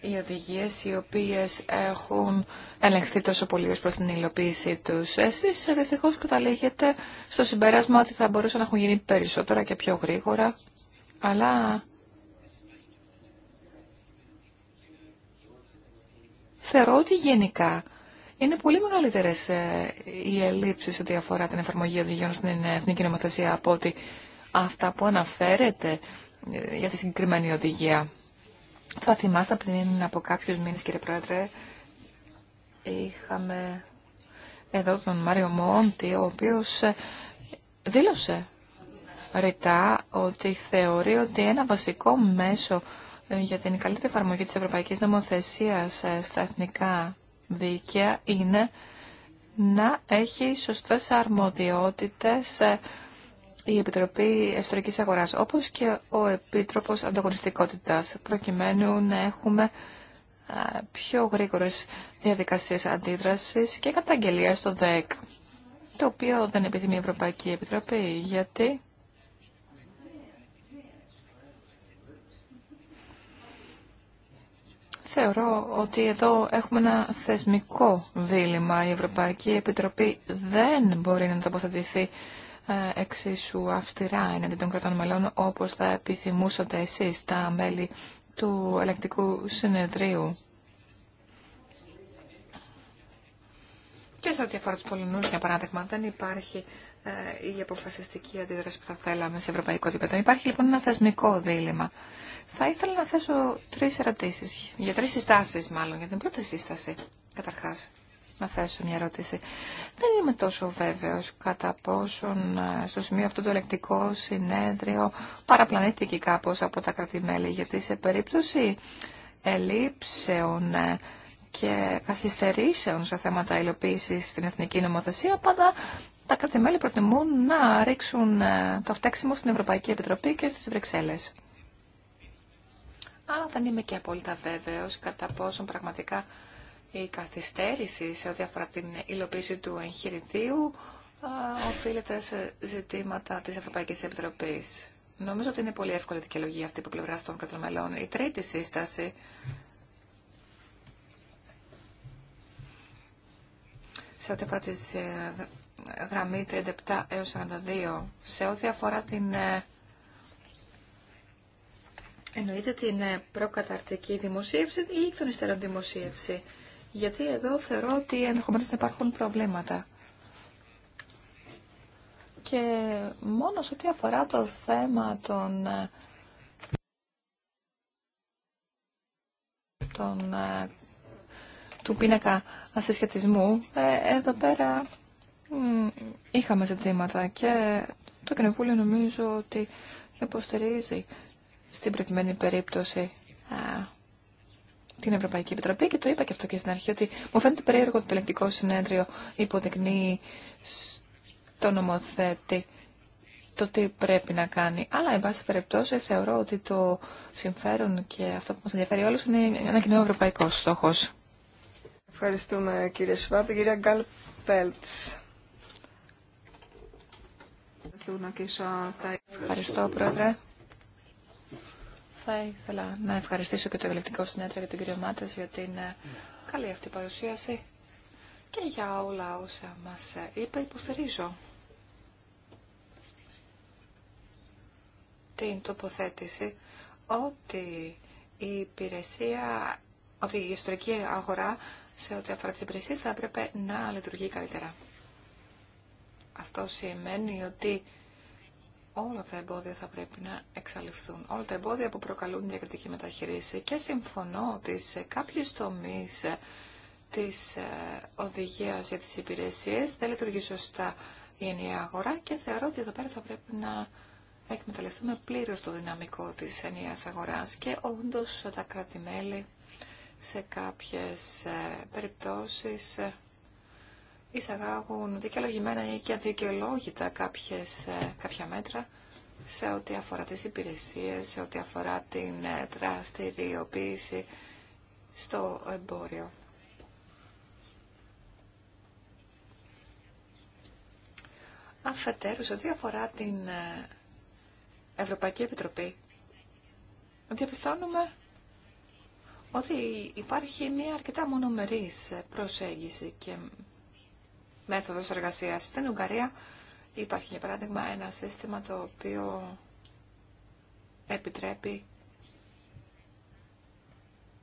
οι οδηγίες οι οποίες έχουν ελεγχθεί τόσο πολύ ως προς την υλοποίησή τους. Εσείς δυστυχώς καταλήγετε στο συμπέρασμα ότι θα μπορούσαν να έχουν γίνει περισσότερα και πιο γρήγορα, αλλά θεωρώ ότι γενικά είναι πολύ μεγαλύτερε ε, οι ελλείψει ό,τι αφορά την εφαρμογή οδηγιών στην εθνική νομοθεσία από ότι αυτά που αναφέρεται ε, για τη συγκεκριμένη οδηγία. Θα θυμάστε πριν από κάποιους μήνες, κύριε Πρόεδρε, είχαμε εδώ τον Μάριο Μόντι, ο οποίος ε, δήλωσε ρητά ότι θεωρεί ότι ένα βασικό μέσο για την καλύτερη εφαρμογή της ευρωπαϊκής νομοθεσίας στα εθνικά δίκαια είναι να έχει σωστές αρμοδιότητες ε, η Επιτροπή Εσωτερικής Αγοράς, όπως και ο Επίτροπος Ανταγωνιστικότητας, προκειμένου να έχουμε ε, πιο γρήγορες διαδικασίες αντίδρασης και καταγγελία στο ΔΕΚ, το οποίο δεν επιθυμεί η Ευρωπαϊκή Επιτροπή, γιατί Θεωρώ ότι εδώ έχουμε ένα θεσμικό δίλημα. Η Ευρωπαϊκή Επιτροπή δεν μπορεί να τοποθετηθεί ε, εξίσου αυστηρά εναντί των κρατών μελών όπως θα επιθυμούσατε εσείς τα μέλη του ελεκτικού συνεδρίου. Και σε ό,τι αφορά τους Πολωνούς, για παράδειγμα, δεν υπάρχει ε, η αποφασιστική αντίδραση που θα θέλαμε σε ευρωπαϊκό επίπεδο. Υπάρχει λοιπόν ένα θεσμικό δίλημα. Θα ήθελα να θέσω τρει ερωτήσει, για τρει συστάσει, μάλλον, για την πρώτη σύσταση καταρχά Να θέσω μια ερώτηση. Δεν είμαι τόσο βέβαιο κατά πόσον ε, στο σημείο αυτό το ελεκτικό συνέδριο παραπλανήθηκε κάπω από τα κρατημέλη, γιατί σε περίπτωση ελλείψεων ε, και καθυστερήσεων σε θέματα υλοποίηση στην εθνική νομοθεσία, πάντα τα κράτη-μέλη προτιμούν να ρίξουν ε, το φταίξιμο στην Ευρωπαϊκή Επιτροπή και στις Βρυξέλλες. Αλλά δεν είμαι και απόλυτα βέβαιος κατά πόσον πραγματικά η καθυστέρηση σε ό,τι αφορά την υλοποίηση του εγχειριδίου ε, οφείλεται σε ζητήματα της Ευρωπαϊκής Επιτροπής. Νομίζω ότι είναι πολύ εύκολη δικαιολογία αυτή που πλευρά των κρατών μελών. Η τρίτη σύσταση σε ό,τι αφορά τις ε, γραμμή 37 έως 42 σε ό,τι αφορά την ε, εννοείται την ε, προκαταρτική δημοσίευση ή τον των δημοσίευση. Γιατί εδώ θεωρώ ότι ενδεχομένως να υπάρχουν προβλήματα. Και μόνο σε ό,τι αφορά το θέμα των ε, των, του πίνακα ασυσχετισμού, ε, εδώ πέρα είχαμε ζητήματα και το Κοινοβούλιο νομίζω ότι υποστηρίζει στην προκειμένη περίπτωση την Ευρωπαϊκή Επιτροπή και το είπα και αυτό και στην αρχή ότι μου φαίνεται περίεργο το ελεκτικό συνέδριο υποδεικνύει στο νομοθέτη το τι πρέπει να κάνει. Αλλά, εν πάση περιπτώσει, θεωρώ ότι το συμφέρον και αυτό που μας ενδιαφέρει όλους είναι ένα κοινό ευρωπαϊκό στόχος. Ευχαριστούμε κύριε Σουβάπη. Κυρία Γκάλ Πέλτς. Ευχαριστώ, Πρόεδρε. Θα ήθελα να ευχαριστήσω και το Ελεκτικό Συνέδριο και τον κύριο Μάτες για την ε, καλή αυτή παρουσίαση και για όλα όσα μας ε, είπε. Υποστηρίζω την τοποθέτηση ότι η υπηρεσία, ότι η ιστορική αγορά σε ό,τι αφορά την υπηρεσία θα έπρεπε να λειτουργεί καλύτερα. Αυτό σημαίνει ότι όλα τα εμπόδια θα πρέπει να εξαλειφθούν. Όλα τα εμπόδια που προκαλούν διακριτική μεταχειρίση. Και συμφωνώ ότι σε κάποιους τομείς ε, της ε, οδηγίας για τις υπηρεσίες δεν λειτουργεί σωστά η ενιαία αγορά και θεωρώ ότι εδώ πέρα θα πρέπει να εκμεταλλευτούμε πλήρως το δυναμικό τη ενιαία αγορά και όντω τα κρατη σε κάποιες ε, περιπτώσεις εισαγάγουν δικαιολογημένα ή και αδικαιολόγητα κάποιες, ε, κάποια μέτρα σε ό,τι αφορά τις υπηρεσίες, σε ό,τι αφορά την ε, δραστηριοποίηση στο εμπόριο. Αφετέρου, σε ό,τι αφορά την ε, Ευρωπαϊκή Επιτροπή, διαπιστώνουμε ότι υπάρχει μια αρκετά μονομερής προσέγγιση και μέθοδος εργασίας. Στην Ουγγαρία υπάρχει για παράδειγμα ένα σύστημα το οποίο επιτρέπει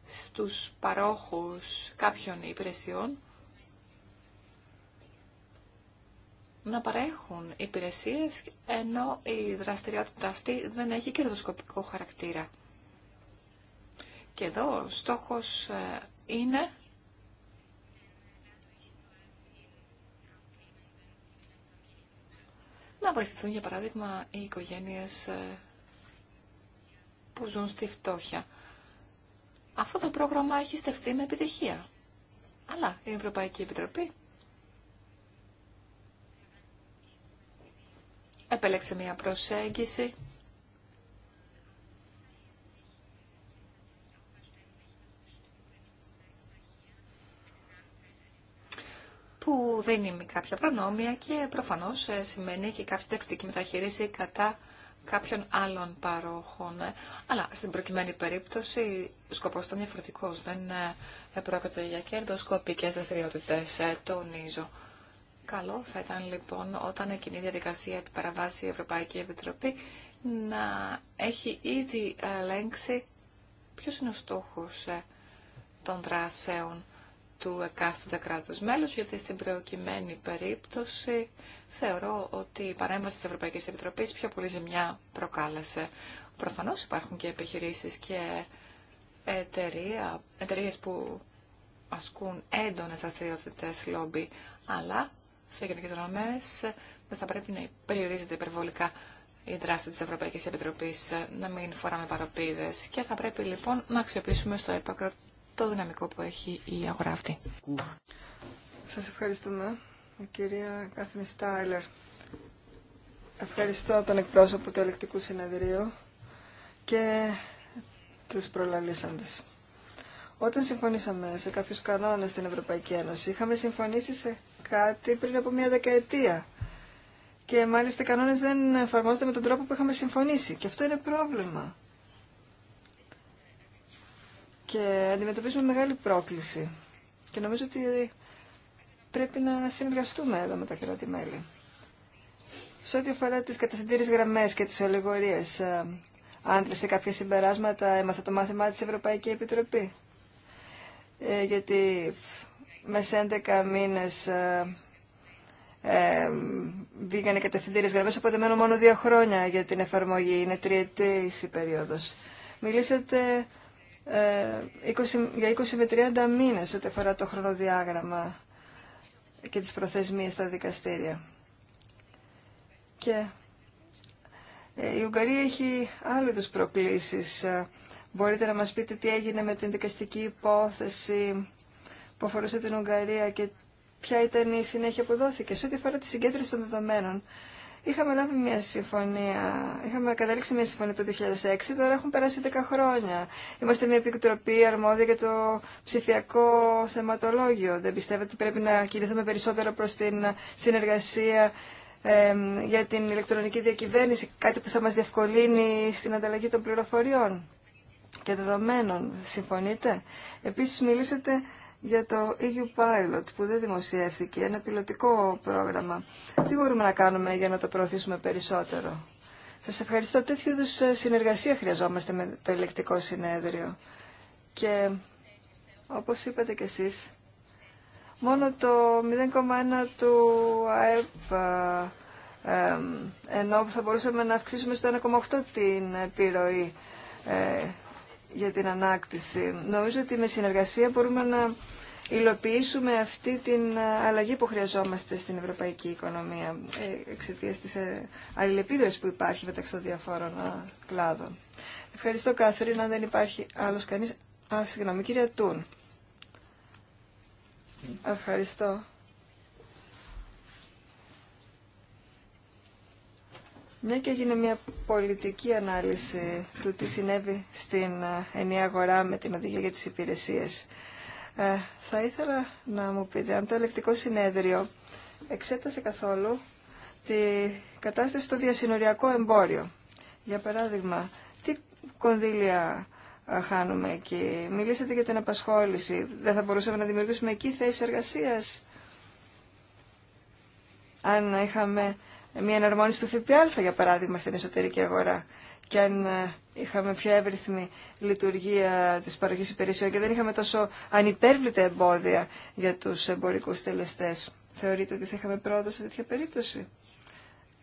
στους παρόχους κάποιων υπηρεσιών να παρέχουν υπηρεσίες ενώ η δραστηριότητα αυτή δεν έχει κερδοσκοπικό χαρακτήρα. Και εδώ ο στόχος ε, είναι να βοηθηθούν για παράδειγμα οι οικογένειες ε, που ζουν στη φτώχεια. Αυτό το πρόγραμμα έχει στεφτεί με επιτυχία. Αλλά η Ευρωπαϊκή Επιτροπή επέλεξε μια προσέγγιση που δεν δίνει κάποια προνόμια και προφανώς ε, σημαίνει και κάποια τακτική μεταχείριση κατά κάποιων άλλων παρόχων. Ε, αλλά στην προκειμένη περίπτωση ο σκοπός ήταν διαφορετικό. Δεν ε, πρόκειται για κερδοσκοπικές δραστηριότητε, τονίζω. Καλό θα ήταν λοιπόν όταν εκείνη η διαδικασία επιπαραβάσει η Ευρωπαϊκή Επιτροπή να έχει ήδη ελέγξει ποιος είναι ο στόχος των δράσεων του εκάστοτε κράτους μέλους, γιατί στην προκειμένη περίπτωση θεωρώ ότι η παρέμβαση της Ευρωπαϊκής Επιτροπής πιο πολύ ζημιά προκάλεσε. Προφανώς υπάρχουν και επιχειρήσεις και εταιρεία, εταιρείες που ασκούν έντονες δραστηριότητε λόμπι, αλλά σε γενικές δρομές δεν θα πρέπει να περιορίζεται υπερβολικά η δράση της Ευρωπαϊκής Επιτροπής να μην φοράμε παροπίδες και θα πρέπει λοιπόν να αξιοποιήσουμε στο έπακρο το δυναμικό που έχει η αγορά αυτή. Σας ευχαριστούμε, κυρία Κάθμι Στάιλερ. Ευχαριστώ τον εκπρόσωπο του Ελεκτικού Συνεδρίου και τους προλαλήσαντες. Όταν συμφωνήσαμε σε κάποιους κανόνες στην Ευρωπαϊκή Ένωση, είχαμε συμφωνήσει σε κάτι πριν από μια δεκαετία. Και μάλιστα οι κανόνες δεν εφαρμόζονται με τον τρόπο που είχαμε συμφωνήσει. Και αυτό είναι πρόβλημα και αντιμετωπίζουμε μεγάλη πρόκληση. Και νομίζω ότι πρέπει να συνεργαστούμε εδώ με τα κράτη-μέλη. Σε ό,τι αφορά τις καταθεντήρες γραμμές και τις ολιγορίες, ε, άντλησε κάποια συμπεράσματα, έμαθα το μάθημά της Ευρωπαϊκή Επιτροπή. Ε, γιατί μέσα 11 μήνες ε, ε, βγήκαν οι κατευθυντήριες γραμμές, οπότε μένω μόνο δύο χρόνια για την εφαρμογή, είναι τριετής η περίοδος. Μιλήσατε 20, ε, για 20 με 30 μήνες ό,τι αφορά το χρονοδιάγραμμα και τις προθεσμίες στα δικαστήρια. Και ε, η Ουγγαρία έχει άλλου προκλήσεις. Ε, μπορείτε να μας πείτε τι έγινε με την δικαστική υπόθεση που αφορούσε την Ουγγαρία και ποια ήταν η συνέχεια που δόθηκε. Σε ό,τι αφορά τη συγκέντρωση των δεδομένων, Είχαμε λάβει μια συμφωνία, είχαμε καταλήξει μια συμφωνία το 2006, τώρα έχουν περάσει 10 χρόνια. Είμαστε μια επιτροπή αρμόδια για το ψηφιακό θεματολόγιο. Δεν πιστεύετε ότι πρέπει να κινηθούμε περισσότερο προς την συνεργασία για την ηλεκτρονική διακυβέρνηση, κάτι που θα μας διευκολύνει στην ανταλλαγή των πληροφοριών και δεδομένων. Συμφωνείτε. Επίσης μιλήσατε για το EU Pilot που δεν δημοσιεύθηκε, ένα πιλωτικό πρόγραμμα. Τι μπορούμε να κάνουμε για να το προωθήσουμε περισσότερο. Σας ευχαριστώ. Τέτοιου είδου ε, συνεργασία χρειαζόμαστε με το ηλεκτρικό συνέδριο. Και όπως είπατε κι εσείς, μόνο το 0,1 του ΑΕΠ ε, ενώ θα μπορούσαμε να αυξήσουμε στο 1,8 την επιρροή ε, για την ανάκτηση. Νομίζω ότι με συνεργασία μπορούμε να υλοποιήσουμε αυτή την αλλαγή που χρειαζόμαστε στην ευρωπαϊκή οικονομία ε, εξαιτία τη ε, αλληλεπίδραση που υπάρχει μεταξύ των διαφόρων ε, κλάδων. Ευχαριστώ, Κάθριν. Αν δεν υπάρχει άλλο κανεί. Α, συγγνώμη, κυρία Τούν. Mm. Ευχαριστώ. Μια και έγινε μια πολιτική ανάλυση του τι συνέβη στην ε, ενιαία αγορά με την οδηγία για τις υπηρεσίες. Ε, θα ήθελα να μου πείτε αν το ελεκτικό συνέδριο εξέτασε καθόλου τη κατάσταση στο διασυνοριακό εμπόριο. Για παράδειγμα, τι κονδύλια ε, χάνουμε εκεί. Μιλήσατε για την απασχόληση. Δεν θα μπορούσαμε να δημιουργήσουμε εκεί θέση εργασίας. Αν είχαμε μια εναρμόνιση του ΦΠΑ, για παράδειγμα, στην εσωτερική αγορά. Και αν ε, είχαμε πιο εύρυθμη λειτουργία της παροχής υπηρεσιών και δεν είχαμε τόσο ανυπέρβλητα εμπόδια για τους εμπορικούς τελεστές. Θεωρείτε ότι θα είχαμε πρόοδο σε τέτοια περίπτωση.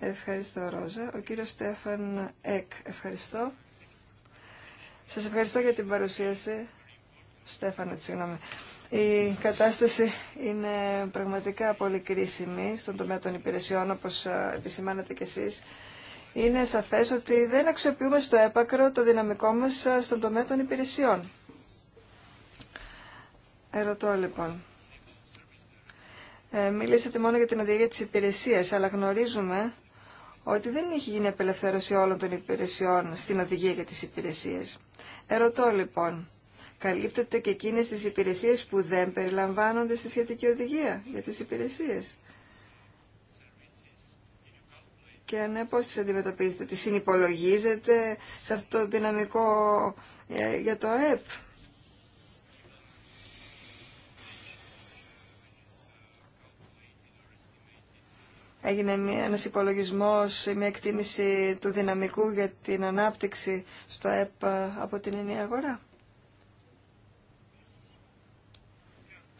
Ευχαριστώ, Ρόζα. Ο κύριος Στέφαν Εκ. Ευχαριστώ. Σας ευχαριστώ για την παρουσίαση. Στέφανα, συγγνώμη. Η κατάσταση είναι πραγματικά πολύ κρίσιμη στον τομέα των υπηρεσιών, όπως επισημάνατε κι εσείς. Είναι σαφές ότι δεν αξιοποιούμε στο έπακρο το δυναμικό μας στον τομέα των υπηρεσιών. Ερωτώ λοιπόν. Ε, μιλήσατε μόνο για την οδηγία της υπηρεσίας, αλλά γνωρίζουμε ότι δεν έχει γίνει απελευθέρωση όλων των υπηρεσιών στην οδηγία για τις υπηρεσίες. Ερωτώ λοιπόν, καλύπτεται και εκείνες τις υπηρεσίες που δεν περιλαμβάνονται στη σχετική οδηγία για τις υπηρεσίες. Και ναι, πώς τις αντιμετωπίζετε, τις συνυπολογίζετε σε αυτό το δυναμικό ε, για το ΑΕΠ. έγινε μια, ένας υπολογισμός, μια εκτίμηση του δυναμικού για την ανάπτυξη στο ΕΠ ε, από την ενιαία αγορά.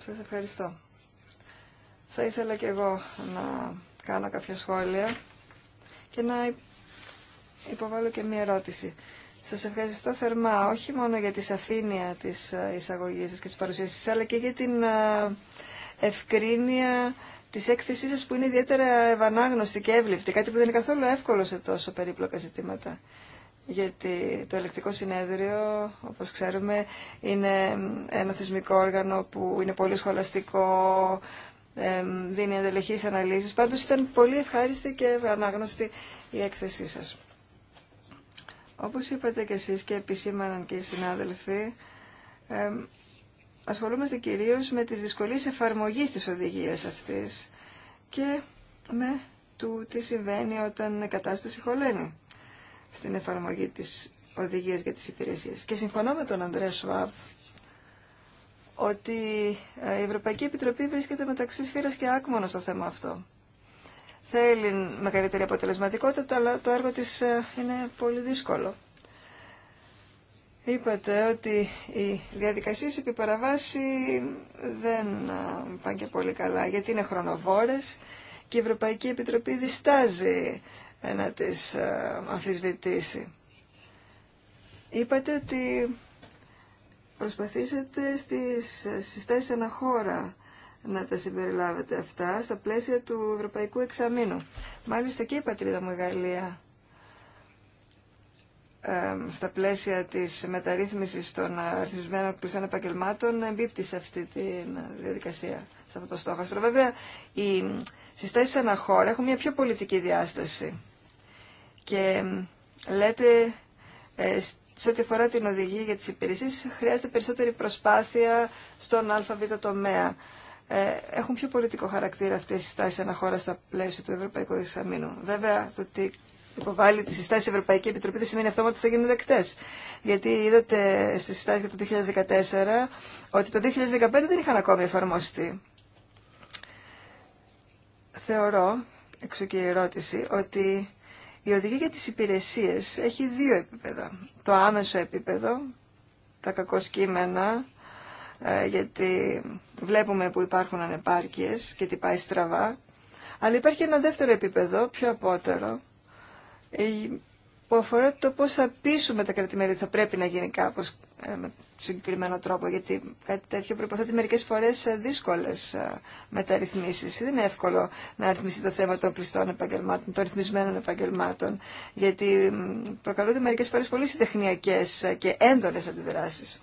Σας ευχαριστώ. Θα ήθελα και εγώ να κάνω κάποια σχόλια και να υποβάλω και μία ερώτηση. Σας ευχαριστώ θερμά, όχι μόνο για τη σαφήνεια της ε, εισαγωγής σας και της παρουσίασης σας, αλλά και για την ε, ευκρίνεια της έκθεσής σας που είναι ιδιαίτερα ευανάγνωστη και εύληπτη, κάτι που δεν είναι καθόλου εύκολο σε τόσο περίπλοκα ζητήματα γιατί το ελεκτικό συνέδριο, όπως ξέρουμε, είναι ένα θεσμικό όργανο που είναι πολύ σχολαστικό, δίνει εντελεχείς αναλύσεις. Πάντως ήταν πολύ ευχάριστη και ανάγνωστη η έκθεσή σας. Όπως είπατε και εσείς και επισήμαναν και οι συνάδελφοι, ασχολούμαστε κυρίως με τις δυσκολίες εφαρμογής της οδηγίας αυτής και με του τι συμβαίνει όταν η κατάσταση χωλαίνει στην εφαρμογή της οδηγίας για τις υπηρεσίες. Και συμφωνώ με τον Ανδρέα Σουαβ ότι ε, η Ευρωπαϊκή Επιτροπή βρίσκεται μεταξύ σφύρας και άκμωνα στο θέμα αυτό. Θέλει μεγαλύτερη αποτελεσματικότητα, αλλά το έργο της ε, είναι πολύ δύσκολο. Είπατε ότι οι διαδικασίες επί παραβάση δεν ε, πάνε και πολύ καλά, γιατί είναι χρονοβόρες και η Ευρωπαϊκή Επιτροπή διστάζει να τις ε, αμφισβητήσει. Είπατε ότι προσπαθήσατε στις συστάσεις αναχώρα να τα συμπεριλάβετε αυτά στα πλαίσια του Ευρωπαϊκού Εξαμήνου. Μάλιστα και η πατρίδα μου η Γαλλία στα πλαίσια της μεταρρύθμισης των αριθμισμένων κλειστών επαγγελμάτων εμπίπτει σε αυτή τη διαδικασία, σε αυτό το στόχο. Βέβαια, οι συστάσεις αναχώρα έχουν μια πιο πολιτική διάσταση. Και λέτε, ε, σε ό,τι αφορά την οδηγία για τις υπηρεσίες, χρειάζεται περισσότερη προσπάθεια στον ΑΒ τομέα. Ε, έχουν πιο πολιτικό χαρακτήρα αυτές οι συστάσεις χώρα στα πλαίσια του Ευρωπαϊκού Εξαμήνου. Βέβαια, το ότι υποβάλλει τις συστάσει η Ευρωπαϊκή Επιτροπή, δεν σημαίνει αυτόματα ότι θα γίνουν δεκτέ. Γιατί είδατε στη συστάσει για το 2014 ότι το 2015 δεν είχαν ακόμη εφαρμοστεί. Θεωρώ, εξού ερώτηση, ότι η οδηγία για τις υπηρεσίες έχει δύο επίπεδα. Το άμεσο επίπεδο, τα κακοσκήμενα, ε, γιατί βλέπουμε που υπάρχουν ανεπάρκειες και τι πάει στραβά. Αλλά υπάρχει ένα δεύτερο επίπεδο, πιο απότερο, ε, που αφορά το πώς θα πείσουμε τα κρατημέρια θα πρέπει να γίνει κάπως ε, συγκεκριμένο τρόπο, γιατί κάτι τέτοιο προποθέτει μερικές φορές ε, δύσκολες ε, μεταρρυθμίσεις. Δεν είναι εύκολο να ρυθμιστεί το θέμα των κλειστών επαγγελμάτων, των ρυθμισμένων επαγγελμάτων, γιατί προκαλούνται μερικές φορές πολύ συντεχνιακές ε, και έντονες αντιδράσεις.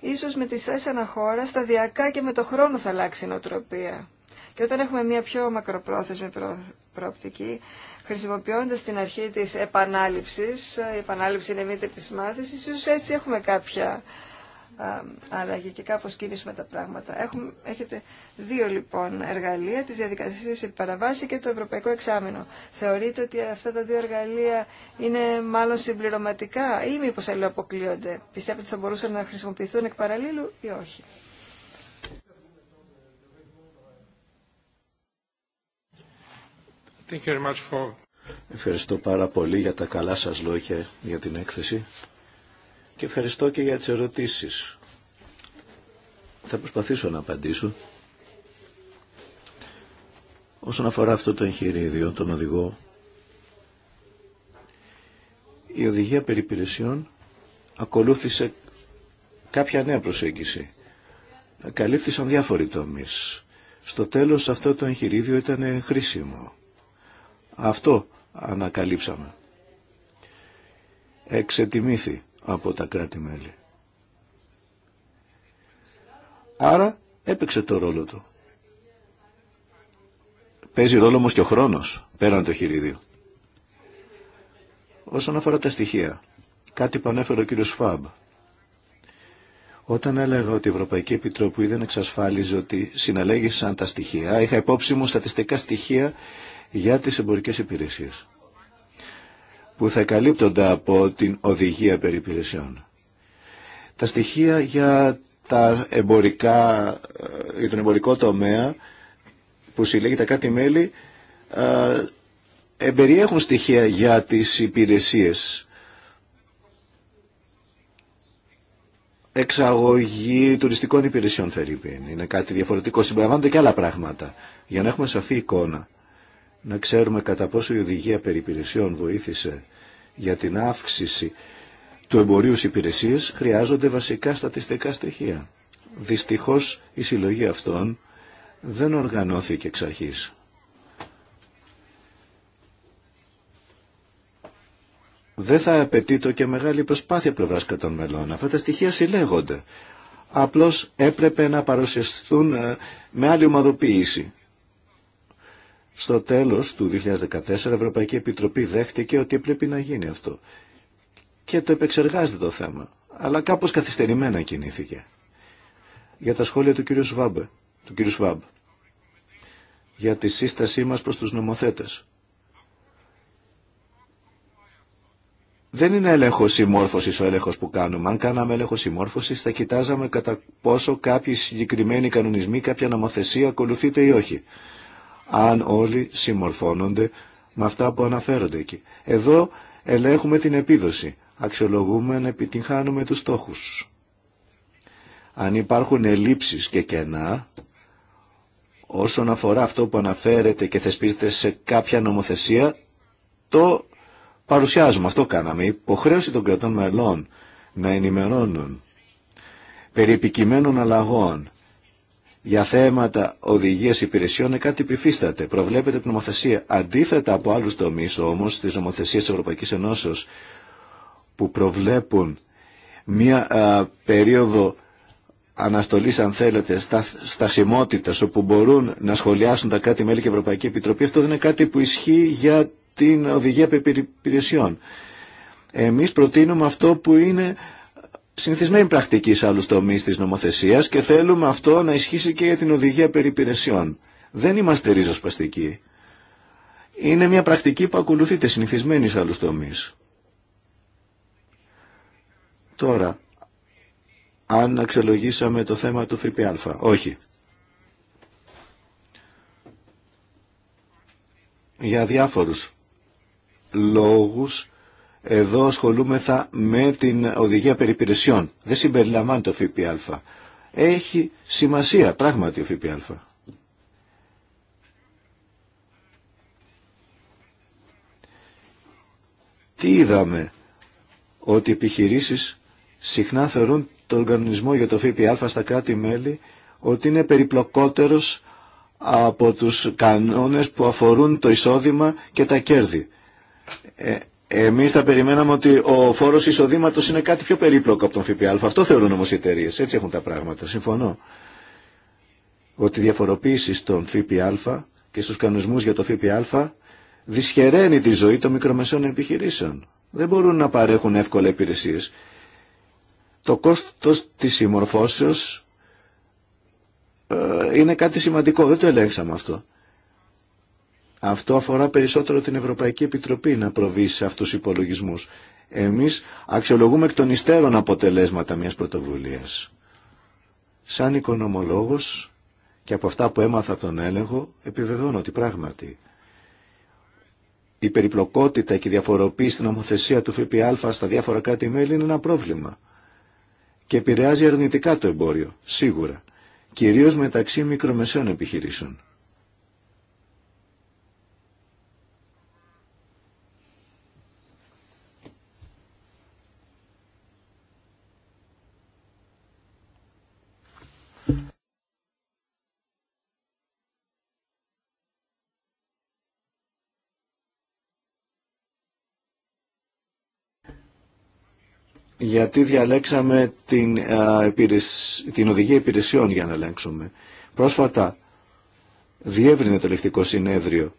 Ίσως με τις στάση αναχώρα σταδιακά και με το χρόνο θα αλλάξει η νοοτροπία. Και όταν έχουμε μια πιο μακροπρόθεσμη προοπτική, χρησιμοποιώντας την αρχή της επανάληψης, ε, η επανάληψη είναι μήτερη της μάθησης, ίσως έτσι έχουμε κάποια ε, αλλαγή και κάπως κινήσουμε τα πράγματα. Έχουμε, έχετε δύο λοιπόν εργαλεία, τις διαδικασίες παραβάση και το ευρωπαϊκό εξάμεινο. Θεωρείτε ότι αυτά τα δύο εργαλεία είναι μάλλον συμπληρωματικά ή μήπως αποκλείονται. Πιστεύετε ότι θα μπορούσαν να χρησιμοποιηθούν εκ παραλλήλου ή όχι. Ευχαριστώ πάρα πολύ για τα καλά σας λόγια για την έκθεση και ευχαριστώ και για τις ερωτήσεις. Θα προσπαθήσω να απαντήσω. Όσον αφορά αυτό το εγχειρίδιο, τον οδηγό, η οδηγία περιπηρεσιών ακολούθησε κάποια νέα προσέγγιση. Καλύφθησαν διάφοροι τομείς. Στο τέλος αυτό το εγχειρίδιο ήταν χρήσιμο. Αυτό ανακαλύψαμε. Εξετιμήθη από τα κράτη-μέλη. Άρα έπαιξε το ρόλο του. Παίζει ρόλο όμως και ο χρόνος πέραν το χειρίδιο. Όσον αφορά τα στοιχεία, κάτι που ανέφερε ο κύριος Φαμπ. Όταν έλεγα ότι η Ευρωπαϊκή Επιτροπή δεν εξασφάλιζε ότι συναλέγησαν τα στοιχεία, είχα υπόψη μου στατιστικά στοιχεία για τις εμπορικές υπηρεσίες που θα καλύπτονται από την οδηγία περί υπηρεσιών. Τα στοιχεία για, τα εμπορικά, ε, για τον εμπορικό τομέα που συλλέγει τα κάτι μέλη ε, εμπεριέχουν στοιχεία για τις υπηρεσίες. Εξαγωγή τουριστικών υπηρεσιών, Φερρυπίν. Είναι κάτι διαφορετικό. Συμπεριλαμβάνονται και άλλα πράγματα. Για να έχουμε σαφή εικόνα να ξέρουμε κατά πόσο η οδηγία Περιπηρεσιών βοήθησε για την αύξηση του εμπορίου υπηρεσίε χρειάζονται βασικά στατιστικά στοιχεία. Δυστυχώς η συλλογή αυτών δεν οργανώθηκε εξ αρχής. Δεν θα απαιτεί το και μεγάλη προσπάθεια πλευράς των μελών. Αυτά τα στοιχεία συλλέγονται. Απλώς έπρεπε να παρουσιαστούν ε, με άλλη ομαδοποίηση. Στο τέλος του 2014 η Ευρωπαϊκή Επιτροπή δέχτηκε ότι πρέπει να γίνει αυτό και το επεξεργάζεται το θέμα, αλλά κάπως καθυστερημένα κινήθηκε. Για τα σχόλια του κύριου Σβάμπ, του κυρίου για τη σύστασή μας προς τους νομοθέτες. Δεν είναι έλεγχο συμμόρφωση ο έλεγχο που κάνουμε. Αν κάναμε έλεγχο συμμόρφωση, θα κοιτάζαμε κατά πόσο κάποιοι συγκεκριμένοι κανονισμοί, κάποια νομοθεσία ακολουθείται ή όχι αν όλοι συμμορφώνονται με αυτά που αναφέρονται εκεί. Εδώ ελέγχουμε την επίδοση, αξιολογούμε να επιτυγχάνουμε τους στόχους. Αν υπάρχουν ελλείψεις και κενά, όσον αφορά αυτό που αναφέρεται και θεσπίζεται σε κάποια νομοθεσία, το παρουσιάζουμε, αυτό κάναμε. Η υποχρέωση των κρατών μελών να ενημερώνουν περί επικειμένων αλλαγών για θέματα οδηγία υπηρεσιών είναι κάτι που υφίσταται. Προβλέπεται την νομοθεσία. Αντίθετα από άλλου τομεί όμω τη νομοθεσία Ευρωπαϊκή Ενώσεω που προβλέπουν μία περίοδο αναστολής αν θέλετε στα, στασιμότητας όπου μπορούν να σχολιάσουν τα κράτη-μέλη και η Ευρωπαϊκή Επιτροπή αυτό δεν είναι κάτι που ισχύει για την οδηγία υπηρεσιών. Εμείς προτείνουμε αυτό που είναι συνηθισμένη πρακτική σε άλλους τομείς της νομοθεσίας και θέλουμε αυτό να ισχύσει και για την οδηγία περιπηρεσιών. Δεν είμαστε ρίζοσπαστικοί. Είναι μια πρακτική που ακολουθείται συνηθισμένη σε άλλους τομείς. Τώρα, αν αξιολογήσαμε το θέμα του ΦΠΑ. Όχι. Για διάφορους λόγους εδώ ασχολούμεθα με την οδηγία περιπηρεσιών. Δεν συμπεριλαμβάνει το ΦΠΑ. Έχει σημασία πράγματι ο ΦΠΑ. Τι είδαμε ότι οι επιχειρήσεις συχνά θεωρούν το οργανισμό για το ΦΠΑ στα κράτη-μέλη ότι είναι περιπλοκότερος από τους κανόνες που αφορούν το εισόδημα και τα κέρδη. Ε, εμείς θα περιμέναμε ότι ο φόρος εισοδήματο είναι κάτι πιο περίπλοκο από τον ΦΠΑ. Αυτό θεωρούν όμω οι εταιρείε. Έτσι έχουν τα πράγματα. Συμφωνώ ότι η διαφοροποίηση στον ΦΠΑ και στους κανονισμού για το ΦΠΑ δυσχεραίνει τη ζωή των μικρομεσαίων επιχειρήσεων. Δεν μπορούν να παρέχουν εύκολα υπηρεσίε. Το κόστος της συμμορφώσεως ε, είναι κάτι σημαντικό. Δεν το ελέγξαμε αυτό. Αυτό αφορά περισσότερο την Ευρωπαϊκή Επιτροπή να προβεί σε αυτούς του υπολογισμούς. Εμείς αξιολογούμε εκ των υστέρων αποτελέσματα μιας πρωτοβουλία. Σαν οικονομολόγος και από αυτά που έμαθα από τον έλεγχο επιβεβαιώνω ότι πράγματι η περιπλοκότητα και η διαφοροποίηση στην ομοθεσία του ΦΠΑ στα διάφορα κράτη-μέλη είναι ένα πρόβλημα και επηρεάζει αρνητικά το εμπόριο, σίγουρα, κυρίως μεταξύ μικρομεσαίων επιχειρήσεων. γιατί διαλέξαμε την, ε, την οδηγία υπηρεσιών για να ελέγξουμε. Πρόσφατα διεύρυνε το λεκτικό συνέδριο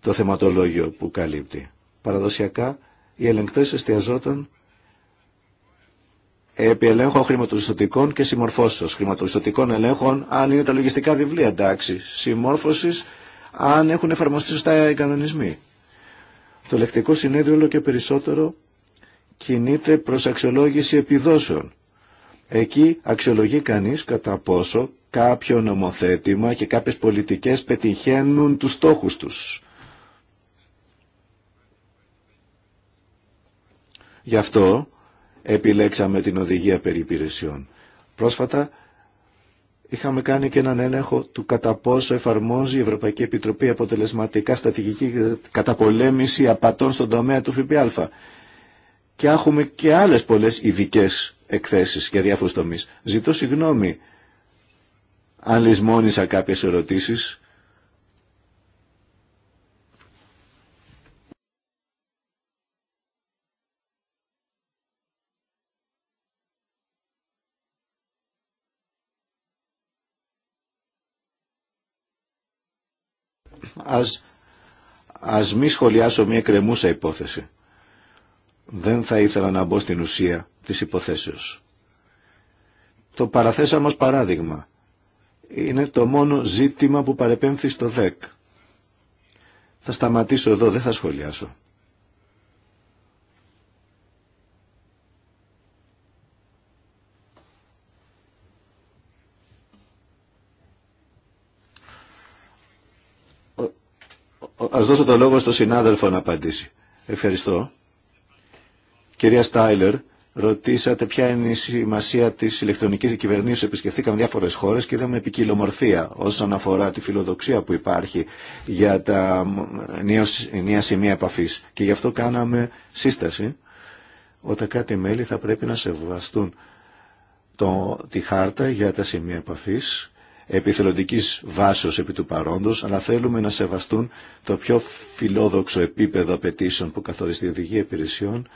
το θεματολόγιο που καλύπτει. Παραδοσιακά οι ελεγκτές εστιαζόταν επί ελέγχων χρηματοπιστωτικών και συμμορφώσεως χρηματοπιστωτικών ελέγχων αν είναι τα λογιστικά βιβλία εντάξει, συμμόρφωσης αν έχουν εφαρμοστεί σωστά οι κανονισμοί. Το λεκτικό συνέδριο όλο και περισσότερο κινείται προς αξιολόγηση επιδόσεων. Εκεί αξιολογεί κανείς κατά πόσο κάποιο νομοθέτημα και κάποιες πολιτικές πετυχαίνουν τους στόχους τους. Γι' αυτό επιλέξαμε την οδηγία περί Πρόσφατα είχαμε κάνει και έναν έλεγχο του κατά πόσο εφαρμόζει η Ευρωπαϊκή Επιτροπή αποτελεσματικά στατηγική καταπολέμηση απατών στον τομέα του ΦΠΑ και έχουμε και άλλες πολλές ειδικέ εκθέσεις για διάφορους τομείς. Ζητώ συγγνώμη αν λησμόνησα κάποιες ερωτήσεις. Ας, ας μη σχολιάσω μια κρεμούσα υπόθεση. Δεν θα ήθελα να μπω στην ουσία της υποθέσεως. Το παραθέσαμε ως παράδειγμα. Είναι το μόνο ζήτημα που παρεπέμφθη στο ΔΕΚ. Θα σταματήσω εδώ, δεν θα σχολιάσω. Ας δώσω το λόγο στο συνάδελφο να απαντήσει. Ευχαριστώ. Κυρία Στάιλερ, ρωτήσατε ποια είναι η σημασία τη ηλεκτρονική κυβερνήσεω. Επισκεφθήκαμε διάφορε χώρε και είδαμε ποικιλομορφία όσον αφορά τη φιλοδοξία που υπάρχει για τα νέα σημεία επαφή. Και γι' αυτό κάναμε σύσταση ότι κάτι μέλη θα πρέπει να σεβαστούν το, τη χάρτα για τα σημεία επαφή επιθελοντικής βάσεως επί του παρόντος, αλλά θέλουμε να σεβαστούν το πιο φιλόδοξο επίπεδο απαιτήσεων που καθορίζει η Οδηγία Υπηρεσιών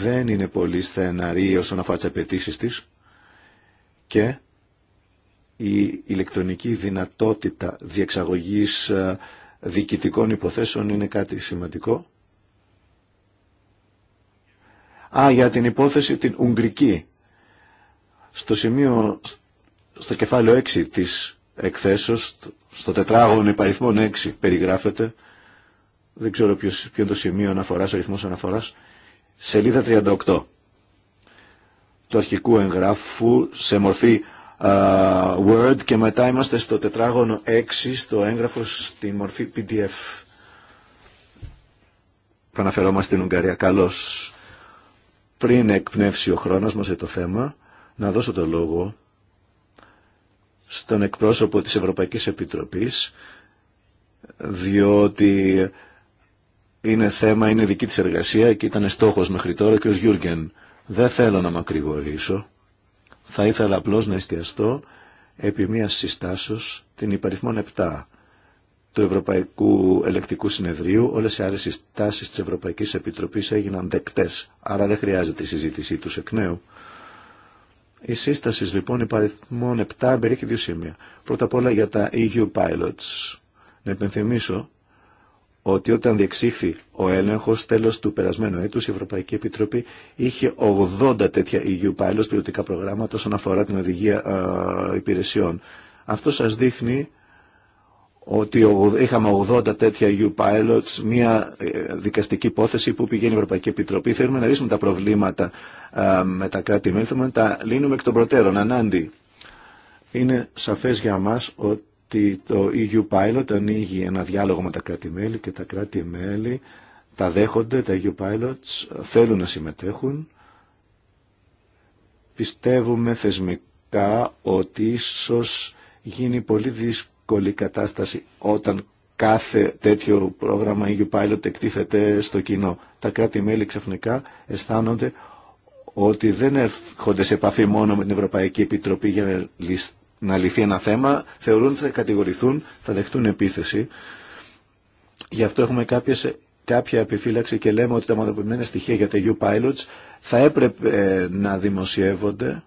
δεν είναι πολύ στεναρή όσον αφορά τι απαιτήσει τη και η ηλεκτρονική δυνατότητα διεξαγωγής ε, διοικητικών υποθέσεων είναι κάτι σημαντικό. Α, για την υπόθεση την Ουγγρική. Στο σημείο, στο κεφάλαιο 6 της εκθέσεως, στο τετράγωνο υπαριθμών 6 περιγράφεται, δεν ξέρω ποιο είναι το σημείο αναφοράς, ο αριθμός αναφοράς, σελίδα 38 του αρχικού εγγράφου σε μορφή Word και μετά είμαστε στο τετράγωνο 6 στο έγγραφο στη μορφή PDF. Παναφερόμαστε στην Ουγγαρία. Καλώς. Πριν εκπνεύσει ο χρόνος μας για το θέμα, να δώσω το λόγο στον εκπρόσωπο της Ευρωπαϊκής Επιτροπής, διότι είναι θέμα, είναι δική της εργασία και ήταν στόχος μέχρι τώρα και ο Γιούργεν. Δεν θέλω να μακρηγορήσω. Θα ήθελα απλώς να εστιαστώ επί μίας συστάσεως την υπαριθμόν 7 του Ευρωπαϊκού Ελεκτικού Συνεδρίου. Όλες οι άλλες συστάσεις της Ευρωπαϊκής Επιτροπής έγιναν δεκτές, άρα δεν χρειάζεται η συζήτησή τους εκ νέου. Η σύσταση λοιπόν υπαριθμών 7 περιέχει δύο σημεία. Πρώτα απ' όλα για τα EU Pilots. Να υπενθυμίσω ότι όταν διεξήχθη ο έλεγχος τέλος του περασμένου έτους η Ευρωπαϊκή Επιτροπή είχε 80 τέτοια EU pilots πιλωτικά προγράμματα όσον αφορά την οδηγία ε, υπηρεσιών. Αυτό σας δείχνει ότι είχαμε 80 τέτοια EU pilots, μια ε, δικαστική υπόθεση που πηγαίνει η Ευρωπαϊκή Επιτροπή. Θέλουμε να λύσουμε τα προβλήματα ε, με τα κράτη-μέλη, να τα λύνουμε εκ των προτέρων, ανάντι. Είναι σαφές για μας ότι το EU Pilot ανοίγει ένα διάλογο με τα κράτη-μέλη και τα κράτη-μέλη τα δέχονται, τα EU Pilots θέλουν να συμμετέχουν. Πιστεύουμε θεσμικά ότι ίσως γίνει πολύ δύσκολη κατάσταση όταν κάθε τέτοιο πρόγραμμα EU Pilot εκτίθεται στο κοινό. Τα κράτη-μέλη ξαφνικά αισθάνονται ότι δεν έρχονται σε επαφή μόνο με την Ευρωπαϊκή Επιτροπή για να να λυθεί ένα θέμα, θεωρούν ότι θα κατηγορηθούν, θα δεχτούν επίθεση. Γι' αυτό έχουμε κάποιες, κάποια επιφύλαξη και λέμε ότι τα μοδοποιημένα στοιχεία για τα EU Pilots θα έπρεπε ε, να δημοσιεύονται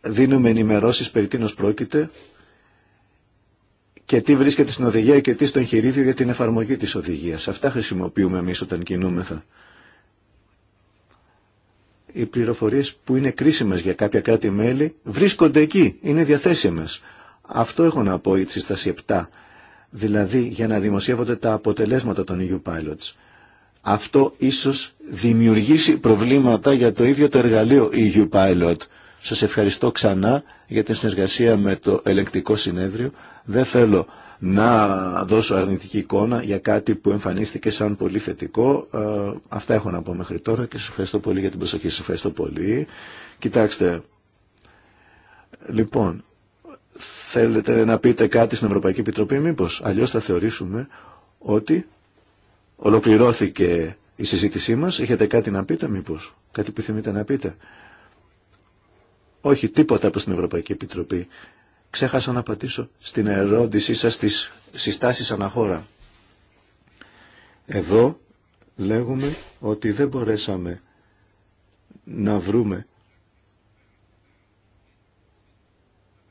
δίνουμε ενημερώσεις περί τίνος πρόκειται και τι βρίσκεται στην οδηγία και τι στο εγχειρίδιο για την εφαρμογή της οδηγίας. Αυτά χρησιμοποιούμε εμείς όταν κινούμεθα οι πληροφορίες που είναι κρίσιμες για κάποια κράτη-μέλη βρίσκονται εκεί, είναι διαθέσιμες. Αυτό έχω να πω έτσι στα 7, δηλαδή για να δημοσιεύονται τα αποτελέσματα των EU Pilots. Αυτό ίσως δημιουργήσει προβλήματα για το ίδιο το εργαλείο EU Pilot. Σας ευχαριστώ ξανά για την συνεργασία με το ελεγκτικό συνέδριο. Δεν θέλω να δώσω αρνητική εικόνα για κάτι που εμφανίστηκε σαν πολύ θετικό. Ε, αυτά έχω να πω μέχρι τώρα και σας ευχαριστώ πολύ για την προσοχή. Σας ευχαριστώ πολύ. Κοιτάξτε, λοιπόν, θέλετε να πείτε κάτι στην Ευρωπαϊκή Επιτροπή μήπως. Αλλιώς θα θεωρήσουμε ότι ολοκληρώθηκε η συζήτησή μας. έχετε κάτι να πείτε μήπως. Κάτι που θυμείτε να πείτε. Όχι, τίποτα από στην Ευρωπαϊκή Επιτροπή. Ξέχασα να πατήσω στην ερώτησή σας στις συστάσεις αναχώρα. Εδώ λέγουμε ότι δεν μπορέσαμε να βρούμε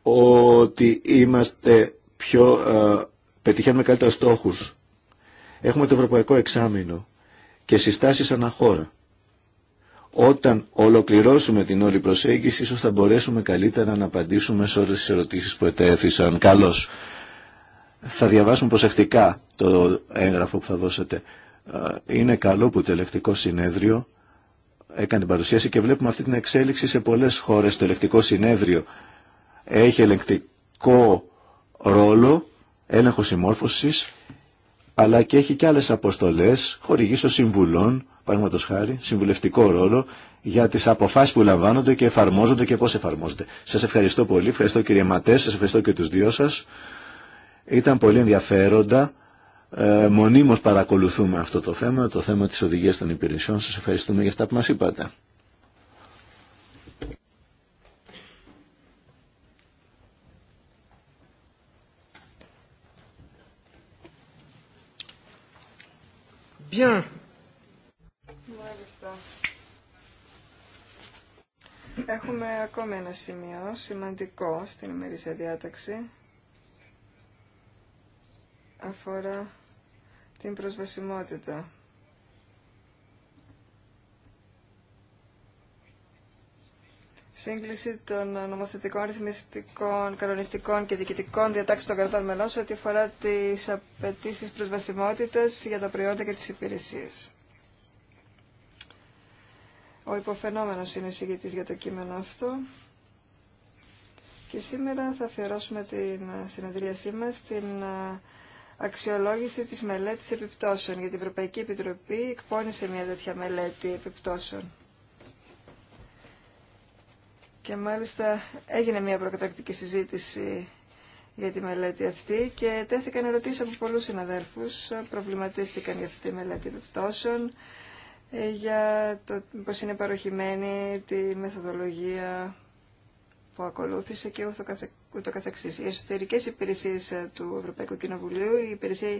ότι είμαστε πιο, α, πετυχαίνουμε καλύτερα στόχους. Έχουμε το Ευρωπαϊκό Εξάμεινο και συστάσεις αναχώρα. Όταν ολοκληρώσουμε την όλη προσέγγιση, ίσως θα μπορέσουμε καλύτερα να απαντήσουμε σε όλες τις ερωτήσεις που ετέθησαν. Καλώς. Θα διαβάσουμε προσεκτικά το έγγραφο που θα δώσετε. Ε, είναι καλό που το ελεκτικό συνέδριο έκανε την παρουσίαση και βλέπουμε αυτή την εξέλιξη σε πολλές χώρες. Το ελεκτικό συνέδριο έχει ελεκτικό ρόλο, έλεγχο συμμόρφωσης, αλλά και έχει και άλλες αποστολές, των συμβουλών, παραδείγματο χάρη, συμβουλευτικό ρόλο για τι αποφάσει που λαμβάνονται και εφαρμόζονται και πώ εφαρμόζονται. Σα ευχαριστώ πολύ. Ευχαριστώ κύριε Ματέ, σα ευχαριστώ και του δύο σα. Ήταν πολύ ενδιαφέροντα. Ε, μονίμως παρακολουθούμε αυτό το θέμα, το θέμα τη οδηγία των υπηρεσιών. Σα ευχαριστούμε για αυτά που μα είπατε. Έχουμε ακόμη ένα σημείο σημαντικό στην ημερήσια διάταξη. Αφορά την προσβασιμότητα. Σύγκληση των νομοθετικών, ρυθμιστικών, κανονιστικών και διοικητικών διατάξεων των κρατών μελών σε ό,τι αφορά τι απαιτήσει προσβασιμότητα για τα προϊόντα και τι υπηρεσίε. Ο υποφαινόμενος είναι εισηγητής για το κείμενο αυτό. Και σήμερα θα αφιερώσουμε την ε, συνεδρίασή μας στην ε, αξιολόγηση της μελέτης επιπτώσεων, γιατί η Ευρωπαϊκή Επιτροπή εκπώνησε μια τέτοια μελέτη επιπτώσεων. Και μάλιστα έγινε μια προκατακτική συζήτηση για τη μελέτη αυτή και τέθηκαν ερωτήσεις από πολλούς συναδέλφους, ε, προβληματίστηκαν για αυτή τη μελέτη επιπτώσεων ε, για το πώς είναι παροχημένη τη μεθοδολογία που ακολούθησε και ούτω, καθε, καθεξής. Οι εσωτερικές υπηρεσίες ε, του Ευρωπαϊκού Κοινοβουλίου, η υπηρεσία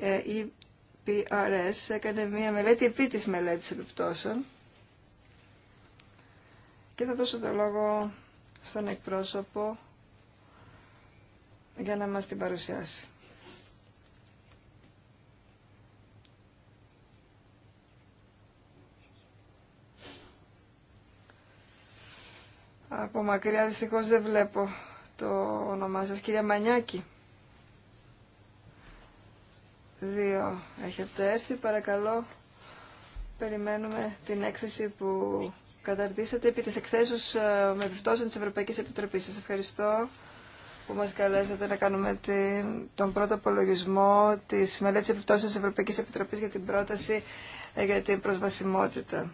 EPRS ε, έκανε μία μελέτη επί της μελέτης επιπτώσεων και θα δώσω το λόγο στον εκπρόσωπο για να μας την παρουσιάσει. Από μακριά δυστυχώς δεν βλέπω το όνομά σας. Κυρία Μανιάκη. Δύο έχετε έρθει. Παρακαλώ, περιμένουμε την έκθεση που καταρτήσατε επί της εκθέσεως ε, με επιπτώσεων της Ευρωπαϊκής Επιτροπής. Σας ευχαριστώ που μας καλέσατε να κάνουμε την, τον πρώτο απολογισμό της μελέτης επιπτώσεων της Ευρωπαϊκής Επιτροπής για την πρόταση ε, για την προσβασιμότητα.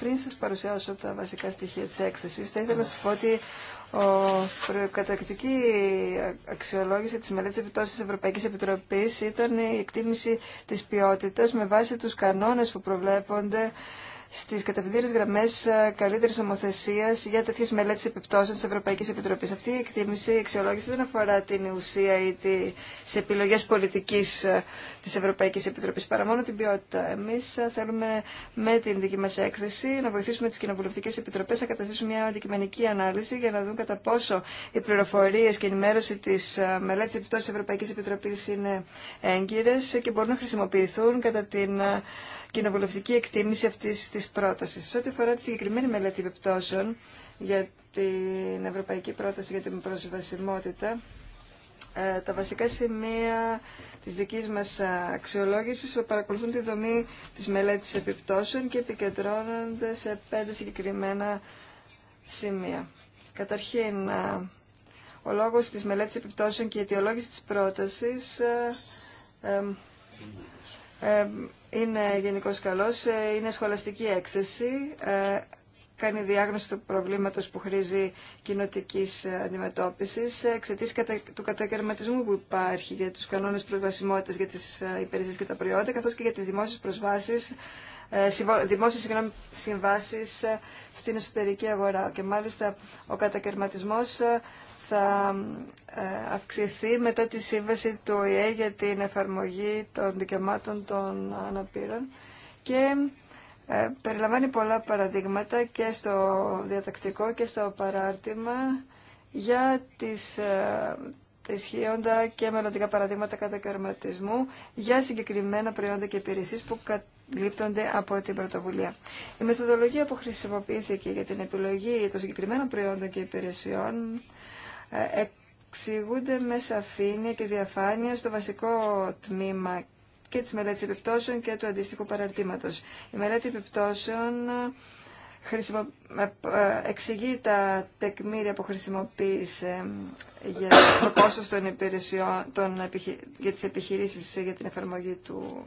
Πριν σας παρουσιάσω τα βασικά στοιχεία της έκθεσης, θα ήθελα να σας πω ότι ο προκατακτική αξιολόγηση της μελέτης επιπτώσης της Ευρωπαϊκής Επιτροπής ήταν η εκτίμηση της ποιότητας με βάση τους κανόνες που προβλέπονται Στι κατευθυντήρες γραμμέ ε, καλύτερη ομοθεσία για τέτοιε μελέτε επιπτώσεων τη Ευρωπαϊκή Επιτροπή. Αυτή η εκτίμηση, η αξιολόγηση δεν αφορά την ουσία ή τι επιλογέ πολιτική ε, τη Ευρωπαϊκή Επιτροπή, παρά μόνο την ποιότητα. Εμεί ε, θέλουμε με την δική μα έκθεση να βοηθήσουμε τι κοινοβουλευτικέ επιτροπέ, να καταστήσουν μια αντικειμενική ανάλυση για να δουν κατά πόσο οι πληροφορίε και η ενημέρωση τη μελέτη επιπτώσεων τη Ευρωπαϊκή Επιτροπή είναι έγκυρες και μπορούν να χρησιμοποιηθούν κατά την κοινοβουλευτική εκτίμηση αυτής της πρότασης. Σε ό,τι αφορά τη συγκεκριμένη μελέτη επιπτώσεων για την Ευρωπαϊκή Πρόταση για την Προσβασιμότητα, ε, τα βασικά σημεία της δικής μας αξιολόγησης παρακολουθούν τη δομή της μελέτης επιπτώσεων και επικεντρώνονται σε πέντε συγκεκριμένα σημεία. Καταρχήν, ε, ο λόγος της μελέτης επιπτώσεων και η αιτιολόγηση της πρότασης ε, είναι γενικός καλός, ε, είναι σχολαστική έκθεση, ε, κάνει διάγνωση του προβλήματος που χρήζει κοινοτική αντιμετώπισης, ε, εξαιτήσει του κατακαιρματισμού που υπάρχει για τους κανόνες προσβασιμότητας για τις υπηρεσίες και τα προϊόντα, καθώς και για τις δημόσιες προσβάσεις, δημόσιες συμβάσεις στην εσωτερική αγορά. Και μάλιστα ο κατακαιρματισμός θα ε, αυξηθεί μετά τη σύμβαση του ΟΗΕ για την εφαρμογή των δικαιωμάτων των αναπήρων και ε, περιλαμβάνει πολλά παραδείγματα και στο διατακτικό και στο παράρτημα για τις ε, ισχύοντα και μελλοντικά παραδείγματα κατακαρματισμού για συγκεκριμένα προϊόντα και υπηρεσίες που καλύπτονται από την πρωτοβουλία. Η μεθοδολογία που χρησιμοποιήθηκε για την επιλογή των συγκεκριμένων προϊόντων και υπηρεσιών εξηγούνται με σαφήνεια και διαφάνεια στο βασικό τμήμα και της μελέτης επιπτώσεων και του αντίστοιχου παραρτήματος. Η μελέτη επιπτώσεων ε, ε, ε, εξηγεί τα τεκμήρια που χρησιμοποίησε για το κόστος των, υπηρεσιών, των επιχει... για τις επιχειρήσεις για την εφαρμογή του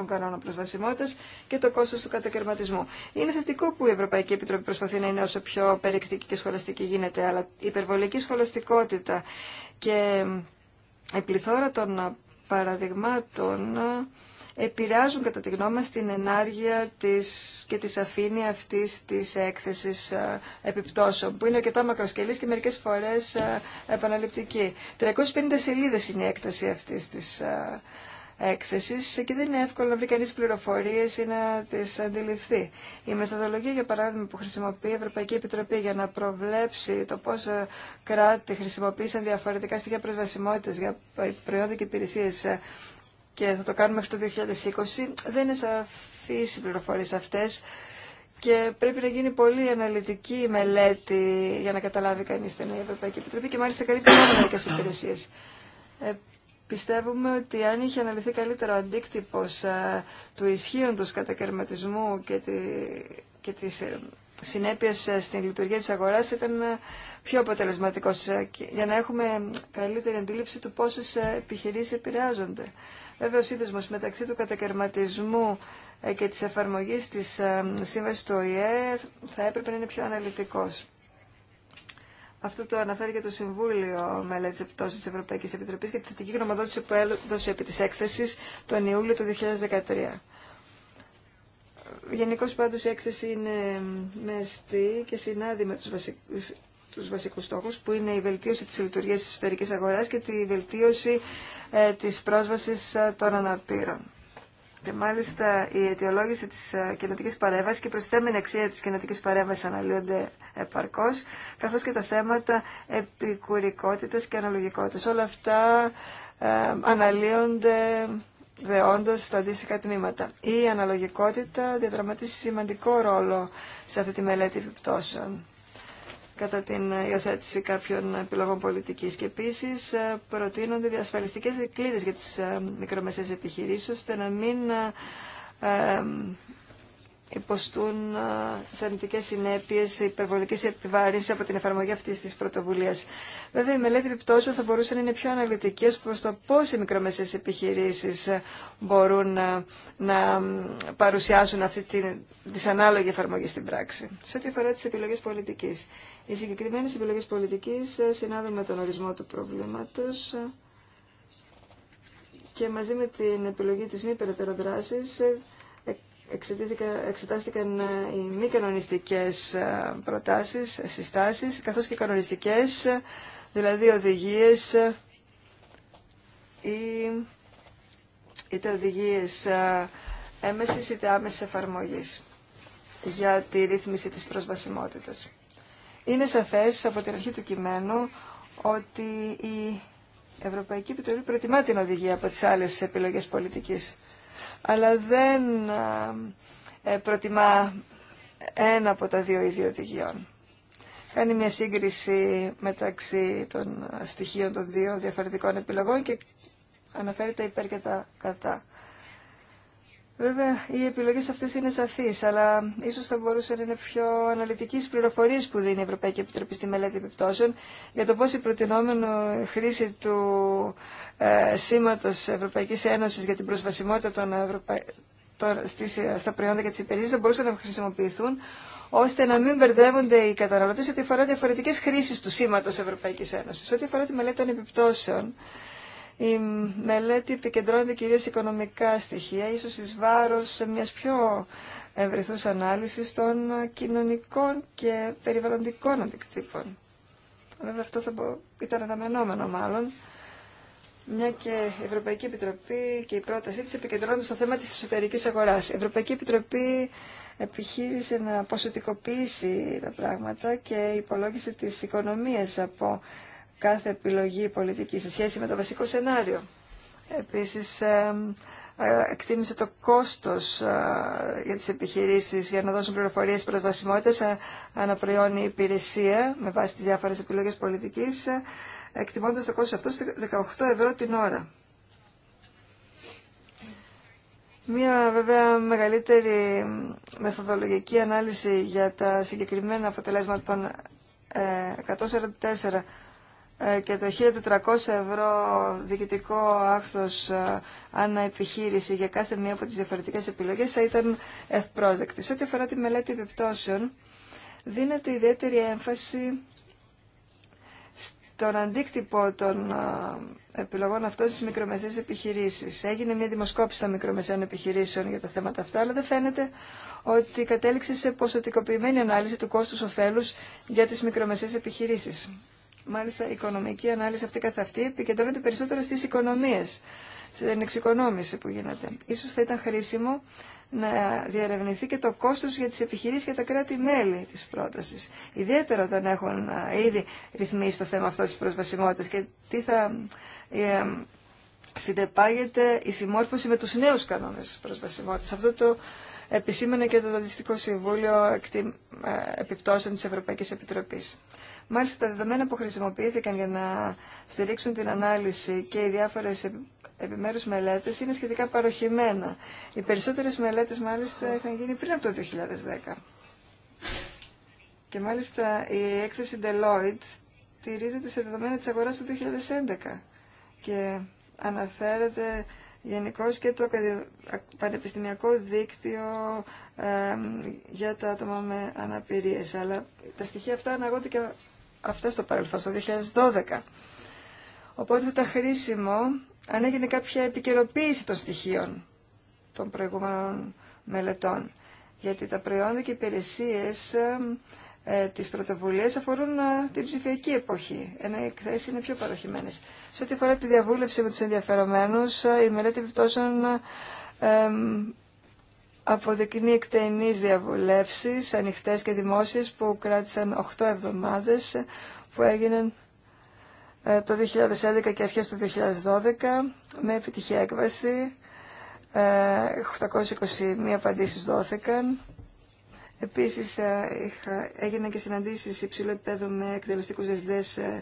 των κανόνων προσβασιμότητα και το κόστο του κατακαιρματισμού. Είναι θετικό που η Ευρωπαϊκή Επιτροπή προσπαθεί να είναι όσο πιο περιεκτική και σχολαστική γίνεται, αλλά η υπερβολική σχολαστικότητα και η πληθώρα των παραδειγμάτων επηρεάζουν κατά τη γνώμη μας την ενάργεια της και τη σαφήνεια αυτής της έκθεσης ε, επιπτώσεων που είναι αρκετά μακροσκελής και μερικές φορές ε, επαναληπτική. 350 σελίδες είναι η έκταση αυτής της ε, και δεν είναι εύκολο να βρει κανεί πληροφορίε ή να τι αντιληφθεί. Η μεθοδολογία, για παράδειγμα, που χρησιμοποιεί η Ευρωπαϊκή Επιτροπή για να προβλέψει το πώ ε, κράτη χρησιμοποίησαν διαφορετικά στοιχεία προσβασιμότητα για προϊόντα και υπηρεσίε ε, και θα το κάνουμε μέχρι το 2020, δεν είναι η πληροφορία σε αυτές και πρέπει να γίνει πολύ αναλυτική μελέτη για να καταλάβει κανεί την Ευρωπαϊκή Επιτροπή και μάλιστα καλύπτει μόνο μερικές υπηρεσίε. Ε, Πιστεύουμε ότι αν είχε αναλυθεί καλύτερο αντίκτυπος ε, του ισχύοντος κατακαιρματισμού και, τη, και της ε, συνέπειας ε, στην λειτουργία της αγοράς ήταν πιο αποτελεσματικός για να έχουμε καλύτερη αντίληψη του πόσες επιχειρήσεις επηρεάζονται. Βέβαια ο σύνδεσμος μεταξύ του κατακαιρματισμού και της εφαρμογής της σύμβασης του ΟΗΕ θα έπρεπε να είναι πιο αναλυτικός. Αυτό το αναφέρει και το Συμβούλιο Μελέτη Επιπτώσεων τη Ευρωπαϊκή Επιτροπή και τη θετική γνωμοδότηση που έδωσε επί τη έκθεση τον Ιούλιο του 2013. Γενικώ πάντω η έκθεση είναι μεστή και συνάδει με του βασικού τους βασικούς στόχους που είναι η βελτίωση της λειτουργίας της εσωτερικής αγοράς και τη βελτίωση ε, της πρόσβασης ε, των αναπήρων. Και μάλιστα η αιτιολόγηση της ε, κοινοτικής παρέμβασης και η προσθέμενη αξία τη κοινοτικής παρέμβαση αναλύονται επαρκώς, καθώς και τα θέματα επικουρικότητας και αναλογικότητας. Όλα αυτά ε, αναλύονται δεόντως στα αντίστοιχα τμήματα. Η αναλογικότητα διαδραματίζει σημαντικό ρόλο σε αυτή τη μελέτη επιπτώσεων κατά την υιοθέτηση κάποιων επιλογών πολιτικής. Και επίσης ε, προτείνονται διασφαλιστικές δικλείδες για τις ε, μικρομεσαίες επιχειρήσεις, ώστε να μην ε, υποστούν τι αρνητικέ συνέπειε υπερβολική επιβάρυνση από την εφαρμογή αυτή τη πρωτοβουλία. Βέβαια, η μελέτη επιπτώσεων θα μπορούσε να είναι πιο αναλυτική ω προ το πώ οι μικρομεσαίε επιχειρήσει ε, μπορούν ε, να, παρουσιάσουν αυτή τη δυσανάλογη εφαρμογή στην πράξη. Σε ό,τι αφορά τι επιλογέ πολιτική. Οι συγκεκριμένε επιλογέ πολιτική ε, συνάδουν με τον ορισμό του προβλήματο και μαζί με την επιλογή της μη περαιτέρω εξετάστηκαν ε, οι μη κανονιστικές ε, προτάσεις, συστάσεις, καθώς και κανονιστικές, ε, δηλαδή οδηγίες ή είτε οδηγίες έμεσης είτε άμεσης εφαρμογής για τη ρύθμιση της προσβασιμότητας. Είναι σαφές από την αρχή του κειμένου ότι η Ευρωπαϊκή Επιτροπή προτιμά την οδηγία από τις άλλες επιλογές πολιτικής αλλά δεν ε, προτιμά ένα από τα δύο ίδια οδηγιών. Κάνει μια σύγκριση μεταξύ των στοιχείων των δύο διαφορετικών επιλογών και αναφέρεται υπέρ και τα κατά. Βέβαια, οι επιλογές αυτές είναι σαφείς, αλλά ίσως θα μπορούσαν να είναι πιο αναλυτικές πληροφορίες που δίνει η Ευρωπαϊκή Επιτροπή στη μελέτη επιπτώσεων για το πώς η προτινόμενη χρήση του ε, σήματος Ευρωπαϊκής Ένωσης για την προσβασιμότητα των Ευρωπα... στα προϊόντα και τις υπηρεσίες θα μπορούσαν να χρησιμοποιηθούν ώστε να μην μπερδεύονται οι καταναλωτές ότι αφορά διαφορετικές χρήσεις του σήματος Ευρωπαϊκής Ένωσης. Ό,τι αφορά τη μελέτη των επιπτώσεων, η μελέτη επικεντρώνεται κυρίως οικονομικά στοιχεία, ίσως εις βάρος μιας πιο ευρυθούς ανάλυσης των κοινωνικών και περιβαλλοντικών αντικτύπων. Βέβαια αυτό θα ήταν αναμενόμενο μάλλον, μια και η Ευρωπαϊκή Επιτροπή και η πρότασή της επικεντρώνεται στο θέμα της εσωτερικής αγοράς. Η Ευρωπαϊκή Επιτροπή επιχείρησε να ποσοτικοποιήσει τα πράγματα και υπολόγισε τις οικονομίες από κάθε επιλογή πολιτική σε σχέση με το βασικό σενάριο. Επίσης, ε, ε, εκτίμησε το κόστος ε, για τις επιχειρήσεις για να δώσουν πληροφορίες προσβασιμότητας, αναπροϊόν η υπηρεσία με βάση τις διάφορες επιλογές πολιτικής, εκτιμώντας το κόστος αυτό 18 ευρώ την ώρα. Μία βέβαια μεγαλύτερη μεθοδολογική ανάλυση για τα συγκεκριμένα αποτελέσματα των 144 ε, και το 1.400 ευρώ διοικητικό άχθος ε, ανά επιχείρηση για κάθε μία από τις διαφορετικές επιλογές θα ήταν ευπρόσδεκτη. Σε ό,τι αφορά τη μελέτη επιπτώσεων, δίνεται ιδιαίτερη έμφαση στον αντίκτυπο των ε, επιλογών αυτών στις μικρομεσαίες επιχειρήσεις. Έγινε μια δημοσκόπηση των μικρομεσαίων επιχειρήσεων για τα θέματα αυτά, αλλά δεν φαίνεται ότι κατέληξε σε ποσοτικοποιημένη ανάλυση του κόστους ωφέλους για τις μικρομεσαίες επιχειρήσεις. Μάλιστα, η οικονομική ανάλυση αυτή καθ' αυτή επικεντρώνεται περισσότερο στις οικονομίες, στην εξοικονόμηση που γίνεται. Ίσως θα ήταν χρήσιμο να διαρευνηθεί και το κόστος για τις επιχειρήσεις και τα κράτη-μέλη της πρότασης. Ιδιαίτερα όταν έχουν ε, ήδη ρυθμίσει το θέμα αυτό της προσβασιμότητας και τι θα ε, συνεπάγεται η συμμόρφωση με τους νέους κανόνες προσβασιμότητας. Αυτό το επισήμανε και το Δαντιστικό Συμβούλιο ε, Επιπτώσεων της Ευρωπαϊκής Επιτροπής. Μάλιστα, τα δεδομένα που χρησιμοποιήθηκαν για να στηρίξουν την ανάλυση και οι διάφορες επιμέρους μελέτες είναι σχετικά παροχημένα. Οι περισσότερες μελέτες, μάλιστα, είχαν γίνει πριν από το 2010. Και μάλιστα η έκθεση Deloitte στηρίζεται σε δεδομένα της αγοράς του 2011 και αναφέρεται γενικώ και το πανεπιστημιακό δίκτυο για τα άτομα με αναπηρίες. Αλλά τα στοιχεία αυτά αναγόνται και αυτά στο παρελθόν, στο 2012. Οπότε θα ήταν χρήσιμο αν έγινε κάποια επικαιροποίηση των στοιχείων των προηγούμενων μελετών. Γιατί τα προϊόντα και οι υπηρεσίες ε, τις πρωτοβουλίες αφορούν ε, την ψηφιακή εποχή, ενώ οι εκθέσει είναι πιο παροχημένες. Σε ό,τι αφορά τη διαβούλευση με τους ενδιαφερομένους, ε, η μελέτη επιπτώσεων ε, αποδεικνύει εκτενείς διαβουλεύσεις, ανοιχτές και δημόσιες, που κράτησαν 8 εβδομάδες, που έγιναν το 2011 και αρχές του 2012, με επιτυχία έκβαση. 821 απαντήσεις δόθηκαν Επίση, ε, έγιναν και συναντήσεις υψηλού επίπεδου με εκτελεστικού διευθυντέ ε,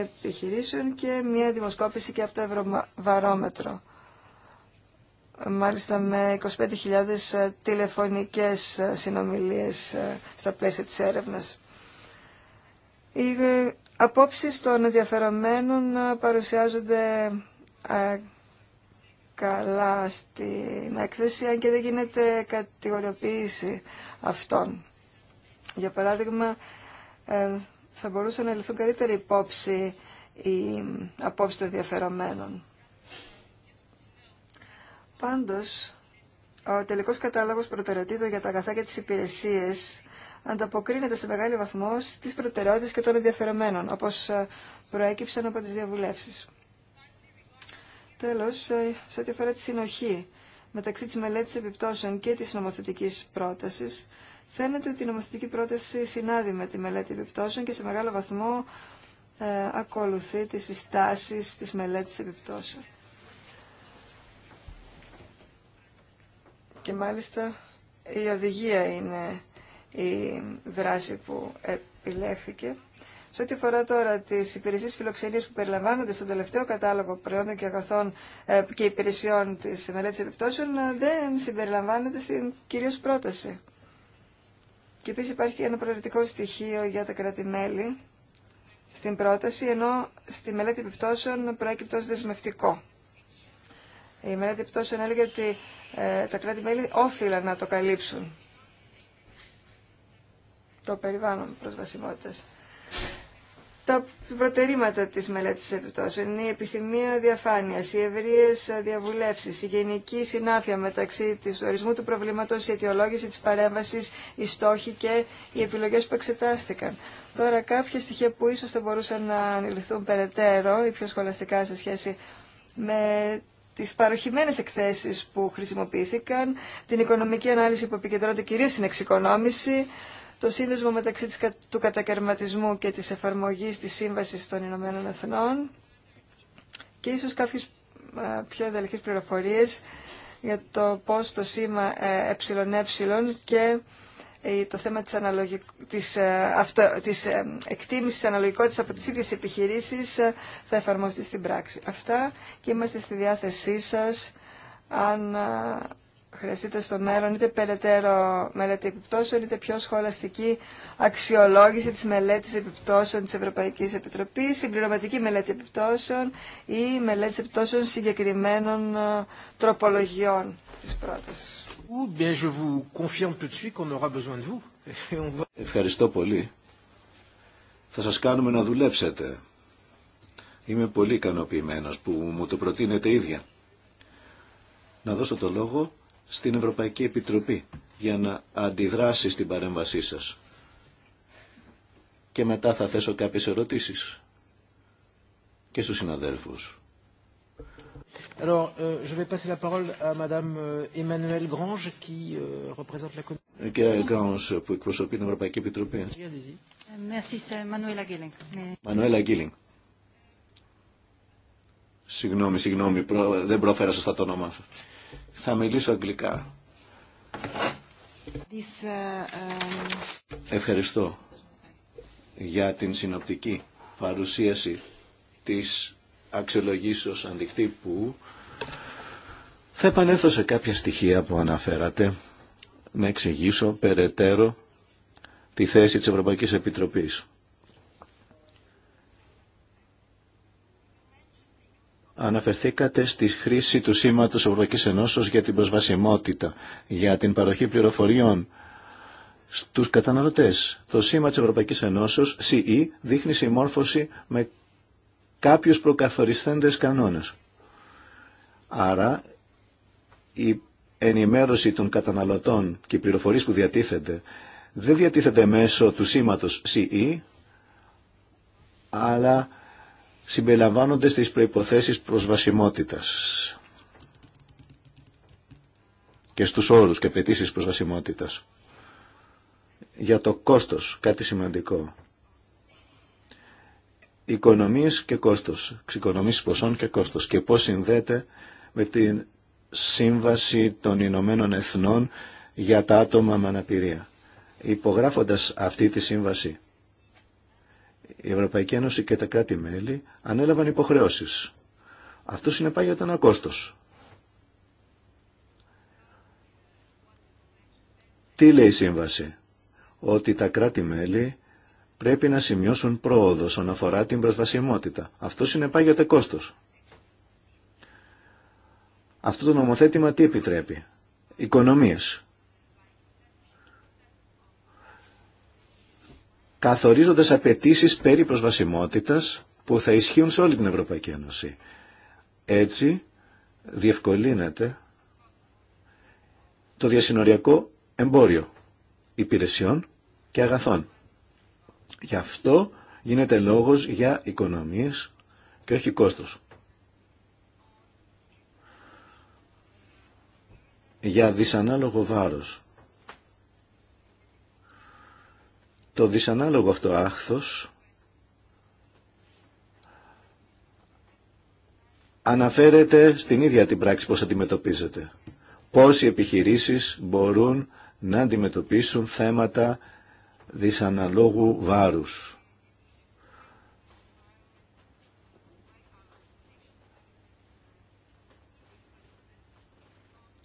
επιχειρήσεων και μια δημοσκόπηση και από το Ευρωβαρόμετρο. Μάλιστα με 25.000 ε, τηλεφωνικές συνομιλίες στα πλαίσια της έρευνας. Οι απόψεις των ενδιαφερομένων παρουσιάζονται καλά στην έκθεση, αν και δεν γίνεται κατηγοριοποίηση αυτών. Για παράδειγμα, ε, θα μπορούσαν να ληφθούν καλύτερη υπόψη οι απόψεις των ενδιαφερομένων. Πάντως, ο τελικός κατάλογος προτεραιοτήτων για τα αγαθά και τις υπηρεσίες ανταποκρίνεται σε μεγάλο βαθμό στις προτεραιότητες και των ενδιαφερομένων, όπως ε, προέκυψαν από τις διαβουλεύσεις. Τέλος, ε, σε ό,τι αφορά τη συνοχή μεταξύ της μελέτης επιπτώσεων και της νομοθετικής πρότασης, φαίνεται ότι η νομοθετική πρόταση συνάδει με τη μελέτη επιπτώσεων και σε μεγάλο βαθμό ε, ακολουθεί τις συστάσεις της μελέτης επιπτώσεων. Και μάλιστα η οδηγία είναι η δράση που επιλέχθηκε σε ό,τι αφορά τώρα τι υπηρεσίε φιλοξενία που περιλαμβάνονται στον τελευταίο κατάλογο προϊόντων και αγαθών ε, και υπηρεσιών τη μελέτη επιπτώσεων, ε, δεν συμπεριλαμβάνονται στην κυρίω πρόταση. Και επίση υπάρχει ένα προαιρετικό στοιχείο για τα κράτη-μέλη στην πρόταση, ενώ στη μελέτη επιπτώσεων προέκυπτο δεσμευτικό. Η μελέτη επιπτώσεων έλεγε ότι ε, τα κράτη-μέλη όφυλαν να το καλύψουν το περιβάλλον προσβασιμότητας τα προτερήματα της μελέτης επιπτώσεων. Η επιθυμία διαφάνειας, οι ευρείες διαβουλεύσεις, η γενική συνάφεια μεταξύ της ορισμού του προβλήματος, η αιτιολόγηση της παρέμβασης, οι στόχοι και οι επιλογές που εξετάστηκαν. Τώρα κάποια στοιχεία που ίσως θα μπορούσαν να ανηλυθούν περαιτέρω ή πιο σχολαστικά σε σχέση με τις παροχημένες εκθέσεις που χρησιμοποιήθηκαν, την οικονομική ανάλυση που επικεντρώνεται κυρίως στην εξοικονόμηση, το σύνδεσμο μεταξύ του κατακαιρματισμού και της εφαρμογής της Σύμβασης των Ηνωμένων Εθνών και ίσως κάποιες πιο ενδελεχείς πληροφορίες για το πώς το σήμα ε, και ε, το θέμα της, αναλογικ... της, ε, αυτο... της ε, εκτίμησης αναλογικότητας από τις ίδιες επιχειρήσεις θα εφαρμοστεί στην πράξη. Αυτά και είμαστε στη διάθεσή σας αν χρειαστείτε στο μέλλον είτε περαιτέρω μελέτη επιπτώσεων είτε πιο σχολαστική αξιολόγηση της μελέτης επιπτώσεων της Ευρωπαϊκής Επιτροπής, συμπληρωματική μελέτη επιπτώσεων ή μελέτη επιπτώσεων συγκεκριμένων ε, τροπολογιών της πρότασης. Ευχαριστώ πολύ. Θα σας κάνουμε να δουλέψετε. Είμαι πολύ ικανοποιημένος που μου το προτείνετε ίδια. Να δώσω το λόγο στην Ευρωπαϊκή Επιτροπή για να αντιδράσει στην παρέμβασή σας. Και μετά θα θέσω κάποιες ερωτήσεις και στους συναδέλφους. Alors, euh, je vais passer la parole à Madame euh, Emmanuelle Grange, qui euh, représente la Commission. Ε, Grange, που εκπροσωπεί ε, Merci, c'est Manuela Gilling. Manuela ε, Gilling. Συγγνώμη, συγγνώμη, δεν προφέρα στα το όνομά σας. Θα μιλήσω αγγλικά. This, ε, ε, Ευχαριστώ για την συνοπτική παρουσίαση της αξιολογήσεως που Θα επανέλθω σε κάποια στοιχεία που αναφέρατε να εξηγήσω περαιτέρω τη θέση της Ευρωπαϊκής Επιτροπής. Αναφερθήκατε στη χρήση του σήματος Ευρωπαϊκής Ενώσεως για την προσβασιμότητα, για την παροχή πληροφοριών στους καταναλωτές. Το σήμα της Ευρωπαϊκής Ενώσεως, CE, δείχνει συμμόρφωση με κάποιους προκαθοριστέντες κανόνες. Άρα, η ενημέρωση των καταναλωτών και οι πληροφορίες που διατίθενται δεν διατίθεται μέσω του σήματος CE, αλλά συμπεριλαμβάνονται στις προϋποθέσεις προσβασιμότητας και στους όρους και απαιτήσει προσβασιμότητας. Για το κόστος, κάτι σημαντικό. Οικονομίες και κόστος, εξοικονομήσεις ποσών και κόστος και πώς συνδέεται με την Σύμβαση των Ηνωμένων Εθνών για τα άτομα με αναπηρία. Υπογράφοντας αυτή τη σύμβαση η Ευρωπαϊκή Ένωση και τα κράτη-μέλη ανέλαβαν υποχρεώσεις. Αυτό συνεπάγεται ένα κόστος. Τι λέει η Σύμβαση? Ότι τα κράτη-μέλη πρέπει να σημειώσουν πρόοδο όσον αφορά την προσβασιμότητα. Αυτό συνεπάγεται κόστος. Αυτό το νομοθέτημα τι επιτρέπει? Οικονομίες. καθορίζοντας απαιτήσει περί προσβασιμότητας που θα ισχύουν σε όλη την Ευρωπαϊκή Ένωση. Έτσι διευκολύνεται το διασυνοριακό εμπόριο υπηρεσιών και αγαθών. Γι' αυτό γίνεται λόγος για οικονομίες και όχι κόστος. Για δυσανάλογο βάρος το δυσανάλογο αυτό άχθος αναφέρεται στην ίδια την πράξη πώς αντιμετωπίζεται. Πώς οι επιχειρήσεις μπορούν να αντιμετωπίσουν θέματα δυσαναλόγου βάρους.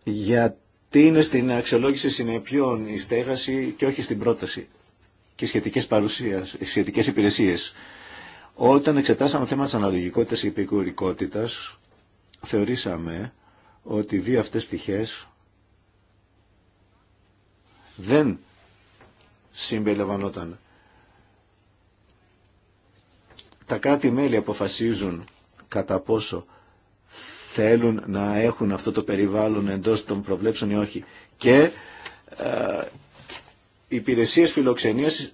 Γιατί είναι στην αξιολόγηση συνεπιών η στέγαση και όχι στην πρόταση και σχετικές, παρουσίες, σχετικές υπηρεσίες. Όταν εξετάσαμε θέμα της αναλογικότητας και θεωρήσαμε ότι δύο αυτές πτυχές δεν συμπεριλαμβανόταν. Τα κράτη-μέλη αποφασίζουν κατά πόσο θέλουν να έχουν αυτό το περιβάλλον εντός των προβλέψεων ή όχι. Και ε, υπηρεσίες φιλοξενίας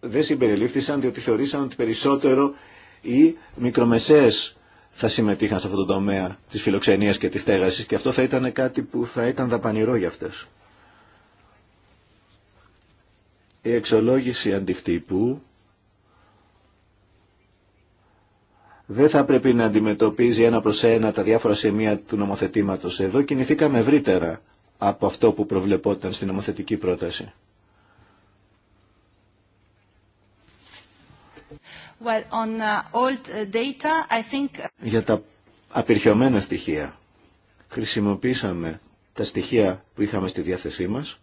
δεν συμπεριλήφθησαν διότι θεωρήσαν ότι περισσότερο οι μικρομεσαίες θα συμμετείχαν σε αυτό το τομέα της φιλοξενίας και της στέγασης και αυτό θα ήταν κάτι που θα ήταν δαπανηρό για αυτές. Η εξολόγηση αντιχτύπου δεν θα πρέπει να αντιμετωπίζει ένα προς ένα τα διάφορα σημεία του νομοθετήματος. Εδώ κινηθήκαμε ευρύτερα από αυτό που προβλεπόταν στην νομοθετική πρόταση. Uh, Για τα απειρχαιωμένα στοιχεία χρησιμοποίησαμε τα στοιχεία που είχαμε στη διάθεσή μας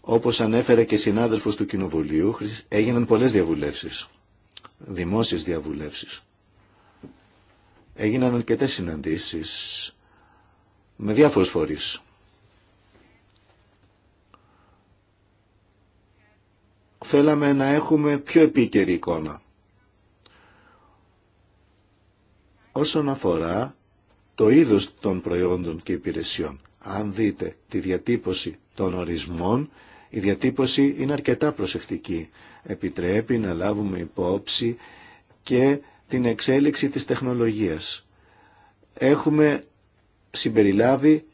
Όπως ανέφερε και συνάδελφος του Κοινοβουλίου, έγιναν πολλές διαβουλεύσεις, δημόσιες διαβουλεύσεις. Έγιναν αρκετές συναντήσεις με διάφορους φορείς. Θέλαμε να έχουμε πιο επίκαιρη εικόνα. Όσον αφορά το είδος των προϊόντων και υπηρεσιών, αν δείτε τη διατύπωση των ορισμών, η διατύπωση είναι αρκετά προσεκτική. Επιτρέπει να λάβουμε υπόψη και την εξέλιξη της τεχνολογίας. Έχουμε συμπεριλάβει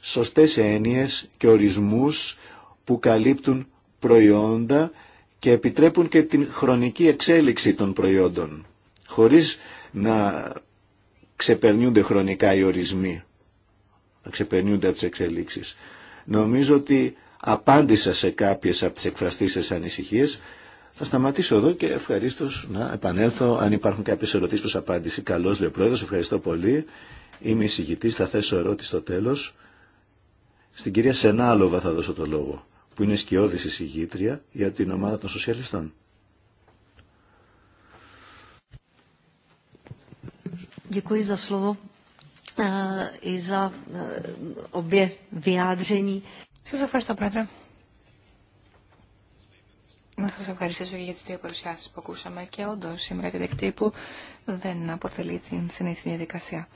σωστές έννοιες και ορισμούς που καλύπτουν προϊόντα και επιτρέπουν και την χρονική εξέλιξη των προϊόντων, χωρίς να ξεπερνούνται χρονικά οι ορισμοί, να ξεπερνούνται από τις εξελίξεις. Νομίζω ότι απάντησα σε κάποιες από τις εκφραστήσεις ανησυχίες. Θα σταματήσω εδώ και ευχαρίστω να επανέλθω αν υπάρχουν κάποιες ερωτήσεις προς απάντηση. Καλώς λέει ευχαριστώ πολύ. Είμαι εισηγητής, θα θέσω ερώτηση στο τέλος. Στην κυρία Σενάλοβα θα δώσω το λόγο, που είναι σκιώδης εισηγήτρια για την ομάδα των σοσιαλιστών. Eh, eh, Σα ευχαριστώ, Πρόεδρε. Να σας ευχαριστήσω και για τις δύο παρουσιάσεις που ακούσαμε και όντως σήμερα την που δεν αποτελεί την συνήθινη διαδικασία.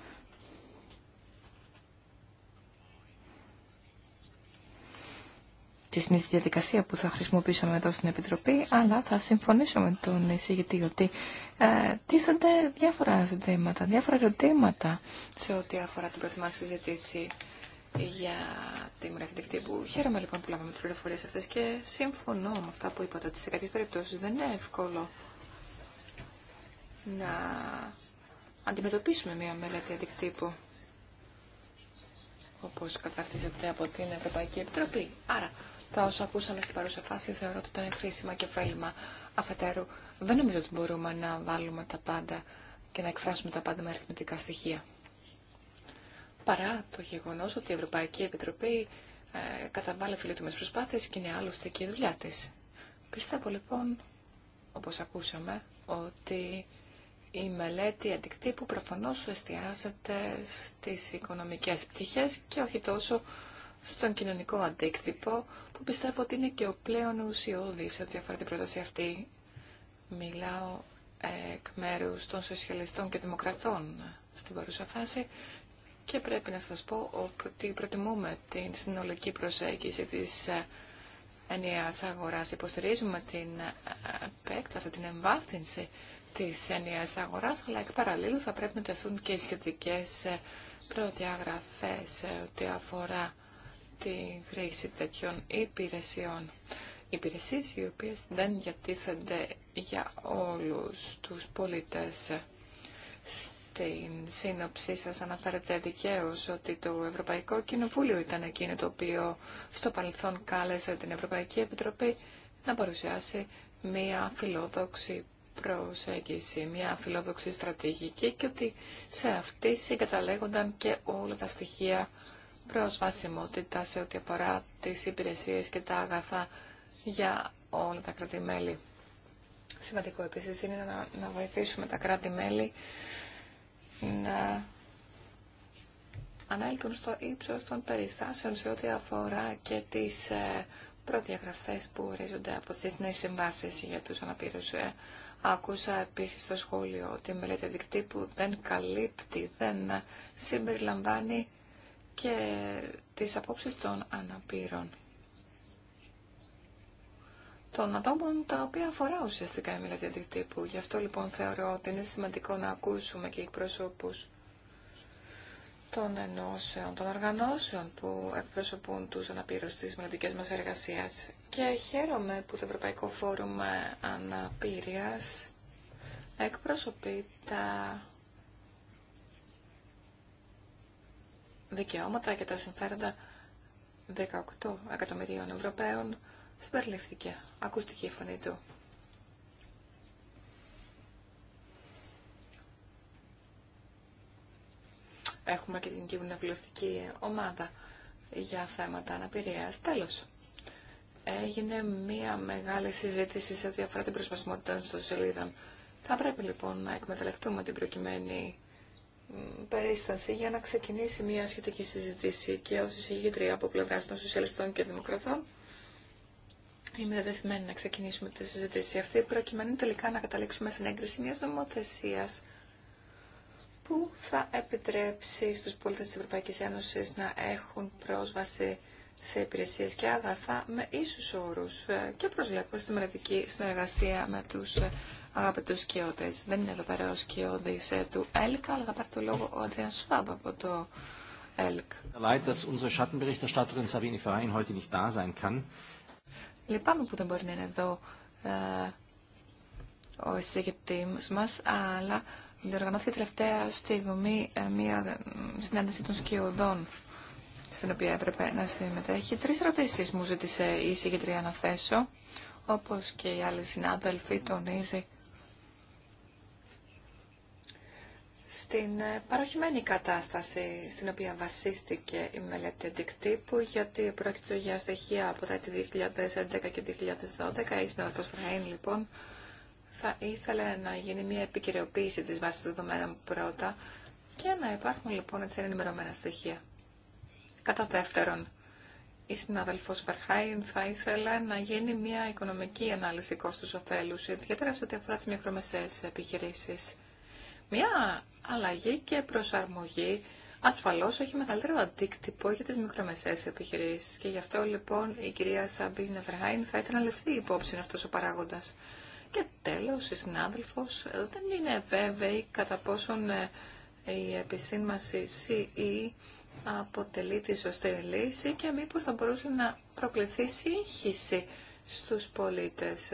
τη συνήθεια διαδικασία που θα χρησιμοποιήσουμε εδώ στην Επιτροπή, αλλά θα συμφωνήσω με τον εισηγητή ότι ε, τίθενται διάφορα ζητήματα, διάφορα ερωτήματα σε ό,τι αφορά την πρώτη συζήτηση για τη μορφή που Χαίρομαι λοιπόν που λάβαμε τι πληροφορίε αυτέ και συμφωνώ με αυτά που είπατε ότι σε κάποιε περιπτώσει δεν είναι εύκολο να αντιμετωπίσουμε μια μελέτη αντικτύπου όπως καταρτίζεται από την Ευρωπαϊκή Επιτροπή. Άρα τα όσα ακούσαμε στην παρούσα φάση θεωρώ ότι ήταν χρήσιμα και ωφέλιμα αφετέρου. Δεν νομίζω ότι μπορούμε να βάλουμε τα πάντα και να εκφράσουμε τα πάντα με αριθμητικά στοιχεία. Παρά το γεγονός ότι η Ευρωπαϊκή Επιτροπή ε, καταβάλλει φιλετούμε προσπάθειες και είναι άλλωστε και η δουλειά τη. Πιστεύω λοιπόν, όπω ακούσαμε, ότι η μελέτη αντικτύπου προφανώ εστιάζεται στι οικονομικέ πτυχέ και όχι τόσο στον κοινωνικό αντίκτυπο, που πιστεύω ότι είναι και ο πλέον σε ό,τι αφορά την πρόταση αυτή. Μιλάω ε, εκ μέρου των σοσιαλιστών και δημοκρατών στην παρούσα φάση και πρέπει να σας πω ότι προτιμούμε την συνολική προσέγγιση της ε, ενιαίας αγοράς. Υποστηρίζουμε την ε, επέκταση, την εμβάθυνση τη ενιαίας αγορά, αλλά εκ παραλίλου θα πρέπει να τεθούν και οι σχετικές προδιαγραφές ό,τι αφορά τη χρήση τέτοιων υπηρεσιών. Υπηρεσίες οι οποίες δεν διατίθενται για όλους τους πολίτες. Στην σύνοψή σας αναφέρεται δικαίω ότι το Ευρωπαϊκό Κοινοβούλιο ήταν εκείνο το οποίο στο παρελθόν κάλεσε την Ευρωπαϊκή Επιτροπή να παρουσιάσει μία φιλόδοξη προσέγγιση, μια φιλόδοξη στρατηγική και ότι σε αυτή συγκαταλέγονταν και όλα τα στοιχεία προσβασιμότητα σε ό,τι αφορά τις υπηρεσίες και τα αγαθά για όλα τα κράτη-μέλη. Σημαντικό επίσης είναι να, βοηθήσουμε τα κράτη-μέλη να ανέλθουν στο ύψος των περιστάσεων σε ό,τι αφορά και τις ε, προδιαγραφές που ορίζονται από τις εθνές συμβάσεις για τους αναπήρους. Ε, άκουσα επίσης στο σχόλιο ότι η μελέτη δικτύπου δεν καλύπτει, δεν συμπεριλαμβάνει και τις απόψεις των αναπήρων των ατόμων τα οποία αφορά ουσιαστικά η μελέτη αντικτύπου. Γι' αυτό λοιπόν θεωρώ ότι είναι σημαντικό να ακούσουμε και εκπροσώπους των ενώσεων, των οργανώσεων που εκπροσωπούν τους αναπήρους της μελλοντικής μας εργασίας. Και χαίρομαι που το Ευρωπαϊκό Φόρουμ Αναπήρειας εκπροσωπεί τα δικαιώματα και τα συμφέροντα 18 εκατομμυρίων Ευρωπαίων συμπεριληφθήκε. Ακούστηκε η φωνή του. Έχουμε και την κυβερνητική ομάδα για θέματα αναπηρίας. Τέλος, έγινε μία μεγάλη συζήτηση σε ό,τι αφορά την προσβασιμότητα των ιστοσελίδων. Θα πρέπει λοιπόν να εκμεταλλευτούμε την προκειμένη περίσταση για να ξεκινήσει μια σχετική συζήτηση και ως εισηγήτρια από πλευρά των Σοσιαλιστών και Δημοκρατών. Είμαι δεδεθειμένη να ξεκινήσουμε τη συζήτηση αυτή προκειμένου τελικά να καταλήξουμε στην έγκριση μιας νομοθεσίας που θα επιτρέψει στους πολίτες της Ευρωπαϊκής Ένωσης να έχουν πρόσβαση σε υπηρεσίες και αγαθά με ίσους όρους και προσβλέπω στη μελλοντική συνεργασία με τους αγαπητού σκιώδε. Δεν είναι εδώ πέρα ο σκιώδη ε, του ΕΛΚ, αλλά θα πάρει το λόγο ο Αντρέα Σουάμπ από το ΕΛΚ. Λυπάμαι που δεν μπορεί να είναι εδώ ε, ο εισηγητή μα, αλλά διοργανώθηκε τελευταία στιγμή ε, μια συνάντηση των σκιωδών στην οποία έπρεπε να συμμετέχει. Τρεις ερωτήσεις μου ζήτησε η συγκεντρία να θέσω, όπως και οι άλλοι συνάδελφοι τονίζει στην ε, παροχημένη κατάσταση στην οποία βασίστηκε η μελέτη αντικτύπου, γιατί πρόκειται για στοιχεία από τα έτη 2011 και 2012. Η συνάδελφος Φραήν, λοιπόν, θα ήθελε να γίνει μια επικαιροποίηση της βάσης δεδομένων πρώτα και να υπάρχουν, λοιπόν, έτσι ενημερωμένα στοιχεία. Κατά δεύτερον, η συνάδελφος Φερχάιν θα ήθελε να γίνει μια οικονομική ανάλυση κόστους-οφέλους, ιδιαίτερα σε ό,τι αφορά τις μικρομεσαίες επιχειρήσεις μια αλλαγή και προσαρμογή ασφαλώ έχει μεγαλύτερο αντίκτυπο για τι μικρομεσαίες επιχειρήσει. και γι' αυτό λοιπόν η κυρία Σαμπίνε Νευραήν θα ήταν λεφτή υπόψη αυτός ο παράγοντας. Και τέλος, η συνάδελφο δεν είναι βέβαιη κατά πόσον ε, η επισήμαση CE αποτελεί τη σωστή λύση και μήπως θα μπορούσε να προκληθεί σύγχυση στους πολίτες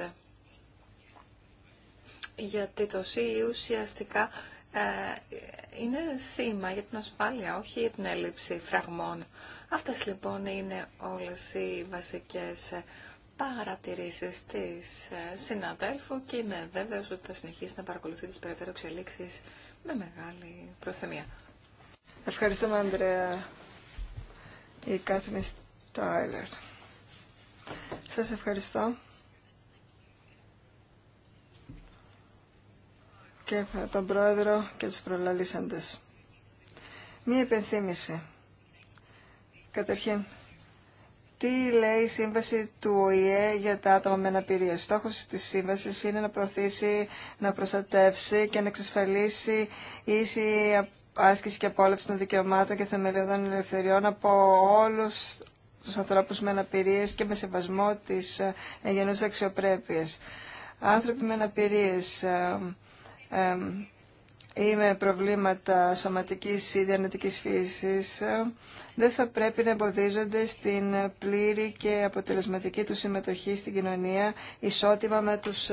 γιατί το ΣΥ ουσιαστικά ε, είναι σήμα για την ασφάλεια, όχι για την έλλειψη φραγμών. Αυτές λοιπόν είναι όλες οι βασικές ε, παρατηρήσεις της ε, συναδέλφου και είμαι βέβαιος ότι θα συνεχίσει να παρακολουθεί τις περαιτέρω εξελίξεις με μεγάλη προθεμία. Ευχαριστούμε, Ανδρέα Η Κάθριν Στάιλερ. Σας ευχαριστώ. και τον Πρόεδρο και τους προλαλήσαντες. Μία υπενθύμηση. Καταρχήν, τι λέει η σύμβαση του ΟΗΕ για τα άτομα με αναπηρία. Στόχος της σύμβασης είναι να προωθήσει, να προστατεύσει και να εξασφαλίσει ίση άσκηση και απόλαυση των δικαιωμάτων και θεμελιωδών ελευθεριών από όλους τους ανθρώπους με αναπηρίες και με σεβασμό της εγγενούς αξιοπρέπειας. Άνθρωποι με αναπηρίες, ε, ή με προβλήματα σωματικής ή διανοητικής φύσης δεν θα πρέπει να εμποδίζονται στην πλήρη και αποτελεσματική του συμμετοχή στην κοινωνία ισότιμα με τους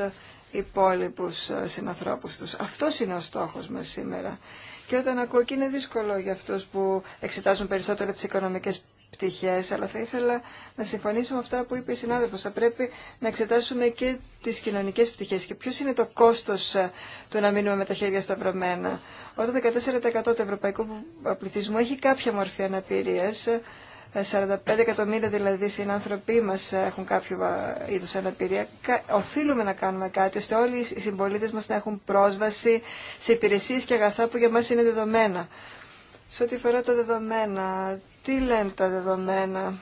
υπόλοιπους συνανθρώπους τους. Αυτό είναι ο στόχος μας σήμερα. Και όταν ακούω και είναι δύσκολο για αυτούς που εξετάζουν περισσότερο τις οικονομικές πτυχές, αλλά θα ήθελα να συμφωνήσω με αυτά που είπε η συνάδελφος. Θα πρέπει να εξετάσουμε και τις κοινωνικέ πτυχέ. και ποιο είναι το κόστος ε, του να μείνουμε με τα χέρια σταυρωμένα. Όταν 14% του ευρωπαϊκού πληθυσμού έχει κάποια μορφή αναπηρίας, 45 ε, εκατομμύρια δηλαδή συνάνθρωποι μα έχουν κάποιο ε, είδου αναπηρία. Οφείλουμε να κάνουμε κάτι ώστε όλοι οι συμπολίτε μα να έχουν πρόσβαση σε υπηρεσίε και αγαθά που για μα είναι δεδομένα. Σε ό,τι αφορά τα δεδομένα, τι λένε τα δεδομένα.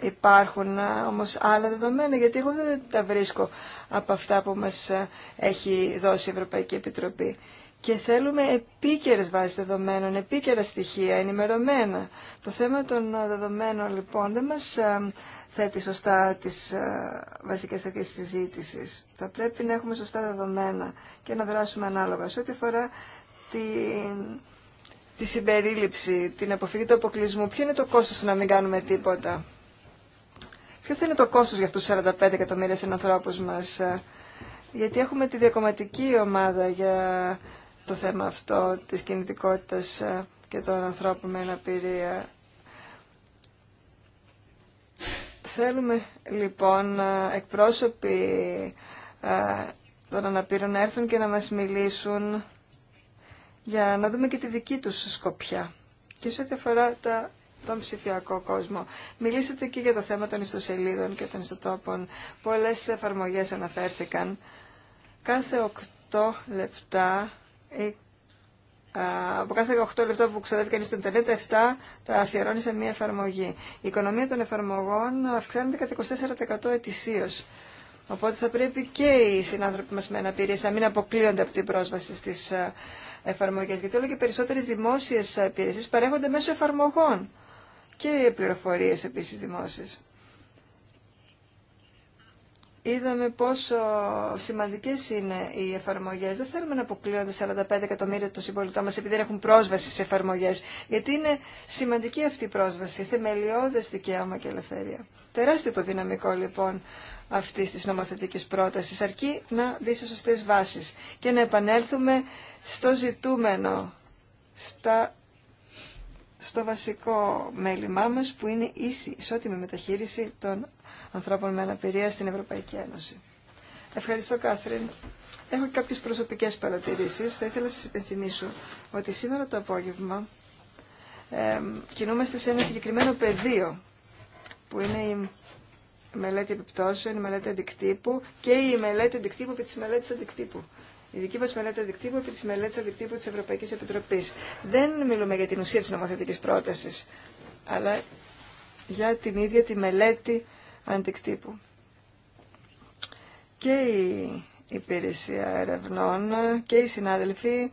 Υπάρχουν ε, όμως άλλα δεδομένα, γιατί εγώ δεν τα βρίσκω από αυτά που μας ε, έχει δώσει η Ευρωπαϊκή Επιτροπή. Και θέλουμε επίκαιρες βάσεις δεδομένων, επίκαιρα στοιχεία, ενημερωμένα. Το θέμα των ε, δεδομένων λοιπόν δεν μας θέτει σωστά τις βασικές αρχές της συζήτησης. Θα πρέπει να έχουμε σωστά δεδομένα και να δράσουμε ανάλογα. Σε ό,τι αφορά την τη συμπερίληψη, την αποφυγή του αποκλεισμού, ποιο είναι το κόστος να μην κάνουμε τίποτα. Ποιο θα είναι το κόστος για αυτού του 45 εκατομμύρια συνανθρώπου μας. Γιατί έχουμε τη διακομματική ομάδα για το θέμα αυτό της κινητικότητας και των ανθρώπων με αναπηρία. Θέλουμε λοιπόν εκπρόσωποι ε, των αναπήρων να έρθουν και να μας μιλήσουν για να δούμε και τη δική τους σκοπιά. Και σε ό,τι αφορά τα, τον ψηφιακό κόσμο. Μιλήσατε και για το θέμα των ιστοσελίδων και των ιστοτόπων. Πολλές εφαρμογές αναφέρθηκαν. Κάθε 8 λεπτά, ε, από κάθε 8 λεπτά που ξοδεύει κανείς στο Ιντερνετ, 7 τα αφιερώνει σε μία εφαρμογή. Η οικονομία των εφαρμογών αυξάνεται κατά 24% ετησίως. Οπότε θα πρέπει και οι συνάνθρωποι μας με αναπηρίες να μην αποκλείονται από την πρόσβαση στις ε, εφαρμογές. Γιατί όλο και περισσότερες δημόσιες υπηρεσίες παρέχονται μέσω εφαρμογών και πληροφορίες επίσης δημόσιες. Είδαμε πόσο σημαντικές είναι οι εφαρμογές. Δεν θέλουμε να αποκλείονται 45 εκατομμύρια των συμπολιτών μας επειδή δεν έχουν πρόσβαση σε εφαρμογές. Γιατί είναι σημαντική αυτή η πρόσβαση, θεμελιώδες δικαίωμα και ελευθερία. Τεράστιο το δυναμικό λοιπόν αυτή τη νομοθετική πρόταση, αρκεί να μπει σε σωστέ βάσεις και να επανέλθουμε στο ζητούμενο, στα, στο βασικό μέλημά μα, που είναι η ισότιμη μεταχείριση των ανθρώπων με αναπηρία στην Ευρωπαϊκή Ένωση. Ευχαριστώ Κάθριν. Έχω και κάποιες προσωπικές παρατηρήσεις. Θα ήθελα να σας υπενθυμίσω ότι σήμερα το απόγευμα ε, κινούμαστε σε ένα συγκεκριμένο πεδίο που είναι η μελέτη επιπτώσεων, η μελέτη αντικτύπου και η μελέτη αντικτύπου επί τη μελέτη αντικτύπου. Η δική μα μελέτη αντικτύπου επί τη μελέτη αντικτύπου τη Ευρωπαϊκή Επιτροπή. Δεν μιλούμε για την ουσία τη νομοθετική πρόταση, αλλά για την ίδια τη μελέτη αντικτύπου. Και η υπηρεσία ερευνών και οι συνάδελφοι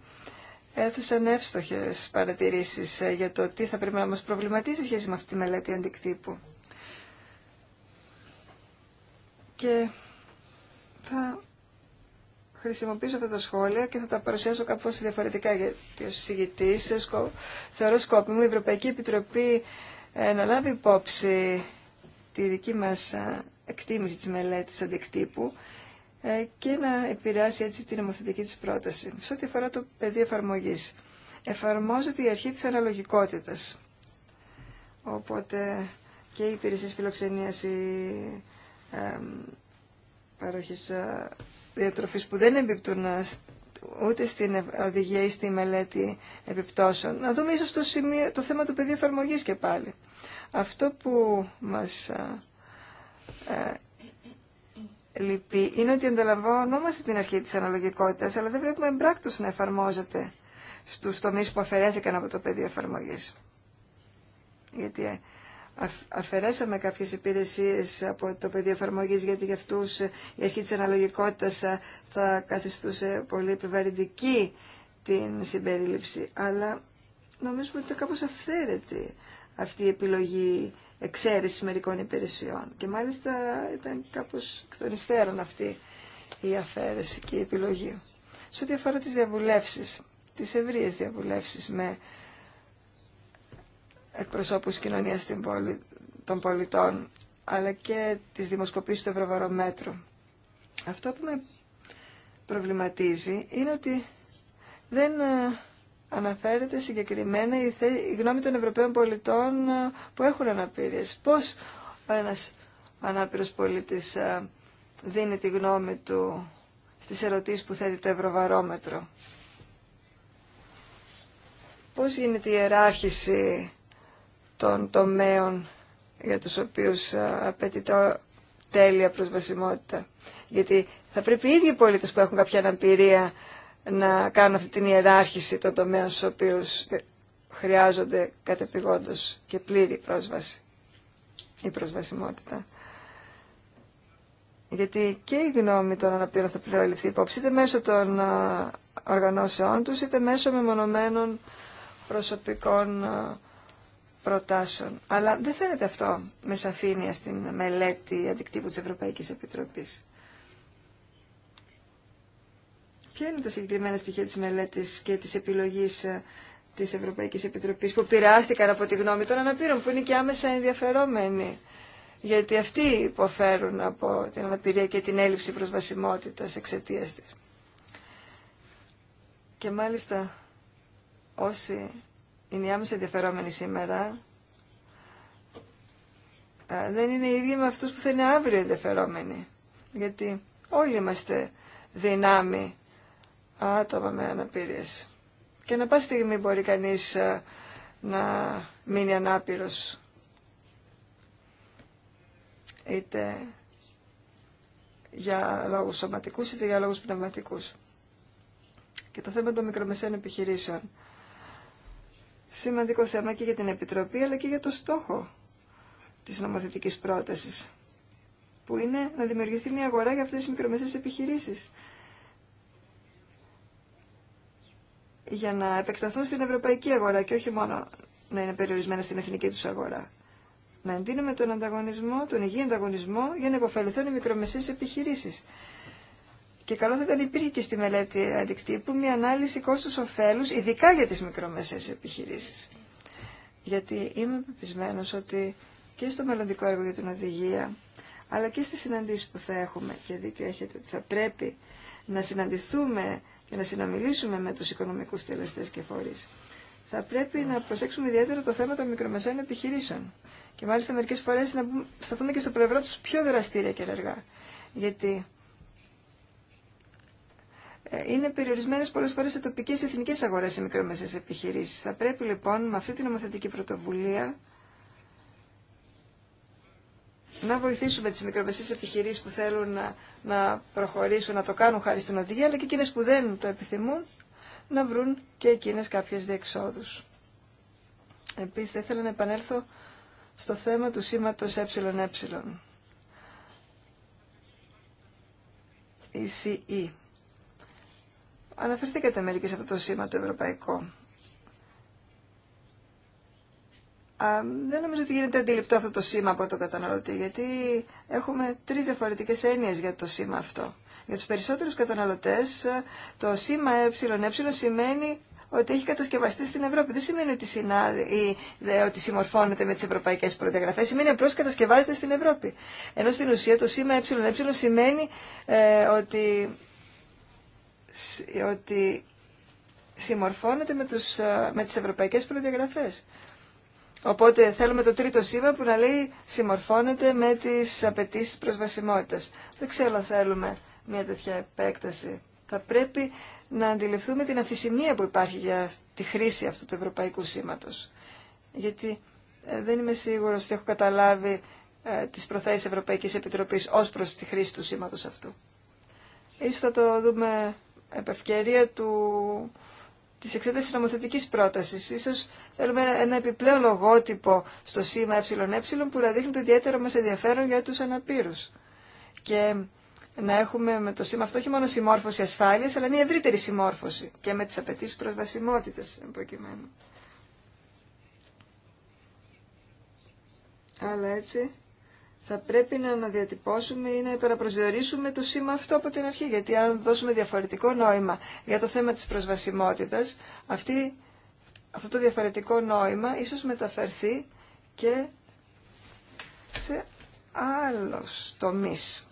έθεσαν εύστοχες παρατηρήσεις ε, για το τι θα πρέπει να μας προβληματίσει σχέση με αυτή τη μελέτη αντικτύπου. και θα χρησιμοποιήσω αυτά τα σχόλια και θα τα παρουσιάσω κάπως διαφορετικά γιατί ως συγητής θεωρώ μου η Ευρωπαϊκή Επιτροπή ε, να λάβει υπόψη τη δική μας ε, εκτίμηση της μελέτης αντικτύπου ε, και να επηρεάσει έτσι την νομοθετική της πρόταση. Σε ό,τι αφορά το πεδίο εφαρμογή. εφαρμόζεται η αρχή της αναλογικότητας. Οπότε και οι υπηρεσίε φιλοξενίας, παροχής ε, διατροφής που δεν εμπιπτούν ε, ούτε στην οδηγία ή στη μελέτη επιπτώσεων. Να δούμε ίσως το, το θέμα του πεδίου εφαρμογή και πάλι. Αυτό που μας ε, λυπεί είναι ότι ανταλαμβανόμαστε την αρχή της αναλογικότητας, αλλά δεν βλέπουμε εμπράκτος να εφαρμόζεται στους τομείς που αφαιρέθηκαν από το πεδίο εφαρμογή. Γιατί αφαιρέσαμε κάποιες υπηρεσίες από το πεδίο εφαρμογή γιατί για αυτούς η αρχή της αναλογικότητας θα καθιστούσε πολύ επιβαρυντική την συμπερίληψη. Αλλά νομίζουμε ότι ήταν κάπως αυθαίρετη αυτή η επιλογή εξαίρεση μερικών υπηρεσιών. Και μάλιστα ήταν κάπως εκ των υστέρων αυτή η αφαίρεση και η επιλογή. Σε ό,τι αφορά τις διαβουλεύσεις, τις ευρείες διαβουλεύσεις με εκπροσώπους κοινωνία των πολιτών, αλλά και τη δημοσκοπήσεις του Ευρωβαρομέτρου. Αυτό που με προβληματίζει είναι ότι δεν ε, αναφέρεται συγκεκριμένα η, γνώμη των Ευρωπαίων πολιτών ε, που έχουν αναπηρίες. Πώς ένας ανάπηρος πολίτης ε, δίνει τη γνώμη του στις ερωτήσεις που θέτει το Ευρωβαρόμετρο. Πώς γίνεται η ιεράρχηση των τομέων για τους οποίους ε, απαιτείται τέλεια προσβασιμότητα. Γιατί θα πρέπει οι ίδιοι πολίτες που έχουν κάποια αναπηρία να κάνουν αυτή την ιεράρχηση των τομέων στους οποίους ε, χρειάζονται κατεπηγόντως και πλήρη πρόσβαση ή προσβασιμότητα. Γιατί και η γνώμη των αναπήρων θα πληροληφθεί υπόψη είτε μέσω των ε, οργανώσεών τους είτε μέσω μεμονωμένων προσωπικών προτάσεων. Αλλά δεν θέλετε αυτό με σαφήνεια στην μελέτη αντικτύπου της Ευρωπαϊκής Επιτροπής. Ποια είναι τα συγκεκριμένα στοιχεία της μελέτης και της επιλογής ε, της Ευρωπαϊκής Επιτροπής που πειράστηκαν από τη γνώμη των αναπήρων που είναι και άμεσα ενδιαφερόμενοι γιατί αυτοί υποφέρουν από την αναπηρία και την έλλειψη προσβασιμότητας εξαιτία της. Και μάλιστα όσοι είναι οι άμεσα ενδιαφερόμενοι σήμερα ε, δεν είναι οι ίδιοι με αυτούς που θα είναι αύριο ενδιαφερόμενοι. Γιατί όλοι είμαστε δυνάμοι άτομα με ανάπηρες. Και να πάει στιγμή μπορεί κανείς ε, να μείνει ανάπηρος. Είτε για λόγους σωματικούς είτε για λόγους πνευματικούς. Και το θέμα των μικρομεσαίων επιχειρήσεων σημαντικό θέμα και για την Επιτροπή αλλά και για το στόχο της νομοθετικής πρότασης που είναι να δημιουργηθεί μια αγορά για αυτές τις μικρομεσαίες επιχειρήσεις για να επεκταθούν στην ευρωπαϊκή αγορά και όχι μόνο να είναι περιορισμένα στην εθνική τους αγορά. Να εντείνουμε τον ανταγωνισμό, τον υγιή ανταγωνισμό για να υποφελθούν οι μικρομεσαίες επιχειρήσεις. Και καλό θα ήταν υπήρχε και στη μελέτη αντικτύπου μια ανάλυση κόστους κόστος-οφέλους ειδικά για τις μικρομεσαίες επιχειρήσεις. Γιατί είμαι πεπισμένος ότι και στο μελλοντικό έργο για την οδηγία, αλλά και στις συναντήσεις που θα έχουμε, και δίκιο έχετε ότι θα πρέπει να συναντηθούμε και να συνομιλήσουμε με τους οικονομικούς τελεστές και φορείς, θα πρέπει να προσέξουμε ιδιαίτερα το θέμα των μικρομεσαίων επιχειρήσεων. Και μάλιστα μερικές φορές να σταθούμε και στο πλευρό τους πιο δραστήρια και ενεργά. Γιατί ε, είναι περιορισμένες πολλές φορές σε τοπικές εθνικές αγορές οι μικρομεσαίες επιχειρήσεις. Θα πρέπει λοιπόν με αυτή την νομοθετική πρωτοβουλία να βοηθήσουμε τις μικρομεσαίες επιχειρήσεις που θέλουν να, να προχωρήσουν, να το κάνουν χάρη στην οδηγία, αλλά και εκείνες που δεν το επιθυμούν να βρουν και εκείνες κάποιες διεξόδους. Επίσης, θα ήθελα να επανέλθω στο θέμα του σήματος ΕΕ. ΣΥΗ. Αναφερθήκατε μερικέ από το σήμα το ευρωπαϊκό. Α, δεν νομίζω ότι γίνεται αντιληπτό αυτό το σήμα από τον καταναλωτή, γιατί έχουμε τρεις διαφορετικές έννοιες για το σήμα αυτό. Για τους περισσότερους καταναλωτές, το σήμα ε, ε σημαίνει ότι έχει κατασκευαστεί στην Ευρώπη. Δεν σημαίνει ότι, συνάδει, συμμορφώνεται με τις ευρωπαϊκές προδιαγραφές, σημαίνει απλώς κατασκευάζεται στην Ευρώπη. Ενώ στην ουσία το σήμα ε, ε σημαίνει ε, ότι ότι συμμορφώνεται με, τους, ε, με τις ευρωπαϊκές προδιαγραφές. Οπότε θέλουμε το τρίτο σήμα που να λέει συμμορφώνεται με τις απαιτήσει προσβασιμότητας. Δεν ξέρω αν θέλουμε μια τέτοια επέκταση. Θα πρέπει να αντιληφθούμε την αφησιμία που υπάρχει για τη χρήση αυτού του ευρωπαϊκού σήματος. Γιατί ε, δεν είμαι σίγουρος ότι έχω καταλάβει ε, τις προθέσεις Ευρωπαϊκής Επιτροπής ως προς τη χρήση του σήματος αυτού. Ίσως θα το δούμε επευκαιρία του, της εξέτασης νομοθετικής πρότασης. Ίσως θέλουμε ένα, επιπλέον λογότυπο στο σήμα ΕΕ που να δείχνει το ιδιαίτερο μας ενδιαφέρον για τους αναπήρους. Και να έχουμε με το σήμα αυτό όχι μόνο συμμόρφωση ασφάλεια, αλλά μια ευρύτερη συμμόρφωση και με τι απαιτήσει προσβασιμότητα προκειμένου. Αλλά έτσι θα πρέπει να αναδιατυπώσουμε ή να υπεραπροσδιορίσουμε το σήμα αυτό από την αρχή. Γιατί αν δώσουμε διαφορετικό νόημα για το θέμα της προσβασιμότητας, αυτή, αυτό το διαφορετικό νόημα ίσως μεταφερθεί και σε άλλους τομείς.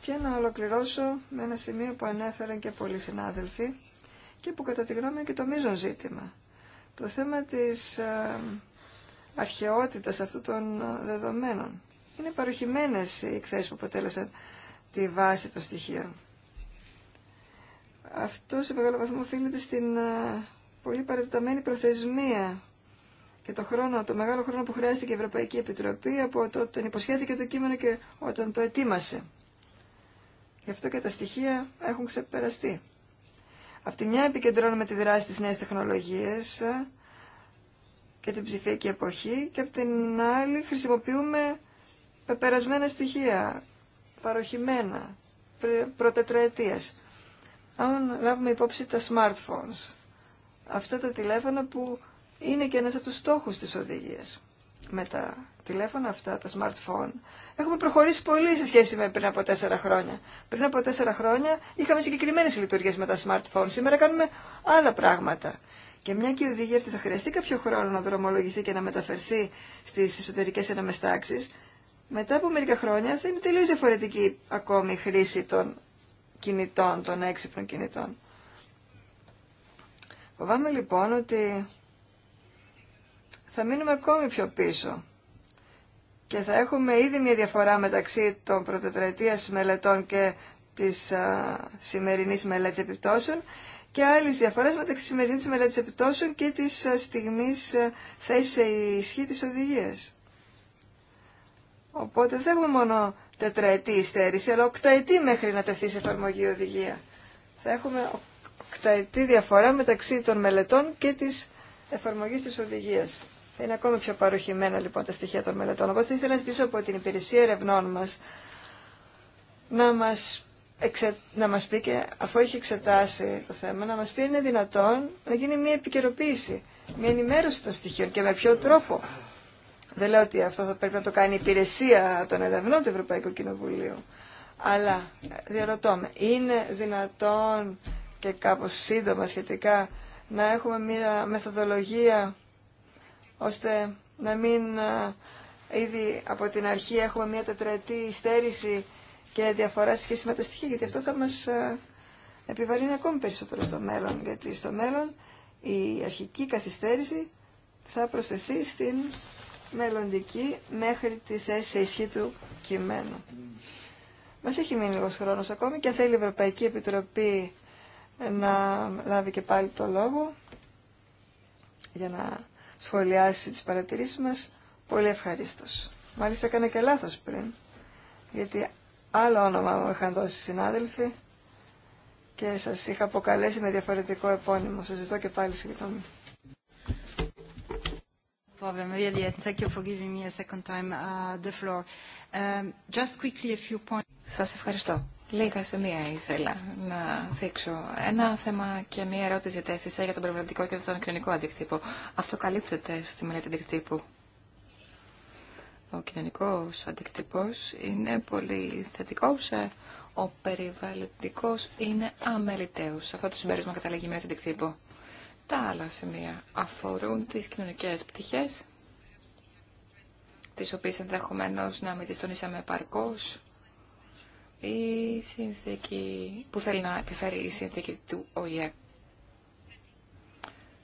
Και να ολοκληρώσω με ένα σημείο που ανέφεραν και πολλοί συνάδελφοι και που κατά τη γνώμη και το μείζον ζήτημα. Το θέμα της ε, αρχαιότητας αυτών των δεδομένων. Είναι παροχημένες οι εκθέσεις που αποτέλεσαν τη βάση των στοιχείων. Αυτό σε μεγάλο βαθμό οφείλεται στην ε, πολύ παρατεταμένη προθεσμία και το, χρόνο, το μεγάλο χρόνο που χρειάστηκε η Ευρωπαϊκή Επιτροπή από τότε υποσχέθηκε το κείμενο και όταν το ετοίμασε. Γι' αυτό και τα στοιχεία έχουν ξεπεραστεί. Απ' τη μια επικεντρώνουμε τη δράση της νέες τεχνολογίες, ε, και την ψηφιακή εποχή και από την άλλη χρησιμοποιούμε πεπερασμένα στοιχεία, παροχημένα, προτετραετίας. Αν λάβουμε υπόψη τα smartphones, αυτά τα τηλέφωνα που είναι και ένας από τους στόχους της οδηγίας. Με τα τηλέφωνα αυτά, τα smartphone, έχουμε προχωρήσει πολύ σε σχέση με πριν από τέσσερα χρόνια. Πριν από τέσσερα χρόνια είχαμε συγκεκριμένες λειτουργίες με τα smartphone, σήμερα κάνουμε άλλα πράγματα. Και μια και η οδηγία αυτή θα χρειαστεί κάποιο χρόνο να δρομολογηθεί και να μεταφερθεί στι εσωτερικέ ένωμε μετά από μερικά χρόνια θα είναι τελείω διαφορετική ακόμη η χρήση των κινητών, των έξυπνων κινητών. Φοβάμαι λοιπόν ότι θα μείνουμε ακόμη πιο πίσω και θα έχουμε ήδη μια διαφορά μεταξύ των πρωτοτραετίας μελετών και της σημερινής μελέτης επιπτώσεων και άλλες διαφορές μεταξύ σημερινής μελέτης επιπτώσεων και της ε, στιγμής ε, θέσης σε ισχύ της οδηγίας. Οπότε δεν έχουμε μόνο τετραετή υστέρηση, αλλά οκταετή μέχρι να τεθεί σε εφαρμογή η οδηγία. Θα έχουμε οκταετή διαφορά μεταξύ των μελετών και της εφαρμογής της οδηγίας. Θα είναι ακόμη πιο παροχημένα λοιπόν τα στοιχεία των μελετών. Οπότε ήθελα να ζητήσω από την υπηρεσία ερευνών μας να μας να μας πει και αφού έχει εξετάσει το θέμα, να μας πει είναι δυνατόν να γίνει μια επικαιροποίηση, μια ενημέρωση των στοιχείων και με ποιο τρόπο. Δεν λέω ότι αυτό θα πρέπει να το κάνει η υπηρεσία των ερευνών του Ευρωπαϊκού Κοινοβουλίου. Αλλά ε, διαρωτώ με, είναι δυνατόν και κάπως σύντομα σχετικά να έχουμε μια μεθοδολογία ώστε να μην ε, ήδη από την αρχή έχουμε μια τετραετή στέρηση και διαφορά σε σχέση με τα στοιχεία, γιατί αυτό θα μα ε, επιβαρύνει ακόμη περισσότερο στο μέλλον, γιατί στο μέλλον η αρχική καθυστέρηση θα προσθεθεί στην μελλοντική μέχρι τη θέση σε ισχύ του κειμένου. Μας έχει μείνει λίγος χρόνος ακόμη και θέλει η Ευρωπαϊκή Επιτροπή ε, να λάβει και πάλι το λόγο για να σχολιάσει τις παρατηρήσεις μας πολύ ευχαρίστως. Μάλιστα έκανα και λάθος πριν, γιατί Άλλο όνομα μου είχαν δώσει συνάδελφοι και σας είχα αποκαλέσει με διαφορετικό επώνυμο. Σας ζητώ και πάλι συγγνώμη. Problem, really. Thank you for giving me a second time uh, the floor. Um, just quickly a few points. Σας ευχαριστώ. Λίγα σημεία ήθελα να δείξω. Ένα θέμα και μία ερώτηση τέθησα για τον περιβαλλοντικό και τον κοινωνικό αντικτύπο. Αυτό καλύπτεται στη μελέτη αντικτύπου ο κοινωνικός αντικτυπός είναι πολύ θετικός, ε, ο περιβαλλοντικός είναι αμεληταίος. Σε αυτό το συμπέρασμα καταλήγει με μέση αντικτύπο. Τα άλλα σημεία αφορούν τις κοινωνικές πτυχές, τις οποίες ενδεχομένω να μην τις τονίσαμε επαρκώς, η συνθήκη που θέλει να επιφέρει η συνθήκη του ΟΙΕ.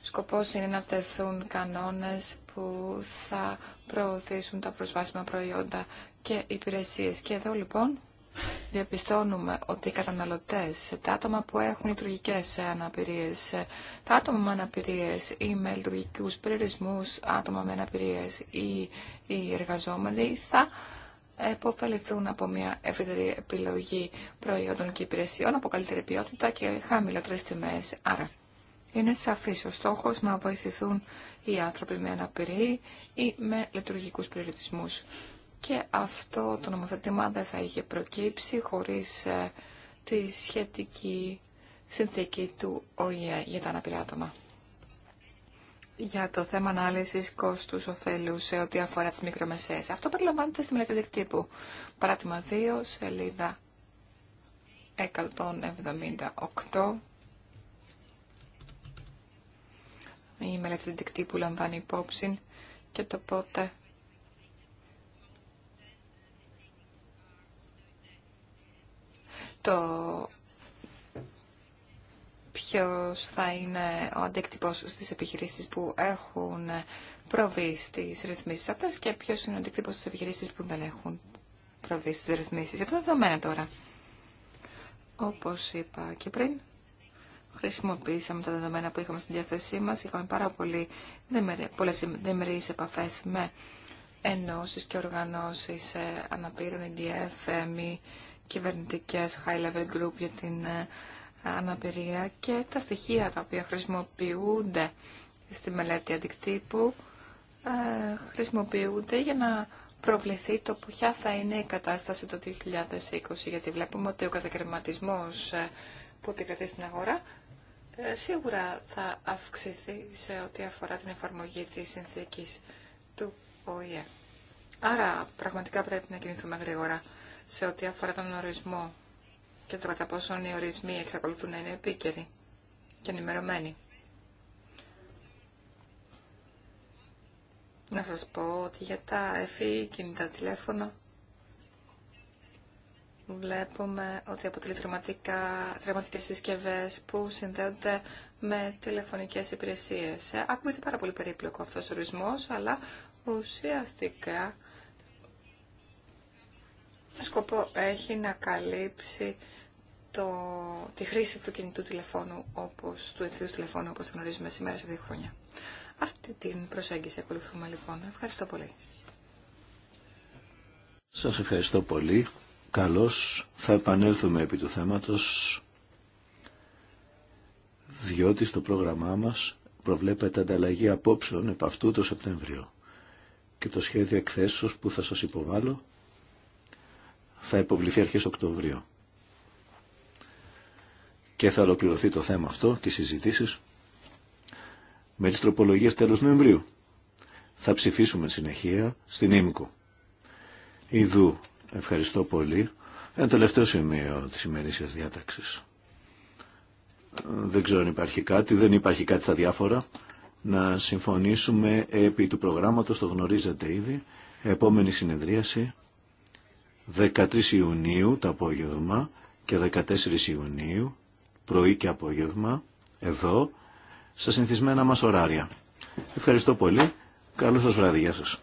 Σκοπός είναι να τεθούν κανόνες που θα προωθήσουν τα προσβάσιμα προϊόντα και υπηρεσίες. Και εδώ λοιπόν διαπιστώνουμε ότι οι καταναλωτές, τα άτομα που έχουν λειτουργικές αναπηρίες, τα άτομα με αναπηρίες ή με λειτουργικού περιορισμού, άτομα με αναπηρίες ή οι εργαζόμενοι θα επωφεληθούν από μια ευρύτερη επιλογή προϊόντων και υπηρεσιών από καλύτερη ποιότητα και χαμηλότερες τιμές. Άρα, είναι σαφής ο στόχος να βοηθηθούν οι άνθρωποι με αναπηρή ή με λειτουργικούς περιορισμούς. Και αυτό το νομοθετήμα δεν θα είχε προκύψει χωρίς ε, τη σχετική συνθήκη του ΟΗΕ για τα αναπηρά άτομα. Για το θέμα ανάλυση κόστου ωφέλου σε ό,τι αφορά τι μικρομεσαίε. Αυτό περιλαμβάνεται στη μελέτη δικτύπου. Παράτημα 2, σελίδα 178. η μελέτη που λαμβάνει υπόψη και το πότε το ποιος θα είναι ο αντίκτυπος στις επιχειρήσεις που έχουν προβεί στις ρυθμίσεις αυτές και ποιος είναι ο αντίκτυπος στις επιχειρήσεις που δεν έχουν προβεί στις ρυθμίσεις. Για τα δεδομένα τώρα. Όπως είπα και πριν, χρησιμοποίησαμε τα δεδομένα που είχαμε στην διάθεσή μας. Είχαμε πάρα πολύ, πολλές διμερείς επαφές με ενώσεις και οργανώσεις ε, αναπήρων, EDF, ε ε, μη κυβερνητικές high level group για την αναπηρία και τα στοιχεία τα οποία χρησιμοποιούνται στη μελέτη αντικτύπου χρησιμοποιούνται για να προβληθεί το ποια θα είναι η κατάσταση το 2020, γιατί βλέπουμε ότι ο κατακαιρματισμός που επικρατεί στην αγορά ε, σίγουρα θα αυξηθεί σε ό,τι αφορά την εφαρμογή της συνθήκης του ΟΗΕ. Άρα πραγματικά πρέπει να κινηθούμε γρήγορα σε ό,τι αφορά τον ορισμό και το κατά πόσον οι ορισμοί εξακολουθούν να είναι επίκαιροι και ενημερωμένοι. Να σας πω ότι για τα εφή κινητά τηλέφωνα βλέπουμε ότι αποτελεί τραυματικές συσκευές που συνδέονται με τηλεφωνικές υπηρεσίες. Ε, ακούγεται πάρα πολύ περίπλοκο αυτός ο ορισμός, αλλά ουσιαστικά σκοπό έχει να καλύψει το, τη χρήση του κινητού τηλεφώνου, όπως, του ευθύου τηλεφώνου, όπως το γνωρίζουμε σήμερα σε δύο χρόνια. Αυτή την προσέγγιση ακολουθούμε λοιπόν. Ευχαριστώ πολύ. Σας ευχαριστώ πολύ. Καλώς θα επανέλθουμε επί του θέματος διότι στο πρόγραμμά μας προβλέπεται ανταλλαγή απόψεων επ' αυτού το Σεπτέμβριο και το σχέδιο εκθέσεως που θα σας υποβάλω θα υποβληθεί αρχές Οκτωβρίου και θα ολοκληρωθεί το θέμα αυτό και οι συζητήσεις με τις τροπολογίες τέλος Νοεμβρίου. Θα ψηφίσουμε συνεχεία στην Ήμικο. Ιδού Ευχαριστώ πολύ. Ένα τελευταίο σημείο της ημερήσιας διάταξης. Δεν ξέρω αν υπάρχει κάτι, δεν υπάρχει κάτι στα διάφορα. Να συμφωνήσουμε επί του προγράμματος, το γνωρίζετε ήδη. Επόμενη συνεδρίαση 13 Ιουνίου το απόγευμα και 14 Ιουνίου πρωί και απόγευμα εδώ στα συνηθισμένα μας ωράρια. Ευχαριστώ πολύ. Καλό σας βράδυ. Γεια σας.